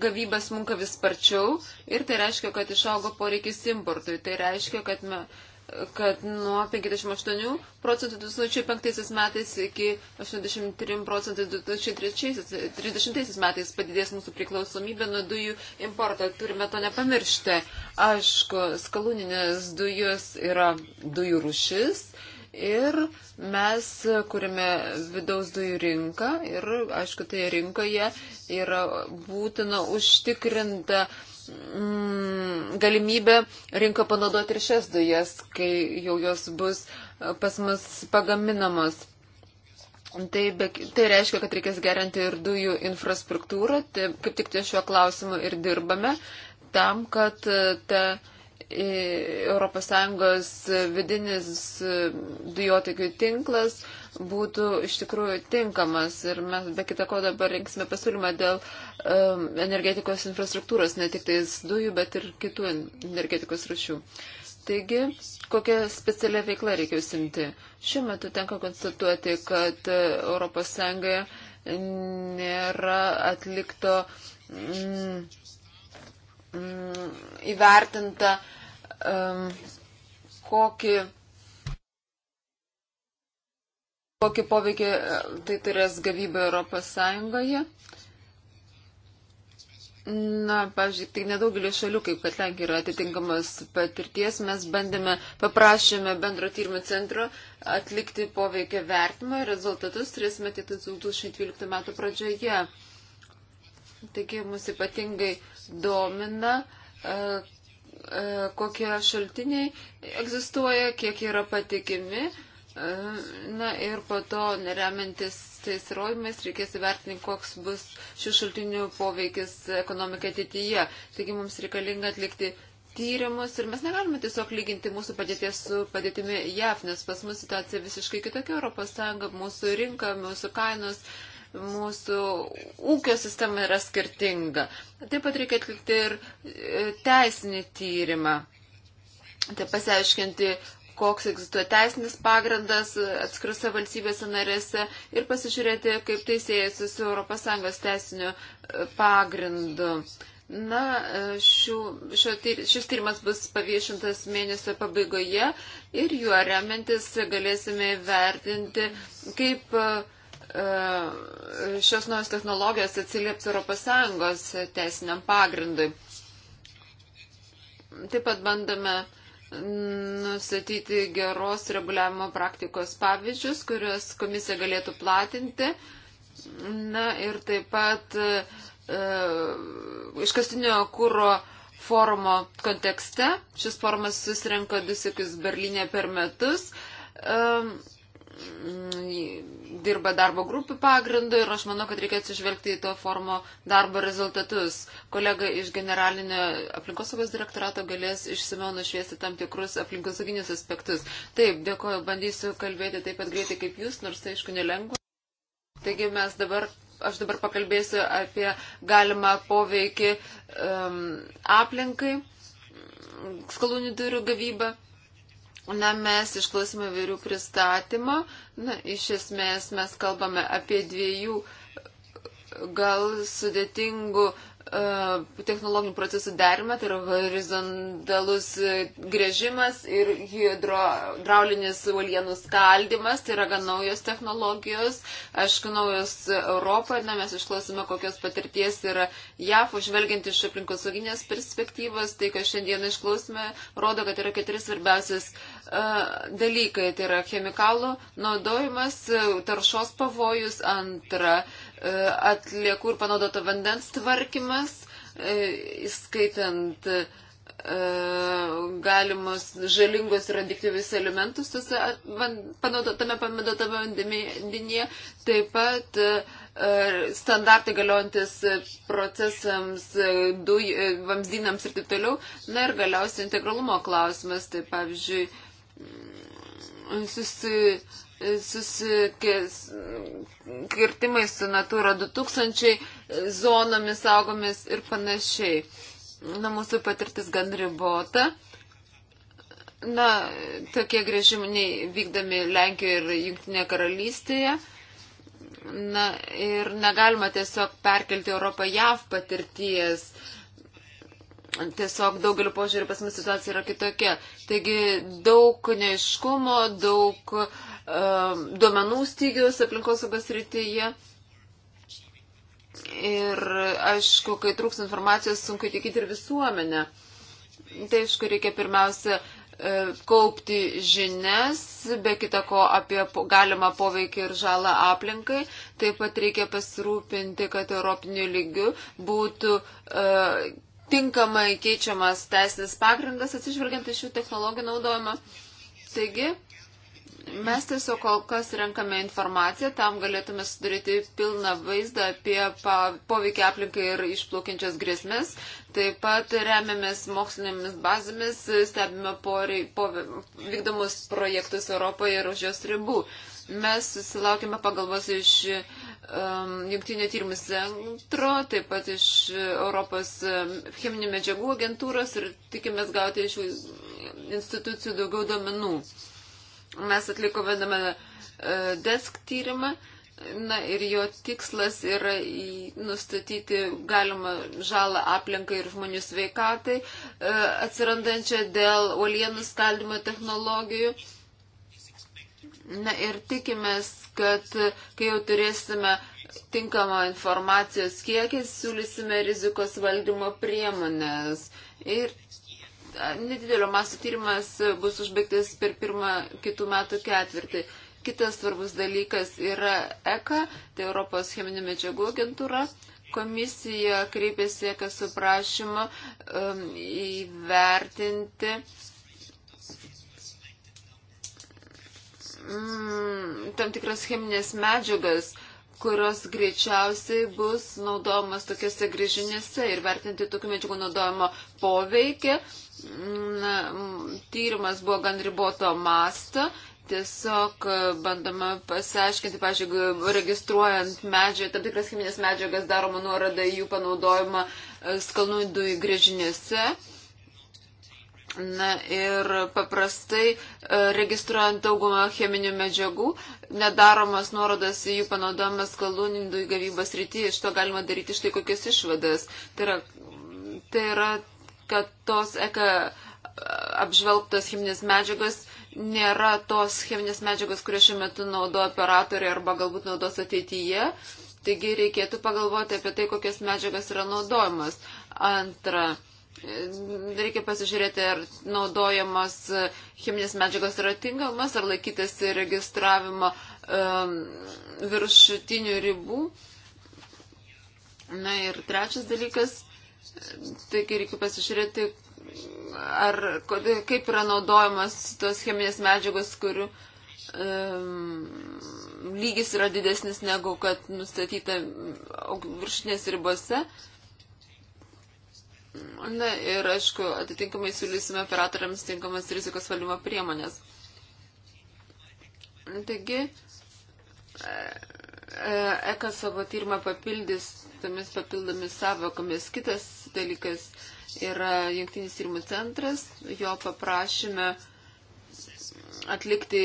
B: gavyba smunka vis sparčiau ir tai reiškia, kad išaugo poreikis importui. Tai reiškia, kad, me, kad nuo 58 procentų 2005 metais iki 83 procentų 2030 metais padidės mūsų priklausomybė nuo dujų importo. Turime to nepamiršti. Aišku, skaluninės dujos yra dujų rušis. Uh, Ir mes kūrėme vidaus dujų rinką ir, aišku, tai rinkoje yra būtina užtikrinta mm, galimybė rinką panaudoti ir šias dujas, kai jau jos bus e, pas mus pagaminamos. Tai, be, tai reiškia, kad reikės gerinti ir dujų infrastruktūrą, tai kaip tik ties šiuo klausimu ir dirbame, tam, kad e, ta. Te, ES vidinis dujotekių tinklas būtų iš tikrųjų tinkamas. Ir mes be kita ko dabar rinksime pasiūlymą dėl um, energetikos infrastruktūros, ne tik tais dujų, bet ir kitų energetikos rušių. Taigi, kokią specialią veiklą reikia užsimti? Šiuo metu tenka konstatuoti, kad uh, ES nėra atlikto mm, mm, įvertinta uh, um, kokį, kokį poveikį uh, tai turės gavybą Europos Sąjungoje. Na, pažiūrėk, tai nedaugelį šalių, kaip kad Lenkija yra atitinkamos patirties, mes bandėme, paprašėme bendro tyrimo centro atlikti poveikio vertimą ir rezultatus turėsime tik 2012 metų pradžioje. Taigi mus ypatingai domina, uh, E, kokie šaltiniai egzistuoja, kiek yra patikimi. E, na ir po to, remiantis tais įrodymais, reikės įvertinti, koks bus šių šaltinių poveikis ekonomikai ateityje. Taigi mums reikalinga atlikti tyrimus ir mes negalime tiesiog lyginti mūsų padėties su padėtimi JAV, nes pas mus situacija visiškai kitokia Europos Sąjunga, mūsų rinka, mūsų kainos, mūsų ūkio sistema yra skirtinga. Taip pat reikia atlikti ir e, teisinį tyrimą. Tai pasiaiškinti, koks egzistuoja teisinis pagrindas e, atskirose valstybėse narėse ir pasižiūrėti, kaip tai siejasi su ES teisiniu e, pagrindu. Na, šių, šio, šis tyrimas bus paviešintas mėnesio pabaigoje ir juo remiantis galėsime vertinti, kaip uh, E, šios naujos technologijos atsilieps ES teisiniam pagrindui. Taip pat bandome nustatyti geros reguliavimo praktikos pavyzdžius, kuriuos komisija galėtų platinti. Na ir taip pat e, e iškastinio kūro forumo kontekste. Šis forumas susirenka du sėkius Berlinė per metus. E, Mm, dirba darbo grupių pagrindu ir aš manau, kad reikia atsižvelgti į to formo darbo rezultatus. Kolega iš generalinio aplinkosaugos direktorato galės išsimiau nušviesti tam tikrus aplinkosauginius aspektus. Taip, dėkoju, bandysiu kalbėti taip pat greitai kaip jūs, nors tai aišku nelengva. Taigi mes dabar, aš dabar pakalbėsiu apie galimą poveikį um, aplinkai, skalūnių durų gavybą. Na, mes išklausime vairių pristatymą. Na, iš esmės mes kalbame apie dviejų gal sudėtingų E, technologinių procesų derime, tai yra horizontalus e, grėžimas ir hidraulinis uolienų skaldimas, tai yra gan naujos technologijos, aišku, naujos Europoje, na, mes išklausime, kokios patirties yra JAF, užvelgiant iš aplinkosauginės perspektyvos, tai, ką šiandien išklausime, rodo, kad yra keturi svarbiausias uh, dalykai, tai yra chemikalų naudojimas, taršos pavojus, antra, uh, E, atliekų ir panaudoto vandens tvarkymas, e, įskaitant e, galimus žalingus radiktyvius elementus tose panaudotame panaudotame vandenyje, taip pat standartai galiojantis procesams, duj, vamzdynams ir taip toliau. Na ir galiausiai integralumo klausimas, tai pavyzdžiui, mm, susi susikirtimai su Natura 2000 zonomis, saugomis ir panašiai. Na, mūsų patirtis gan ribota. Na, tokie grėžimai vykdami Lenkijoje ir Junktinėje karalystėje. Na, ir negalima tiesiog perkelti Europą JAV patirties. Tiesiog daugeliu požiūrį pas mus situacija yra kitokia. Taigi daug neiškumo, daug uh, Um, duomenų stygius aplinkosaugos rytyje. Ir aišku, kai trūks informacijos, sunku įtikinti ir visuomenę. Tai aišku, reikia pirmiausia e, kaupti žinias, be kitako apie galimą poveikį ir žalą aplinkai. Taip pat reikia pasirūpinti, kad europiniu lygiu būtų uh, tinkamai keičiamas teisinis pagrindas atsižvelgiant iš šių technologijų naudojimą. Taigi, Mes tiesiog kol kas renkame informaciją, tam galėtume sudaryti pilną vaizdą apie poveikį aplinkai ir išplaukiančias grėsmės. Taip pat remiamės mokslinėmis bazėmis, stebime porei, po, vykdomus projektus Europoje ir už jos ribų. Mes susilaukime pagalbos iš um, Junktinio tyrimų centro, taip pat iš Europos um, cheminių medžiagų agentūros ir tikimės gauti iš institucijų daugiau domenų. Mes atlikome e, desk tyrimą. Na ir jo tikslas yra nustatyti galimą žalą aplinkai ir žmonių sveikatai, e, atsirandančią dėl uolienų skaldimo technologijų. Na ir tikimės, kad kai jau turėsime tinkamą informacijos kiekį, siūlysime rizikos valdymo priemonės. Ir nedidelio masto tyrimas bus užbaigtas per pirmą kitų metų ketvirtį. Kitas svarbus dalykas yra ECA, tai Europos cheminių medžiagų agentūra. Komisija kreipėsi ECA su prašymu um, įvertinti mm, tam tikras cheminės medžiagas, kurios greičiausiai bus naudojamas tokiuose grėžinėse ir vertinti tokių medžiagų naudojimo poveikį na, tyrimas buvo gan riboto masto. Tiesiog e, bandoma pasiaiškinti, pažiūrėjau, registruojant medžiagą, tam tikras cheminės medžiagas daroma nuorada į jų panaudojimą e, skalnų dujų grėžiniuose. Na ir paprastai e, registruojant daugumą cheminių medžiagų, nedaromas nuorodas į jų panaudojimas kalūnindų į gavybos rytį, iš to galima daryti štai kokias išvadas. Tai yra, tai yra kad tos eka apžvelgtos cheminės medžiagos nėra tos cheminės medžiagos, kurias šiuo metu naudoja operatoriai arba galbūt naudos ateityje. Taigi reikėtų pagalvoti apie tai, kokias medžiagas yra naudojamos. Antra, reikia pasižiūrėti, ar naudojamos cheminės medžiagos yra tinkamas, ar laikytasi registravimo um, viršutinių ribų. Na ir trečias dalykas Taigi reikia pasižiūrėti, ar, kaip yra naudojamas tos cheminės medžiagos, kurių um, lygis yra didesnis negu kad nustatyta viršinės ribose. Na ir, aišku, atitinkamai siūlysime operatoriams tinkamas rizikos valdymo priemonės. Taigi, E, ECA savo tyrimą papildys tomis papildomis savokomis. Kitas dalykas yra Junktinis tyrimų centras. Jo paprašyme atlikti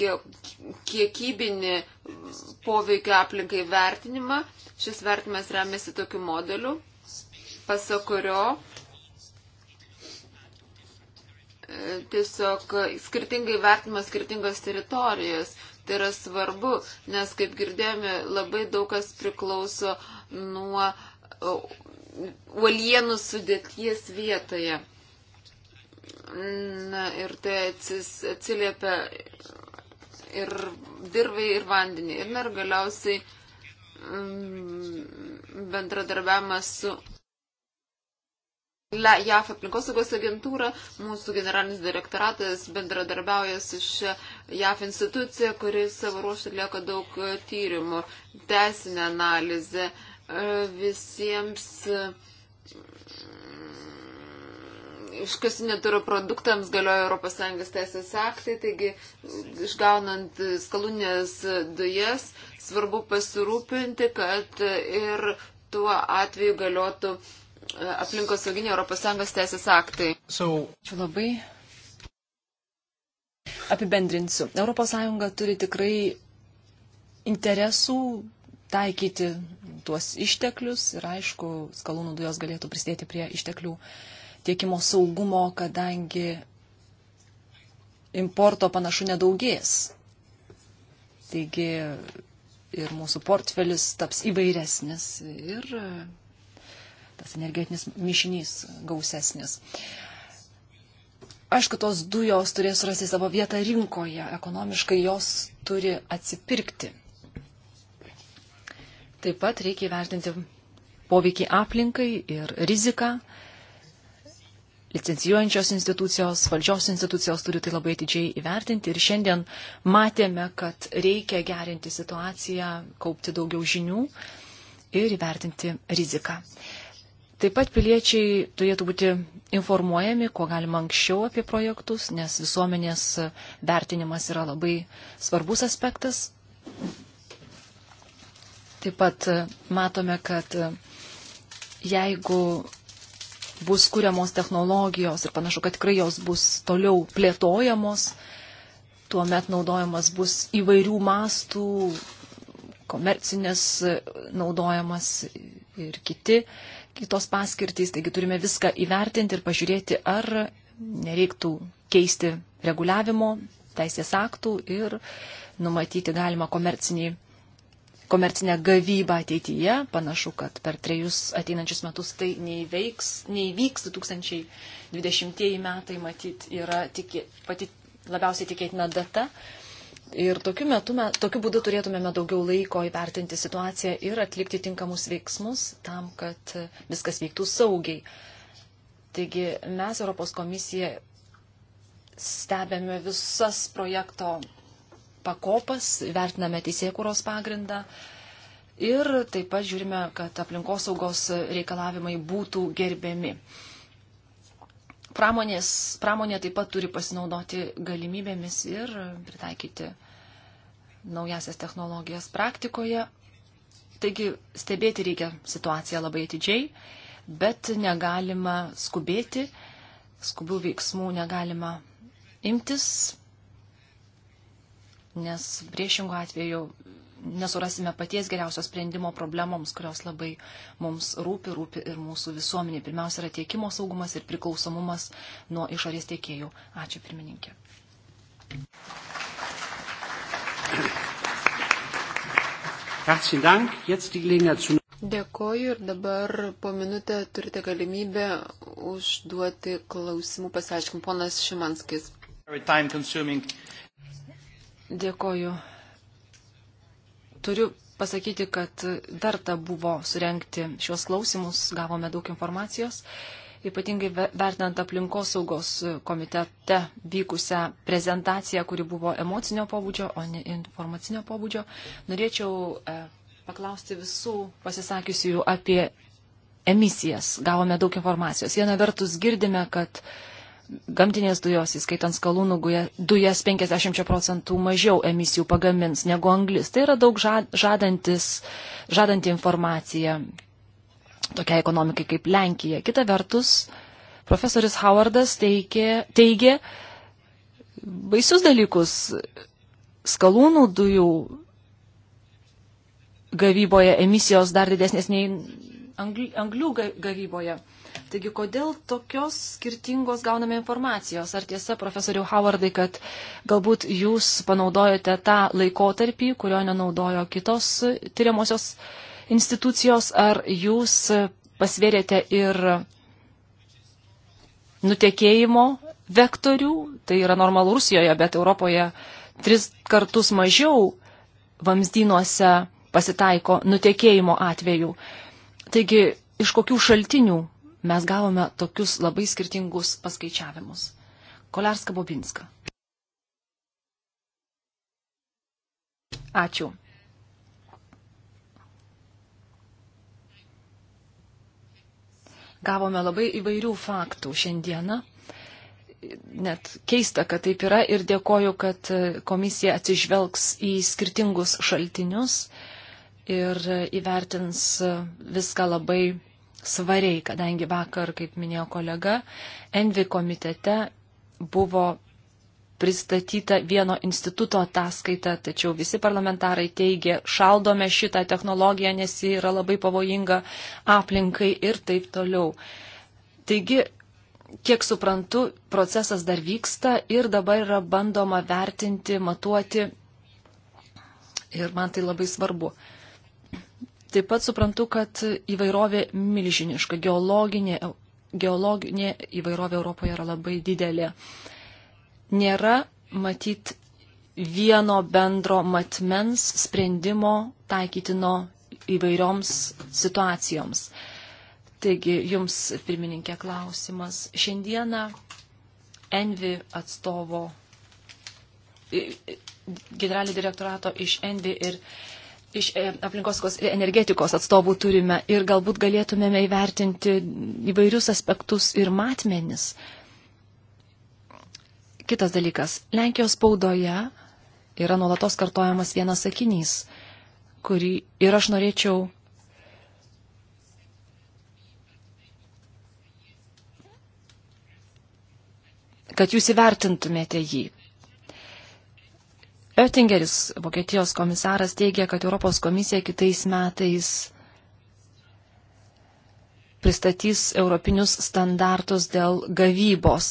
B: kiekybinį poveikio aplinkai vertinimą. Šis vertinimas remiasi tokiu modeliu, pasak kurio e, tiesiog skirtingai vertinimas skirtingos teritorijos. Tai yra svarbu, nes, kaip girdėjome, labai daug kas priklauso nuo e, uolienų sudėties vietoje. Na, ir tai atsiliepia ir dirbai, ir vandenį. Ir dar galiausiai mm, bendradarbiavimas su JAF aplinkosaugos agentūra, mūsų generalinis direktoratas bendradarbiauja su šia JAF institucija, kuri savo ruoštų atlieka daug e, tyrimų, teisinę analizę e, visiems e, iškasinio turo produktams galioja ES teisės aktai, taigi išgaunant skalūnės dujas svarbu pasirūpinti, kad ir tuo atveju galiotų uh, aplinkos sauginio ES teisės aktai. So... Ačiū labai.
C: Apibendrinsiu. ES turi tikrai interesų taikyti tuos išteklius ir aišku, skalūnų dujos galėtų prisidėti prie išteklių tiekimo saugumo, kadangi importo panašu nedaugės. Taigi ir mūsų portfelis taps įvairesnis ir tas energetinis mišinys gausesnis. Aišku, tos dujos turės surasti savo vietą rinkoje, ekonomiškai jos turi atsipirkti. Taip pat reikia įvertinti poveikį aplinkai ir riziką. Licencijuojančios institucijos, valdžios institucijos turi tai labai didžiai įvertinti ir šiandien matėme, kad reikia gerinti situaciją, kaupti daugiau žinių ir įvertinti riziką. Taip pat piliečiai turėtų būti informuojami, kuo galima anksčiau apie projektus, nes visuomenės vertinimas yra labai svarbus aspektas. Taip pat matome, kad jeigu bus kuriamos technologijos ir panašu, kad tikrai jos bus toliau plėtojamos, tuomet naudojamas bus įvairių mastų, komercinės naudojamas ir kiti kitos paskirtys, taigi turime viską įvertinti ir pažiūrėti, ar nereiktų keisti reguliavimo, teisės aktų ir numatyti galima komercinį, komercinę gavybą ateityje. Panašu, kad per trejus ateinančius metus tai neįveiks, neįvyks 2020 metai, matyt, yra tiki, pati labiausiai tikėtina data. Uh, Ir tokiu, metu, tokiu būdu turėtumėme daugiau laiko įvertinti situaciją ir atlikti tinkamus veiksmus tam, kad viskas vyktų saugiai. Taigi mes Europos komisija stebėme visas projekto pakopas, vertiname teisėkūros pagrindą ir taip pat žiūrime, kad aplinkosaugos reikalavimai būtų gerbiami. Pramonės, pramonė taip pat turi pasinaudoti galimybėmis ir pritaikyti naujasias technologijas praktikoje. Taigi stebėti reikia situaciją labai atidžiai, bet negalima skubėti, skubių veiksmų negalima imtis, nes priešingų atveju nesurasime paties geriausio sprendimo problemoms, kurios labai mums rūpi, rūpi ir mūsų visuomenė. Pirmiausia yra tiekimo saugumas ir priklausomumas nuo išorės tiekėjų. Ačiū pirmininkė.
B: Dėkoju ir dabar po minutę turite galimybę užduoti klausimų pasiaiškim. Ponas Šimanskis.
C: Dėkoju Turiu pasakyti, kad verta buvo surenkti šios klausimus, gavome daug informacijos, ypatingai vertinant aplinkos saugos komitete vykusią prezentaciją, kuri buvo emocinio pobūdžio, o ne informacinio pobūdžio. Norėčiau e, paklausti visų pasisakiusių apie emisijas. Gavome daug informacijos. Viena vertus girdime, kad uh, gamtinės dujos, įskaitant skalūnų dujas, 50 procentų mažiau emisijų pagamins negu anglis. Tai yra daug žadantis, žadanti informacija tokia ekonomikai kaip Lenkija. Kita vertus, profesorius Howardas teikė, teigė baisius dalykus skalūnų dujų gavyboje emisijos dar didesnės nei anglių gavyboje. Taigi, kodėl tokios skirtingos gauname informacijos? Ar tiesa, profesoriu Howardai, kad galbūt jūs panaudojate tą laikotarpį, kurio nenaudojo kitos tyriamosios institucijos, ar jūs pasvėrėte ir nutekėjimo vektorių, tai yra normalu Rusijoje, bet Europoje tris kartus mažiau vamzdynuose pasitaiko nutekėjimo atvejų. Taigi, iš kokių šaltinių mes gavome tokius labai skirtingus paskaičiavimus. Kolerska Bobinska. Ačiū. Gavome labai įvairių faktų šiandieną. Net keista, kad taip yra ir dėkoju, kad komisija atsižvelgs į skirtingus šaltinius ir įvertins viską labai svariai, kadangi vakar, kaip minėjo kolega, Envi komitete buvo pristatyta vieno instituto ataskaita, tačiau visi parlamentarai teigia, šaldome šitą technologiją, nes ji yra labai pavojinga aplinkai ir taip toliau. Taigi, kiek suprantu, procesas dar vyksta ir dabar yra bandoma vertinti, matuoti ir man tai labai svarbu. Taip pat suprantu, kad įvairovė milžiniška, geologinė, geologinė įvairovė Europoje yra labai didelė. Nėra matyt vieno bendro matmens sprendimo taikytino įvairioms situacijoms. Taigi jums, pirmininkė, klausimas. Šiandieną Envi atstovo, generalinio direktorato iš Envi ir iš e, aplinkoskos ir energetikos atstovų turime ir galbūt galėtumėme įvertinti įvairius aspektus ir matmenis. Kitas dalykas. Lenkijos spaudoje yra nuolatos kartojamas vienas sakinys, kurį ir aš norėčiau kad jūs įvertintumėte jį. Oettingeris, Vokietijos komisaras, teigia, kad Europos komisija kitais metais pristatys europinius standartus dėl gavybos.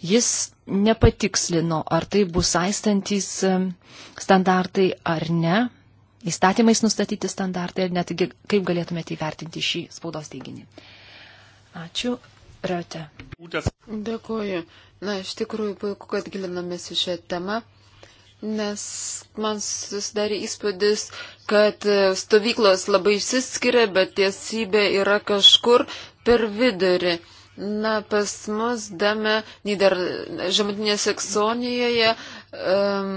C: Jis nepatikslino, ar tai bus aistantis standartai ar ne, įstatymais nustatyti standartai ar netgi kaip galėtumėte įvertinti šį spaudos teiginį. Ačiū. Rate.
B: Dėkuoju. Na, iš tikrųjų puiku, kad gilinamės į šią temą nes man susidarė įspūdis, kad stovyklos labai išsiskiria, bet tiesybė yra kažkur per vidurį. Na, pas mus Dame, Nider... Žemutinėje Saksonijoje, um,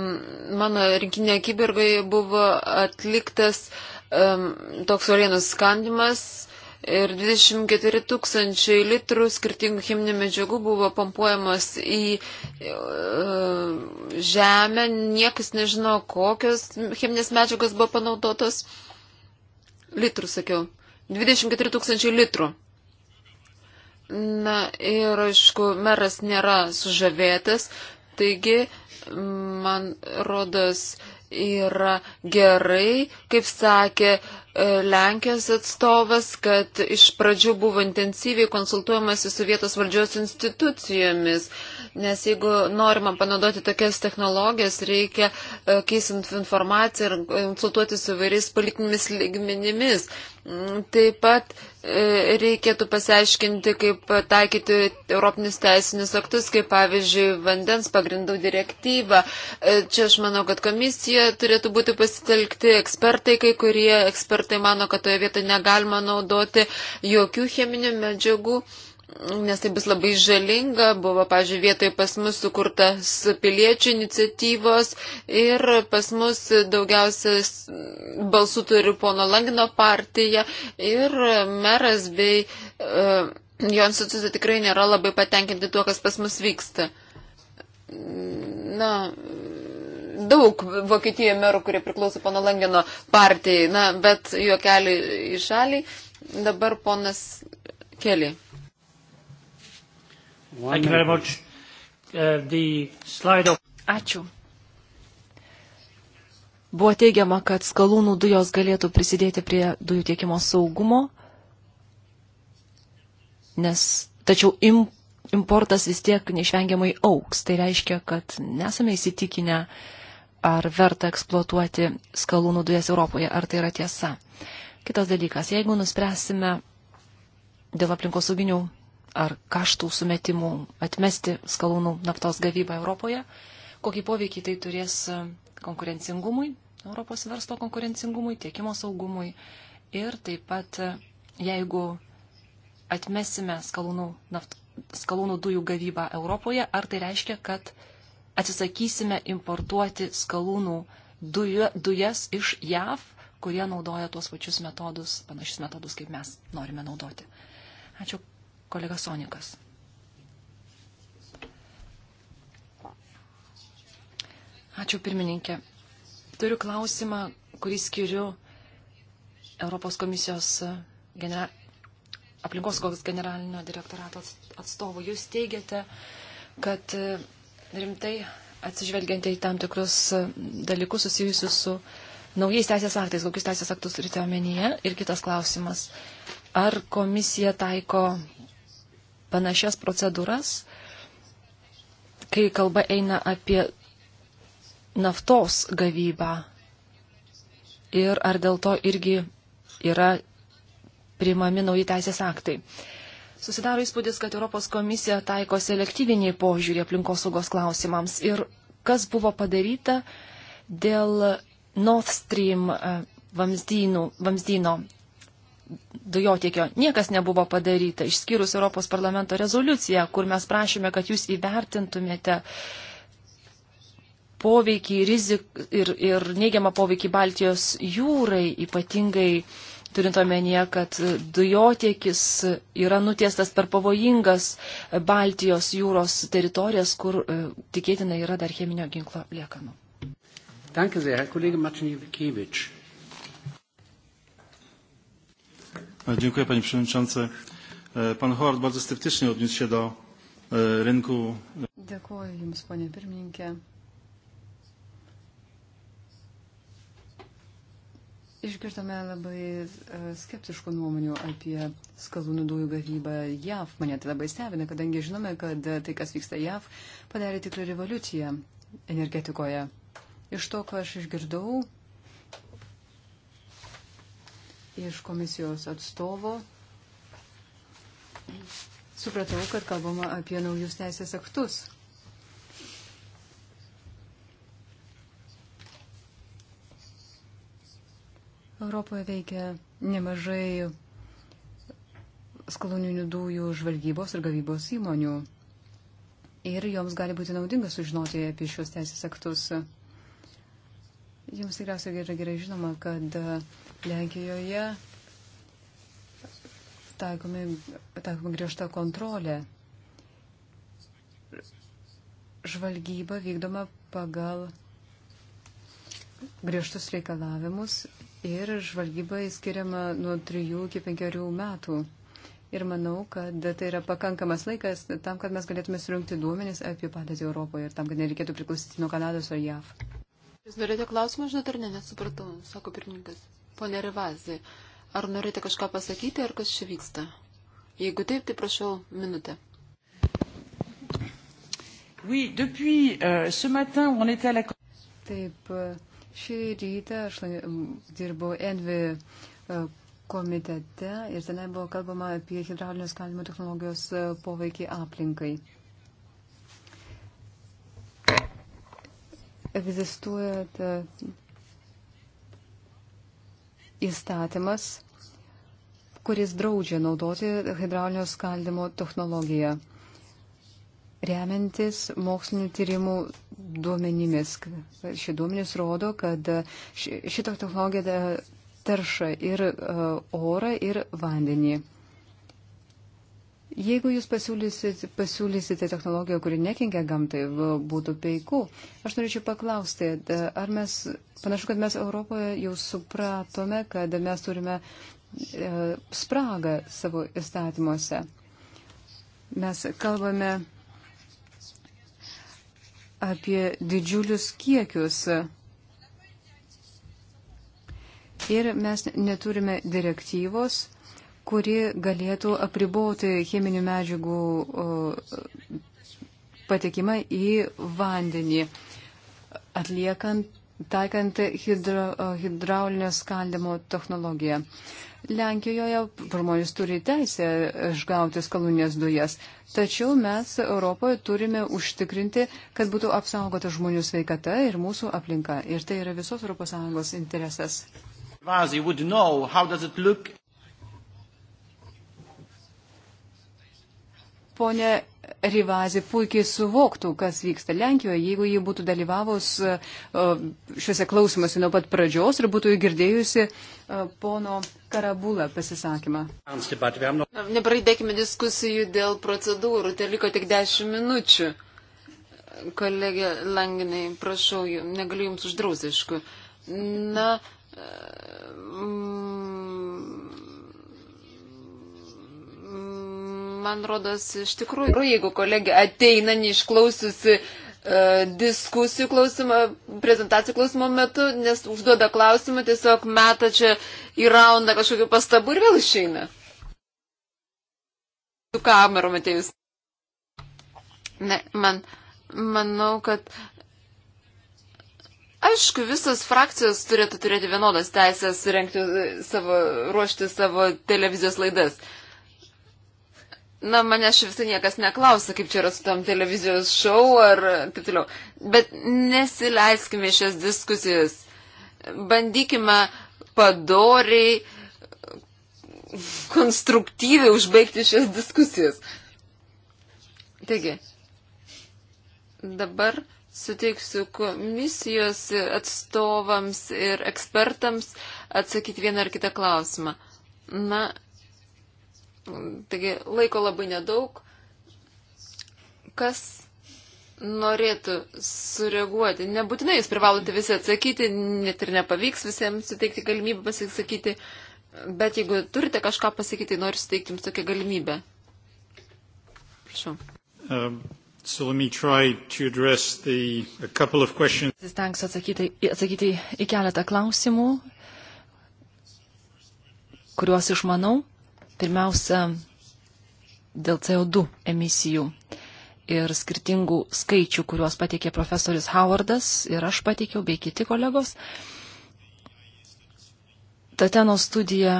B: mano rinkinė Kibergoje buvo atliktas um, toks orienų skandimas ir 24 tūkstančiai litrų skirtingų cheminių medžiagų buvo pompuojamos į e, žemę, niekas nežino, kokios cheminės medžiagos buvo panaudotos. Litrų, sakiau. 24 tūkstančiai litrų. Na ir aišku, meras nėra sužavėtas, taigi, man rodos, yra gerai, kaip sakė uh, E, Lenkijos atstovas, kad iš pradžių buvo intensyviai konsultuojamasi su vietos valdžios institucijomis, nes jeigu norima panaudoti tokias technologijas, reikia e, keisint informaciją ir konsultuoti su vairiais politinėmis lygmenimis. Mm, taip pat E, reikėtų pasiaiškinti, kaip taikyti Europinius teisinius aktus, kaip pavyzdžiui vandens pagrindų direktyvą. E, čia aš manau, kad komisija turėtų būti pasitelkti ekspertai, kai kurie ekspertai mano, kad toje vietoje negalima naudoti jokių cheminių medžiagų nes tai bus labai žalinga. Buvo, pažiūrėjau, vietoje pas mus sukurtas piliečių iniciatyvos ir pas mus daugiausias balsų turi pono Langino partija ir meras bei uh, e, jo institucija tikrai nėra labai patenkinti tuo, kas pas mus vyksta. Na, daug Vokietijoje merų, kurie priklauso pono Langino partijai, na, bet juokeliai į šalį. Dabar ponas Keli.
C: Thank you very much. Uh, the slide of... Ačiū. Buvo teigiama, kad skalūnų dujos galėtų prisidėti prie dujų tiekimo saugumo, nes tačiau im, importas vis tiek neišvengiamai auks. Tai reiškia, kad nesame įsitikinę, ar verta eksploatuoti skalūnų dujas Europoje, ar tai yra tiesa. Kitas dalykas, jeigu nuspręsime dėl aplinkosauginių ar kaštų sumetimų atmesti skalūnų naftos gavybą Europoje, kokį poveikį tai turės konkurencingumui, Europos verslo konkurencingumui, tiekimo saugumui ir taip pat jeigu atmesime skalūnų, naft, skalūnų dujų gavybą Europoje, ar tai reiškia, kad atsisakysime importuoti skalūnų duja, dujas iš JAV, kurie naudoja tuos pačius metodus, panašius metodus, kaip mes norime naudoti. Ačiū kolega Sonikas. Ačiū pirmininkė. Turiu klausimą, kurį skiriu Europos komisijos e, genera... aplinkosaugos generalinio direktorato atstovų. Jūs teigiate, kad e, rimtai atsižvelgiant į tam tikrus e, dalykus susijusius su naujais teisės aktais, kokius teisės aktus turite omenyje. Ir kitas klausimas, ar komisija taiko panašias procedūras, kai kalba eina apie naftos gavybą. Ir ar dėl to irgi yra priimami nauji teisės aktai. Susidaro įspūdis, kad Europos komisija taiko selektyviniai požiūrį aplinkosaugos klausimams. Ir kas buvo padaryta dėl Nord Stream e, vamzdynų, vamzdyno dujotiekio niekas nebuvo padaryta, išskyrus Europos parlamento rezoliuciją, kur mes prašėme, kad jūs įvertintumėte poveikį rizik, ir, ir neigiamą poveikį Baltijos jūrai, ypatingai turint omenyje, kad dujotiekis yra nutiestas per pavojingas Baltijos jūros teritorijas, kur e, tikėtina yra dar cheminio ginklo liekanų.
A: Danke sehr, Herr Kollege Martinievičius.
C: E, dziękuję panie przewodniczący. E, pan Howard bardzo sceptycznie odniósł się do e, rynku.
A: Dėkuoju Jums, ponė pirmininkė. Išgirdome labai skeptiškų nuomonių apie skalūnų dujų gavybą JAV. Mane tai labai stebina, kadangi žinome, kad tai, kas vyksta JAV, padarė tikrą revoliuciją energetikoje. Iš to, ką aš išgirdau, iš komisijos atstovo supratau, kad kalbama apie naujus teisės aktus. Europoje veikia nemažai skaloninių dujų žvalgybos ir gavybos įmonių. Ir joms gali būti naudinga sužinoti apie šios teisės aktus. Jums tikriausiai yra gerai žinoma, kad uh, Lenkijoje taikomi, taikomi griežta kontrolė. Žvalgyba vykdoma pagal griežtus reikalavimus ir žvalgybai skiriama nuo 3 iki 5 metų. Ir manau, kad tai yra pakankamas laikas tam, kad mes galėtume surinkti duomenis apie padėtį Europoje ir tam, kad nereikėtų priklausyti nuo Kanados ar JAV.
B: Jūs norėjote klausimą užduoti ar ne? Nesupratau, sako pirmininkas. Pone Rivazai, ar norite kažką pasakyti, ar kas čia vyksta? Jeigu taip, tai prašau
A: minutę.
C: Oui, depuis, uh, ce
A: matin, on était à la... Taip, šį rytą aš dirbau Envi komitete ir tenai buvo kalbama apie hidraulinės kalimo technologijos e, poveikį aplinkai. Egzistuoja ta, įstatymas, kuris draudžia naudoti hidraulinio skaldimo technologiją, remiantis mokslinių tyrimų duomenimis. Šie duomenys rodo, kad šitą technologiją terša ir e, orą, ir vandenį. Jeigu jūs pasiūlysite, pasiūlysite technologiją, kuri nekenkia gamtai, būtų peiku. Aš norėčiau paklausti, ar mes, panašu, kad mes Europoje jau supratome, kad mes turime e, spragą savo įstatymuose. Mes kalbame apie didžiulius kiekius. Ir mes neturime direktyvos, kuri galėtų apriboti cheminių medžiagų uh, patekimą į vandenį, atliekant, taikant hidra, uh, hidraulinio skaldimo technologiją. Lenkijoje žmonės turi teisę išgauti skalūnės dujas, tačiau mes Europoje turime užtikrinti, kad būtų apsaugota žmonių sveikata ir mūsų aplinka. Ir tai yra visos ES interesas. Vazi, ponė Rivazi puikiai suvoktų, kas vyksta Lenkijoje, jeigu ji būtų dalyvavus e, šiuose klausimuose nuo pat pradžios ir būtų girdėjusi e, pono Karabulą pasisakymą. Nepraidėkime diskusijų
B: dėl procedūrų, tai liko tik 10 minučių. Kolegė Langinai, prašau, negaliu jums uždrausti, aišku. Na, man rodos, iš tikrųjų, jeigu kolegė ateina neišklausiusi e, diskusijų klausimą, prezentacijų klausimo metu, nes užduoda klausimą, tiesiog meta čia įrauna kažkokių pastabų ir vėl išeina. Su kamerom atėjus. Ne, man, manau, kad Aišku, visos frakcijos turėtų turėti vienodas teisės rengti e, savo, ruošti savo televizijos laidas. Na, mane švisai niekas neklausia, kaip čia yra su tam televizijos šou ar taip toliau. Bet nesileiskime šias diskusijas. Bandykime padoriai, konstruktyviai užbaigti šias diskusijas. Taigi, dabar suteiksiu komisijos atstovams ir ekspertams atsakyti vieną ar kitą klausimą. Na, Taigi laiko labai nedaug. Kas norėtų sureaguoti? Nebūtinai jūs privalote visi atsakyti, net ir nepavyks visiems suteikti galimybę pasisakyti, bet jeigu turite kažką pasakyti, noriu suteikti jums tokią galimybę. Prašau. Um. So let me try to address the, a couple of questions.
C: Stengsiu atsakyti, atsakyti į keletą klausimų, kuriuos išmanau. Pirmiausia, dėl CO2 emisijų ir skirtingų skaičių, kuriuos pateikė profesorius Howardas ir aš pateikiau, bei kiti kolegos. Tateno studija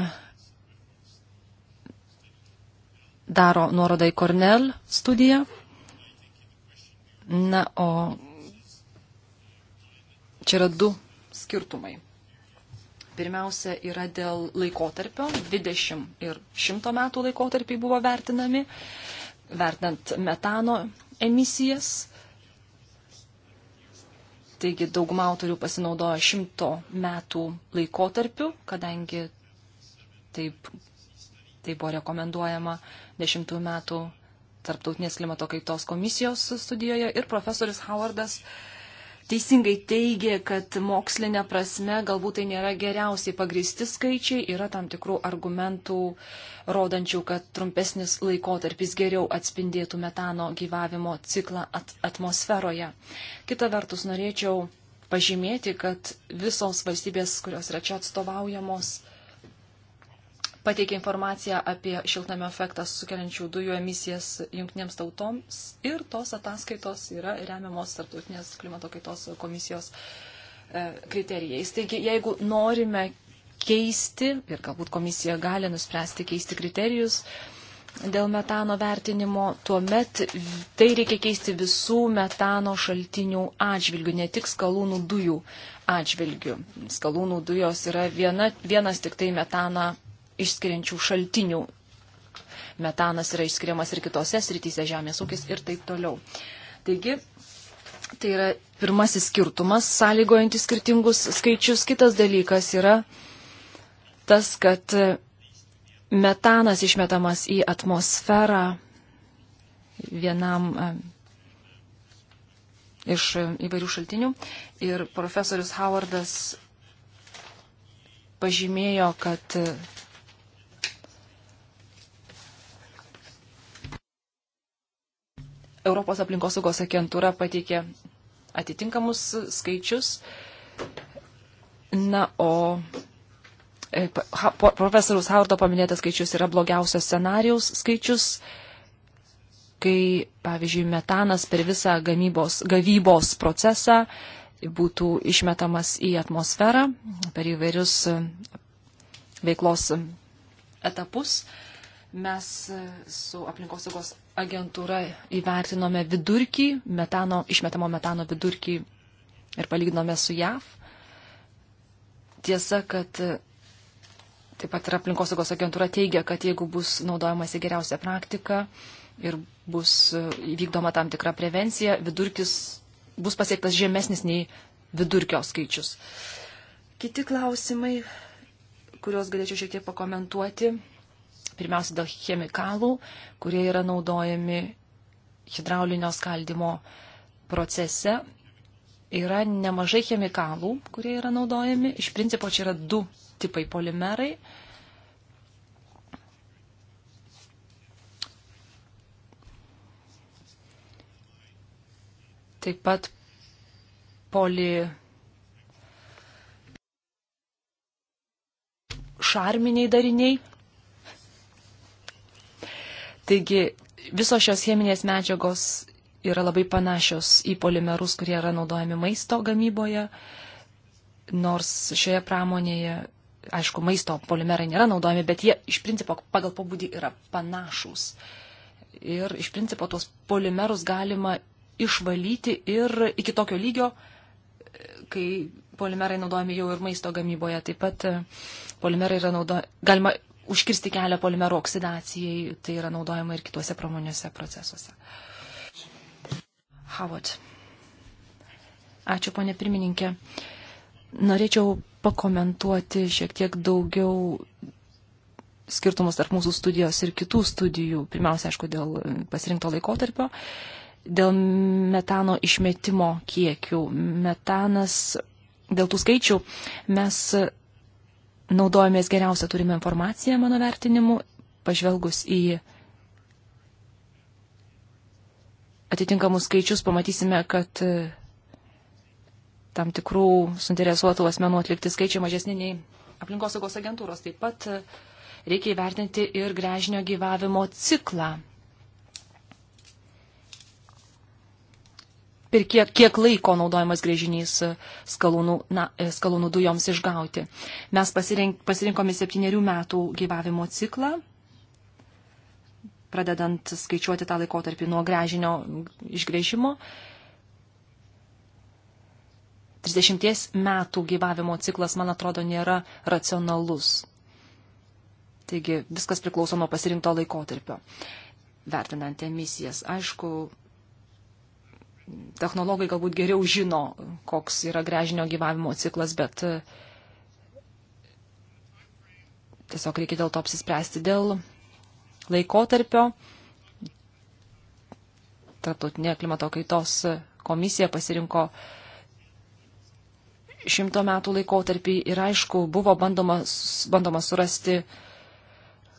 C: daro nuorodą į Cornell studiją. Na, o čia yra du skirtumai. Pirmiausia yra dėl laikotarpio, 20 ir 100 metų laikotarpiai buvo vertinami, vertinant metano emisijas. Taigi dauguma autorių pasinaudojo 100 metų laikotarpiu, kadangi taip, taip buvo rekomenduojama 10 metų Tarptautinės klimato kaitos komisijos studijoje ir profesorius Howardas uh, teisingai teigė, kad mokslinė prasme galbūt tai nėra geriausiai pagristi skaičiai, yra tam tikrų argumentų rodančių, kad trumpesnis laikotarpis geriau atspindėtų metano gyvavimo ciklą at atmosferoje. Kita vertus, norėčiau pažymėti, kad visos valstybės, kurios yra čia atstovaujamos, pateikė informaciją apie šiltnamio efektą sukeliančių dujų emisijas jungtinėms tautoms ir tos ataskaitos yra remiamos tarptautinės klimato kaitos komisijos e, kriterijais. Taigi, jeigu norime keisti ir galbūt komisija gali nuspręsti keisti kriterijus, dėl metano vertinimo, tuomet tai reikia keisti visų metano šaltinių atžvilgių, ne tik skalūnų dujų atžvilgių. Skalūnų dujos yra viena, vienas tik tai metaną išskiriančių šaltinių. Metanas yra išskiriamas ir kitose srityse žemės ūkis ir taip toliau. Taigi, tai yra pirmasis skirtumas, sąlygojantis skirtingus skaičius. Kitas dalykas yra tas, kad metanas išmetamas į atmosferą vienam iš įvairių šaltinių. Ir profesorius Howardas pažymėjo, kad Europos aplinkosaugos agentūra pateikė atitinkamus skaičius. Na, o e, profesorius Hardo paminėtas skaičius yra blogiausias scenarijaus skaičius, kai, pavyzdžiui, metanas per visą gamybos, gavybos procesą būtų išmetamas į atmosferą per įvairius e, veiklos e, etapus. Mes su aplinkosaugos agentūra įvertinome vidurkį, metano, išmetamo metano vidurkį ir palyginome su JAV. Tiesa, kad taip pat ir aplinkosaugos agentūra teigia, kad jeigu bus naudojamasi geriausia praktika ir bus įvykdoma tam tikra prevencija, vidurkis bus pasiektas žemesnis nei vidurkio skaičius. Kiti klausimai, kuriuos galėčiau šiek tiek pakomentuoti pirmiausia dėl chemikalų, kurie yra naudojami hidraulinio skaldimo procese. Yra nemažai chemikalų, kurie yra naudojami. Iš principo čia yra du tipai polimerai. Taip pat poli šarminiai dariniai Taigi visos šios cheminės medžiagos yra labai panašios į polimerus, kurie yra naudojami maisto gamyboje, nors šioje pramonėje, aišku, maisto polimerai nėra naudojami, bet jie iš principo pagal pobūdį yra panašus. Ir iš principo tuos polimerus galima išvalyti ir iki tokio lygio, kai polimerai naudojami jau ir maisto gamyboje. Taip pat e, polimerai yra naudojami, galima užkirsti kelią polimero oksidacijai, tai yra naudojama ir kituose pramonėse procesuose. Havot. Ačiū, ponė pirmininkė. Norėčiau pakomentuoti šiek tiek daugiau skirtumus tarp mūsų studijos ir kitų studijų. Pirmiausia, aišku, dėl pasirinkto laikotarpio, dėl metano išmetimo kiekių. Metanas, dėl tų skaičių, mes naudojamės geriausią turimą informaciją, mano vertinimu, pažvelgus į atitinkamus skaičius, pamatysime, kad e, tam tikrų suinteresuotų asmenų atlikti skaičiai mažesni nei aplinkosaugos agentūros. Taip pat e, reikia įvertinti ir grežinio gyvavimo ciklą per kiek, kiek laiko naudojamas grėžinys e, skalūnų, na, e, skalūnų dujoms išgauti. Mes pasirink, pasirinkome septyniarių metų gyvavimo ciklą, pradedant skaičiuoti tą laikotarpį nuo grėžinio išgrėžimo. 30 metų gyvavimo ciklas, man atrodo, nėra racionalus. Taigi viskas priklauso nuo pasirinkto laikotarpio vertinant emisijas. Aišku, technologai galbūt geriau žino, koks yra grežinio gyvavimo ciklas, bet e, tiesiog reikia dėl to apsispręsti dėl laikotarpio. Tarptautinė klimato kaitos komisija pasirinko šimto metų laikotarpį ir aišku, buvo bandoma, bandoma surasti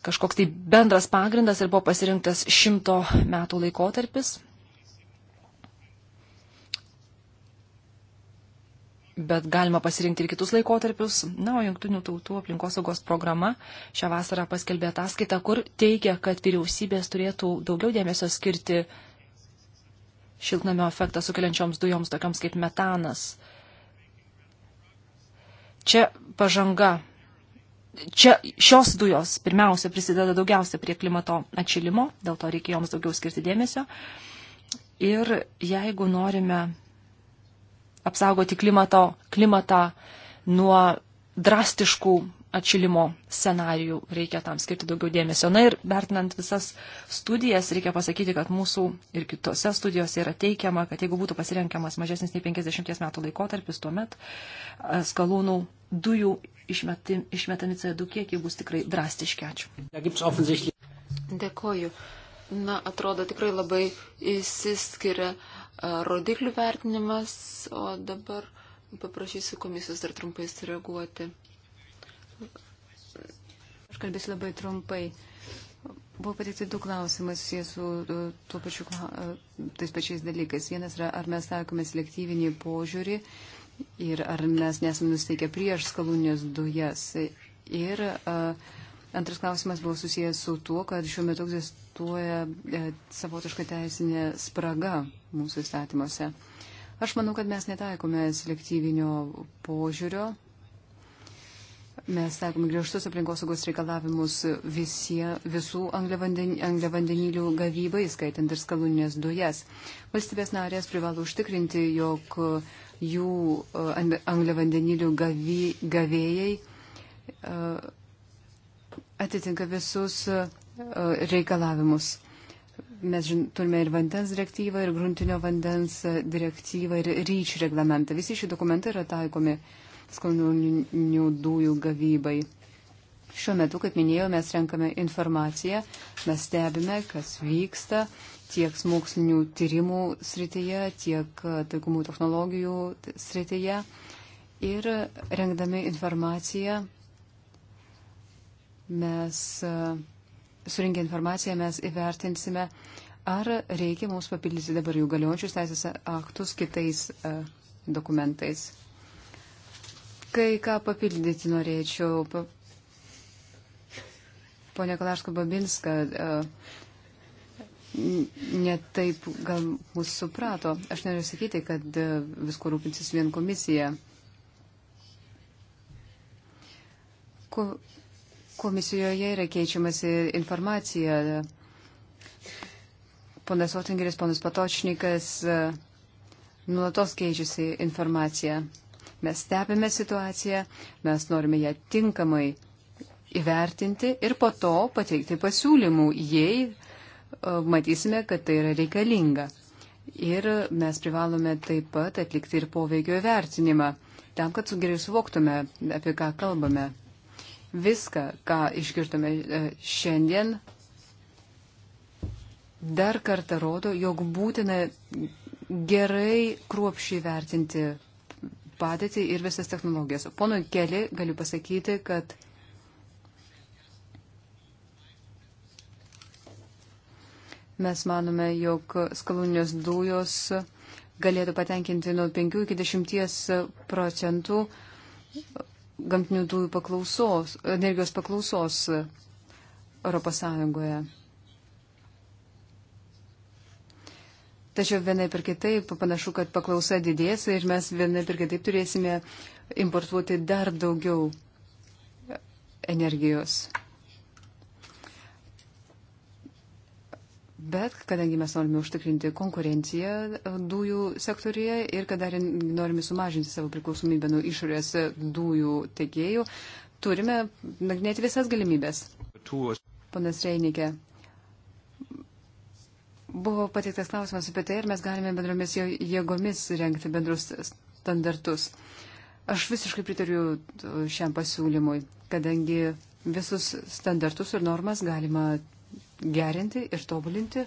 C: kažkoks tai bendras pagrindas ir buvo pasirinktas šimto metų laikotarpis. bet galima pasirinkti ir kitus laikotarpius. Na, o Junktinių tautų aplinkosaugos programa šią vasarą paskelbė ataskaitą, kur teigia, kad vyriausybės turėtų daugiau dėmesio skirti šiltnamio efektą sukeliančioms dujoms, tokiams kaip metanas. Čia pažanga. Čia šios dujos pirmiausia prisideda daugiausia prie klimato atšilimo, dėl to reikia joms daugiau skirti dėmesio. Ir jeigu norime apsaugoti klimato, klimatą nuo drastiškų atšilimo scenarijų, reikia tam skirti daugiau dėmesio. Na ir vertinant visas studijas, reikia pasakyti, kad mūsų ir kitose studijose yra teikiama, kad jeigu būtų pasirenkiamas mažesnis nei 50 metų laikotarpis, tuomet e, skalūnų dujų išmeti, išmetami CO2 kiekiai bus tikrai drastiški. Ačiū.
B: Dėkoju. Na, atrodo, tikrai labai įsiskiria rodiklių vertinimas, o dabar paprašysiu komisijos dar trumpai sureaguoti.
A: Aš kalbėsiu labai trumpai. Buvo pateikti du klausimai susijęs su tuo pačiu, tais pačiais dalykais. Vienas yra, ar mes taikome selektyvinį požiūrį ir ar mes nesame nusteikę prieš skalūnės dujas. Ir a, antras klausimas buvo susijęs su tuo, kad šiuo metu egzistuoja egzistuoja e, savotiška teisinė spraga mūsų įstatymuose. Aš manau, kad mes netaikome selektyvinio požiūrio. Mes taikome griežtus aplinkosaugos reikalavimus visie, visų angliavandenilių gavybai, skaitant ir skalūninės dujas. Valstybės narės privalo užtikrinti, jog jų e, angliavandenilių gavy, gavėjai e, atitinka visus E, reikalavimus. Mes žin, turime ir vandens direktyvą, ir gruntinio vandens e, direktyvą, ir ryčių reglamentą. Visi šie dokumentai yra taikomi skalūninių dujų gavybai. Šiuo metu, kaip minėjau, mes renkame informaciją, mes stebime, kas vyksta tiek mokslinių tyrimų srityje, tiek e, taikomų technologijų srityje. Ir rengdami informaciją mes. Uh, surinkę informaciją mes įvertinsime, ar reikia mums papildyti dabar jų galiojančius teisės aktus kitais a, e, dokumentais. Kai ką papildyti norėčiau. Pa... Pone Kalaško Babinska a, e, netaip gal mūsų suprato. Aš noriu sakyti, kad e, visko rūpinsis vien komisija. Ko, Komisijoje yra keičiamasi informacija. Ponas Otingeris, ponas Patočnikas e, nulatos keičiasi informacija. Mes stebime situaciją, mes norime ją tinkamai įvertinti ir po to pateikti pasiūlymų, jei e, matysime, kad tai yra reikalinga. Ir mes privalome taip pat atlikti ir poveikio įvertinimą, tam, kad geriau suvoktume, apie ką kalbame viską, ką išgirdome e, šiandien, dar kartą rodo, jog būtina gerai kruopšiai vertinti padėtį ir visas technologijas. Pono Keli galiu pasakyti, kad mes manome, jog skalūnės dujos galėtų patenkinti nuo 5 iki 10 procentų gamtinių dujų paklausos, energijos paklausos Europos Sąjungoje. Tačiau vienai per kitaip panašu, kad paklausa didės ir mes vienai per kitaip turėsime importuoti dar daugiau energijos. Bet kadangi mes norime užtikrinti konkurenciją e, dujų sektorija ir kadangi norime sumažinti savo priklausomybę nuo išorės dujų tiekėjų, turime nagrinėti visas galimybės. Ponas Reinikė, buvo pateiktas klausimas apie tai, ar mes galime bendromis jėgomis renkti bendrus standartus. Aš visiškai pritariu šiam pasiūlymui, kadangi visus standartus ir normas galima gerinti ir tobulinti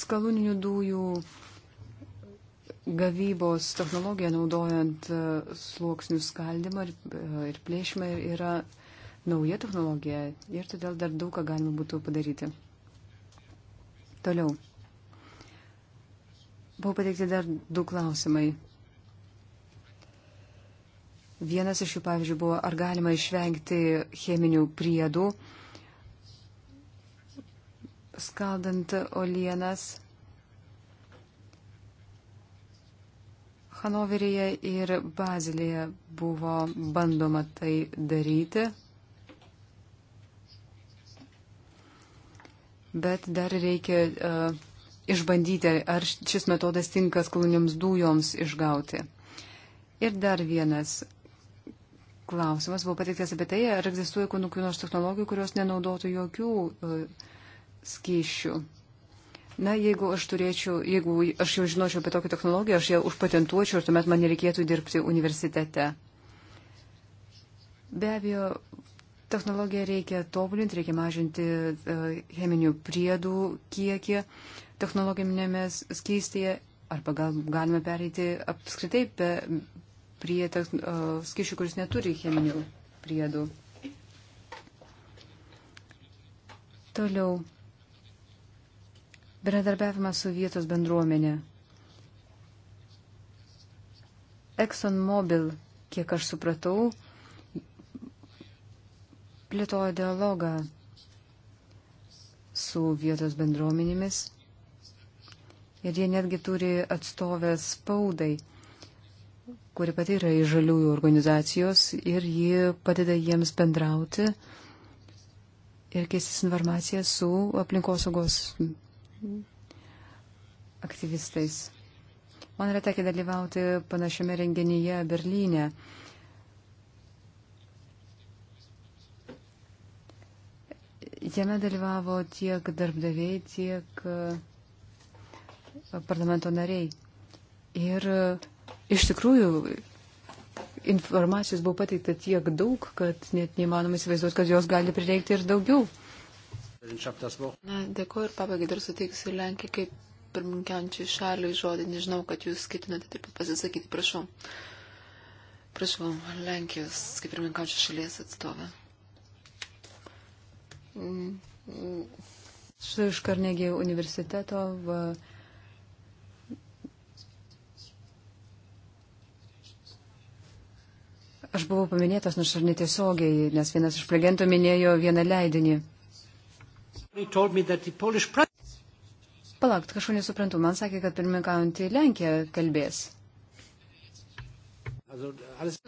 A: skaluninių dujų gavybos technologija naudojant e, sluoksnių skaldimą ir, e, ir plėšimą yra nauja technologija ir todėl dar daug ką galima būtų padaryti. Toliau. Buvo pateikti dar du klausimai. Vienas iš jų, pavyzdžiui, buvo, ar galima išvengti cheminių priedų, skaldant olienas Hanoveryje ir Bazilėje buvo bandoma tai daryti. Bet dar reikia uh, išbandyti, ar šis metodas tinka skalūniams dujoms išgauti. Ir dar vienas klausimas buvo pateiktas apie tai, ar egzistuoja kokių nors technologijų, kurios nenaudotų jokių uh, e, skyšių. Na, jeigu aš turėčiau, jeigu aš jau žinočiau apie tokią technologiją, aš ją užpatentuočiau ir tuomet man nereikėtų dirbti universitete. Be abejo, technologiją reikia tobulinti, reikia mažinti uh, cheminių priedų kiekį technologinėme skystyje arba gal galime pereiti apskritai be, prie uh, skaičių, kuris neturi cheminių priedų. Toliau. Bendradarbiavimas su vietos bendruomenė. ExxonMobil, kiek aš supratau, plėtojo dialogą su vietos bendruomenėmis ir jie netgi turi atstovę spaudai kuri pati yra iš žaliųjų organizacijos ir ji padeda jiems bendrauti ir keistis informaciją su aplinkosaugos aktyvistais. Man yra tekę dalyvauti panašiame renginyje Berlyne. Jame dalyvavo tiek darbdaviai, tiek e, parlamento nariai. Ir Iš tikrųjų, informacijos buvo pateikta tiek daug, kad net neįmanoma įsivaizduoti, kad jos gali prireikti ir daugiau.
B: Na, dėkuoju ir pabaigai dar suteiksiu Lenkiją kaip pirminkiančiai šaliai žodį. Nežinau, kad jūs skaitinate taip pat pasisakyti. Prašau. Prašau, Lenkijos kaip pirminkiančiai šalies atstovė.
A: Mm. Su iš Karnegijų universiteto. Va, Aš buvau paminėtas, nors ir netiesiogiai, nes vienas iš plegentų minėjo vieną leidinį. Palauk, kažko nesuprantu. Man sakė, kad pirmininkaujantį Lenkiją kalbės.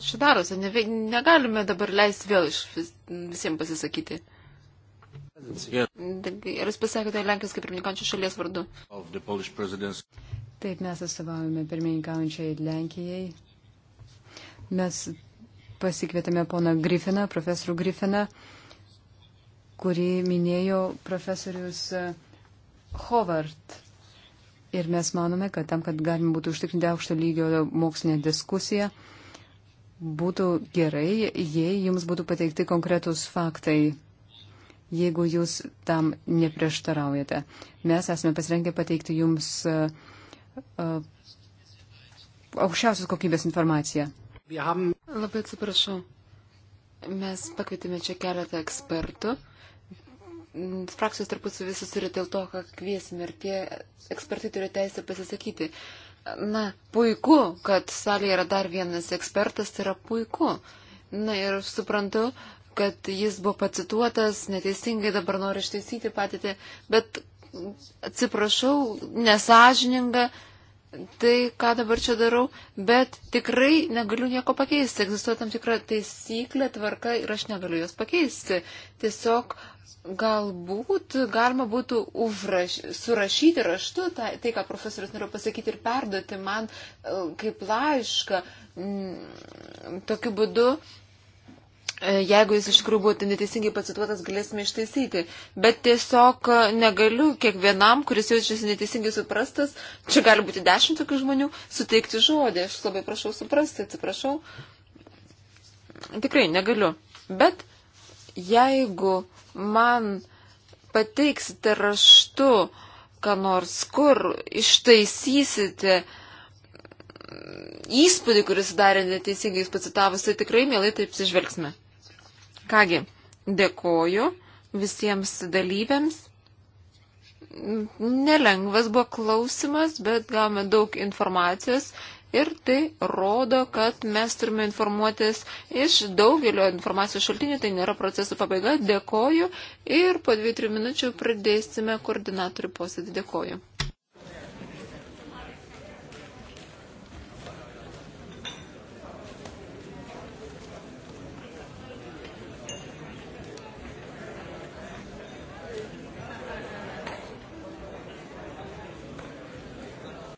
B: Šidaruose ne, negalime dabar leisti vėl iš vis, visiems pasisakyti. Ir jūs pasakėte Lenkijos kaip pirmininkaujančios šalies vardu.
A: Taip, mes atstovaujame pirmininkaujančiai Lenkijai. Mes pasikvietėme poną Grifiną, profesorių Grifiną, kurį minėjo profesorius e, Howard. Ir mes manome, kad tam, kad galima būtų užtikrinti aukšto lygio mokslinę diskusiją, būtų gerai, jei jums būtų pateikti konkretūs faktai, jeigu jūs tam neprieštaraujate. Mes esame pasirengę pateikti jums uh, uh, aukščiausios kokybės informaciją.
B: Labai atsiprašau. Mes pakvietėme čia keletą ekspertų. Frakcijos tarpusavį susitarė dėl to, ką kviesime ir tie ekspertai turi teisę pasisakyti. Na, puiku, kad salėje yra dar vienas ekspertas, tai yra puiku. Na ir suprantu, kad jis buvo pacituotas, neteisingai dabar noriu ištaisyti patyti, bet atsiprašau, nesažininga tai, ką dabar čia darau, bet tikrai negaliu nieko pakeisti. Egzistuoja tam tikra taisyklė, tvarka ir aš negaliu jos pakeisti. Tiesiog galbūt galima būtų užraš, surašyti raštu tai, tai, ką profesorius norėjo pasakyti ir perduoti man e, kaip laišką. Mm, tokiu būdu E, jeigu jis iš tikrųjų būtų neteisingai pacituotas, galėsime ištaisyti. Bet tiesiog e, negaliu kiekvienam, kuris jaučiasi neteisingai suprastas, čia gali būti dešimt tokių žmonių, suteikti žodį. Aš labai prašau suprasti, atsiprašau. Tikrai negaliu. Bet jeigu man pateiksite raštu, ką nors kur ištaisysite, įspūdį, kuris darė neteisingai jūs pacitavus, tai tikrai mielai taip sižvelgsime. Kągi, dėkoju visiems dalyviams. Nelengvas buvo klausimas, bet gavome daug informacijos ir tai rodo, kad mes turime informuotis iš daugelio informacijos šaltinių, tai nėra procesų pabaiga. Dėkoju ir po 2-3 minučių pradėsime koordinatorių posėdį. Dėkoju.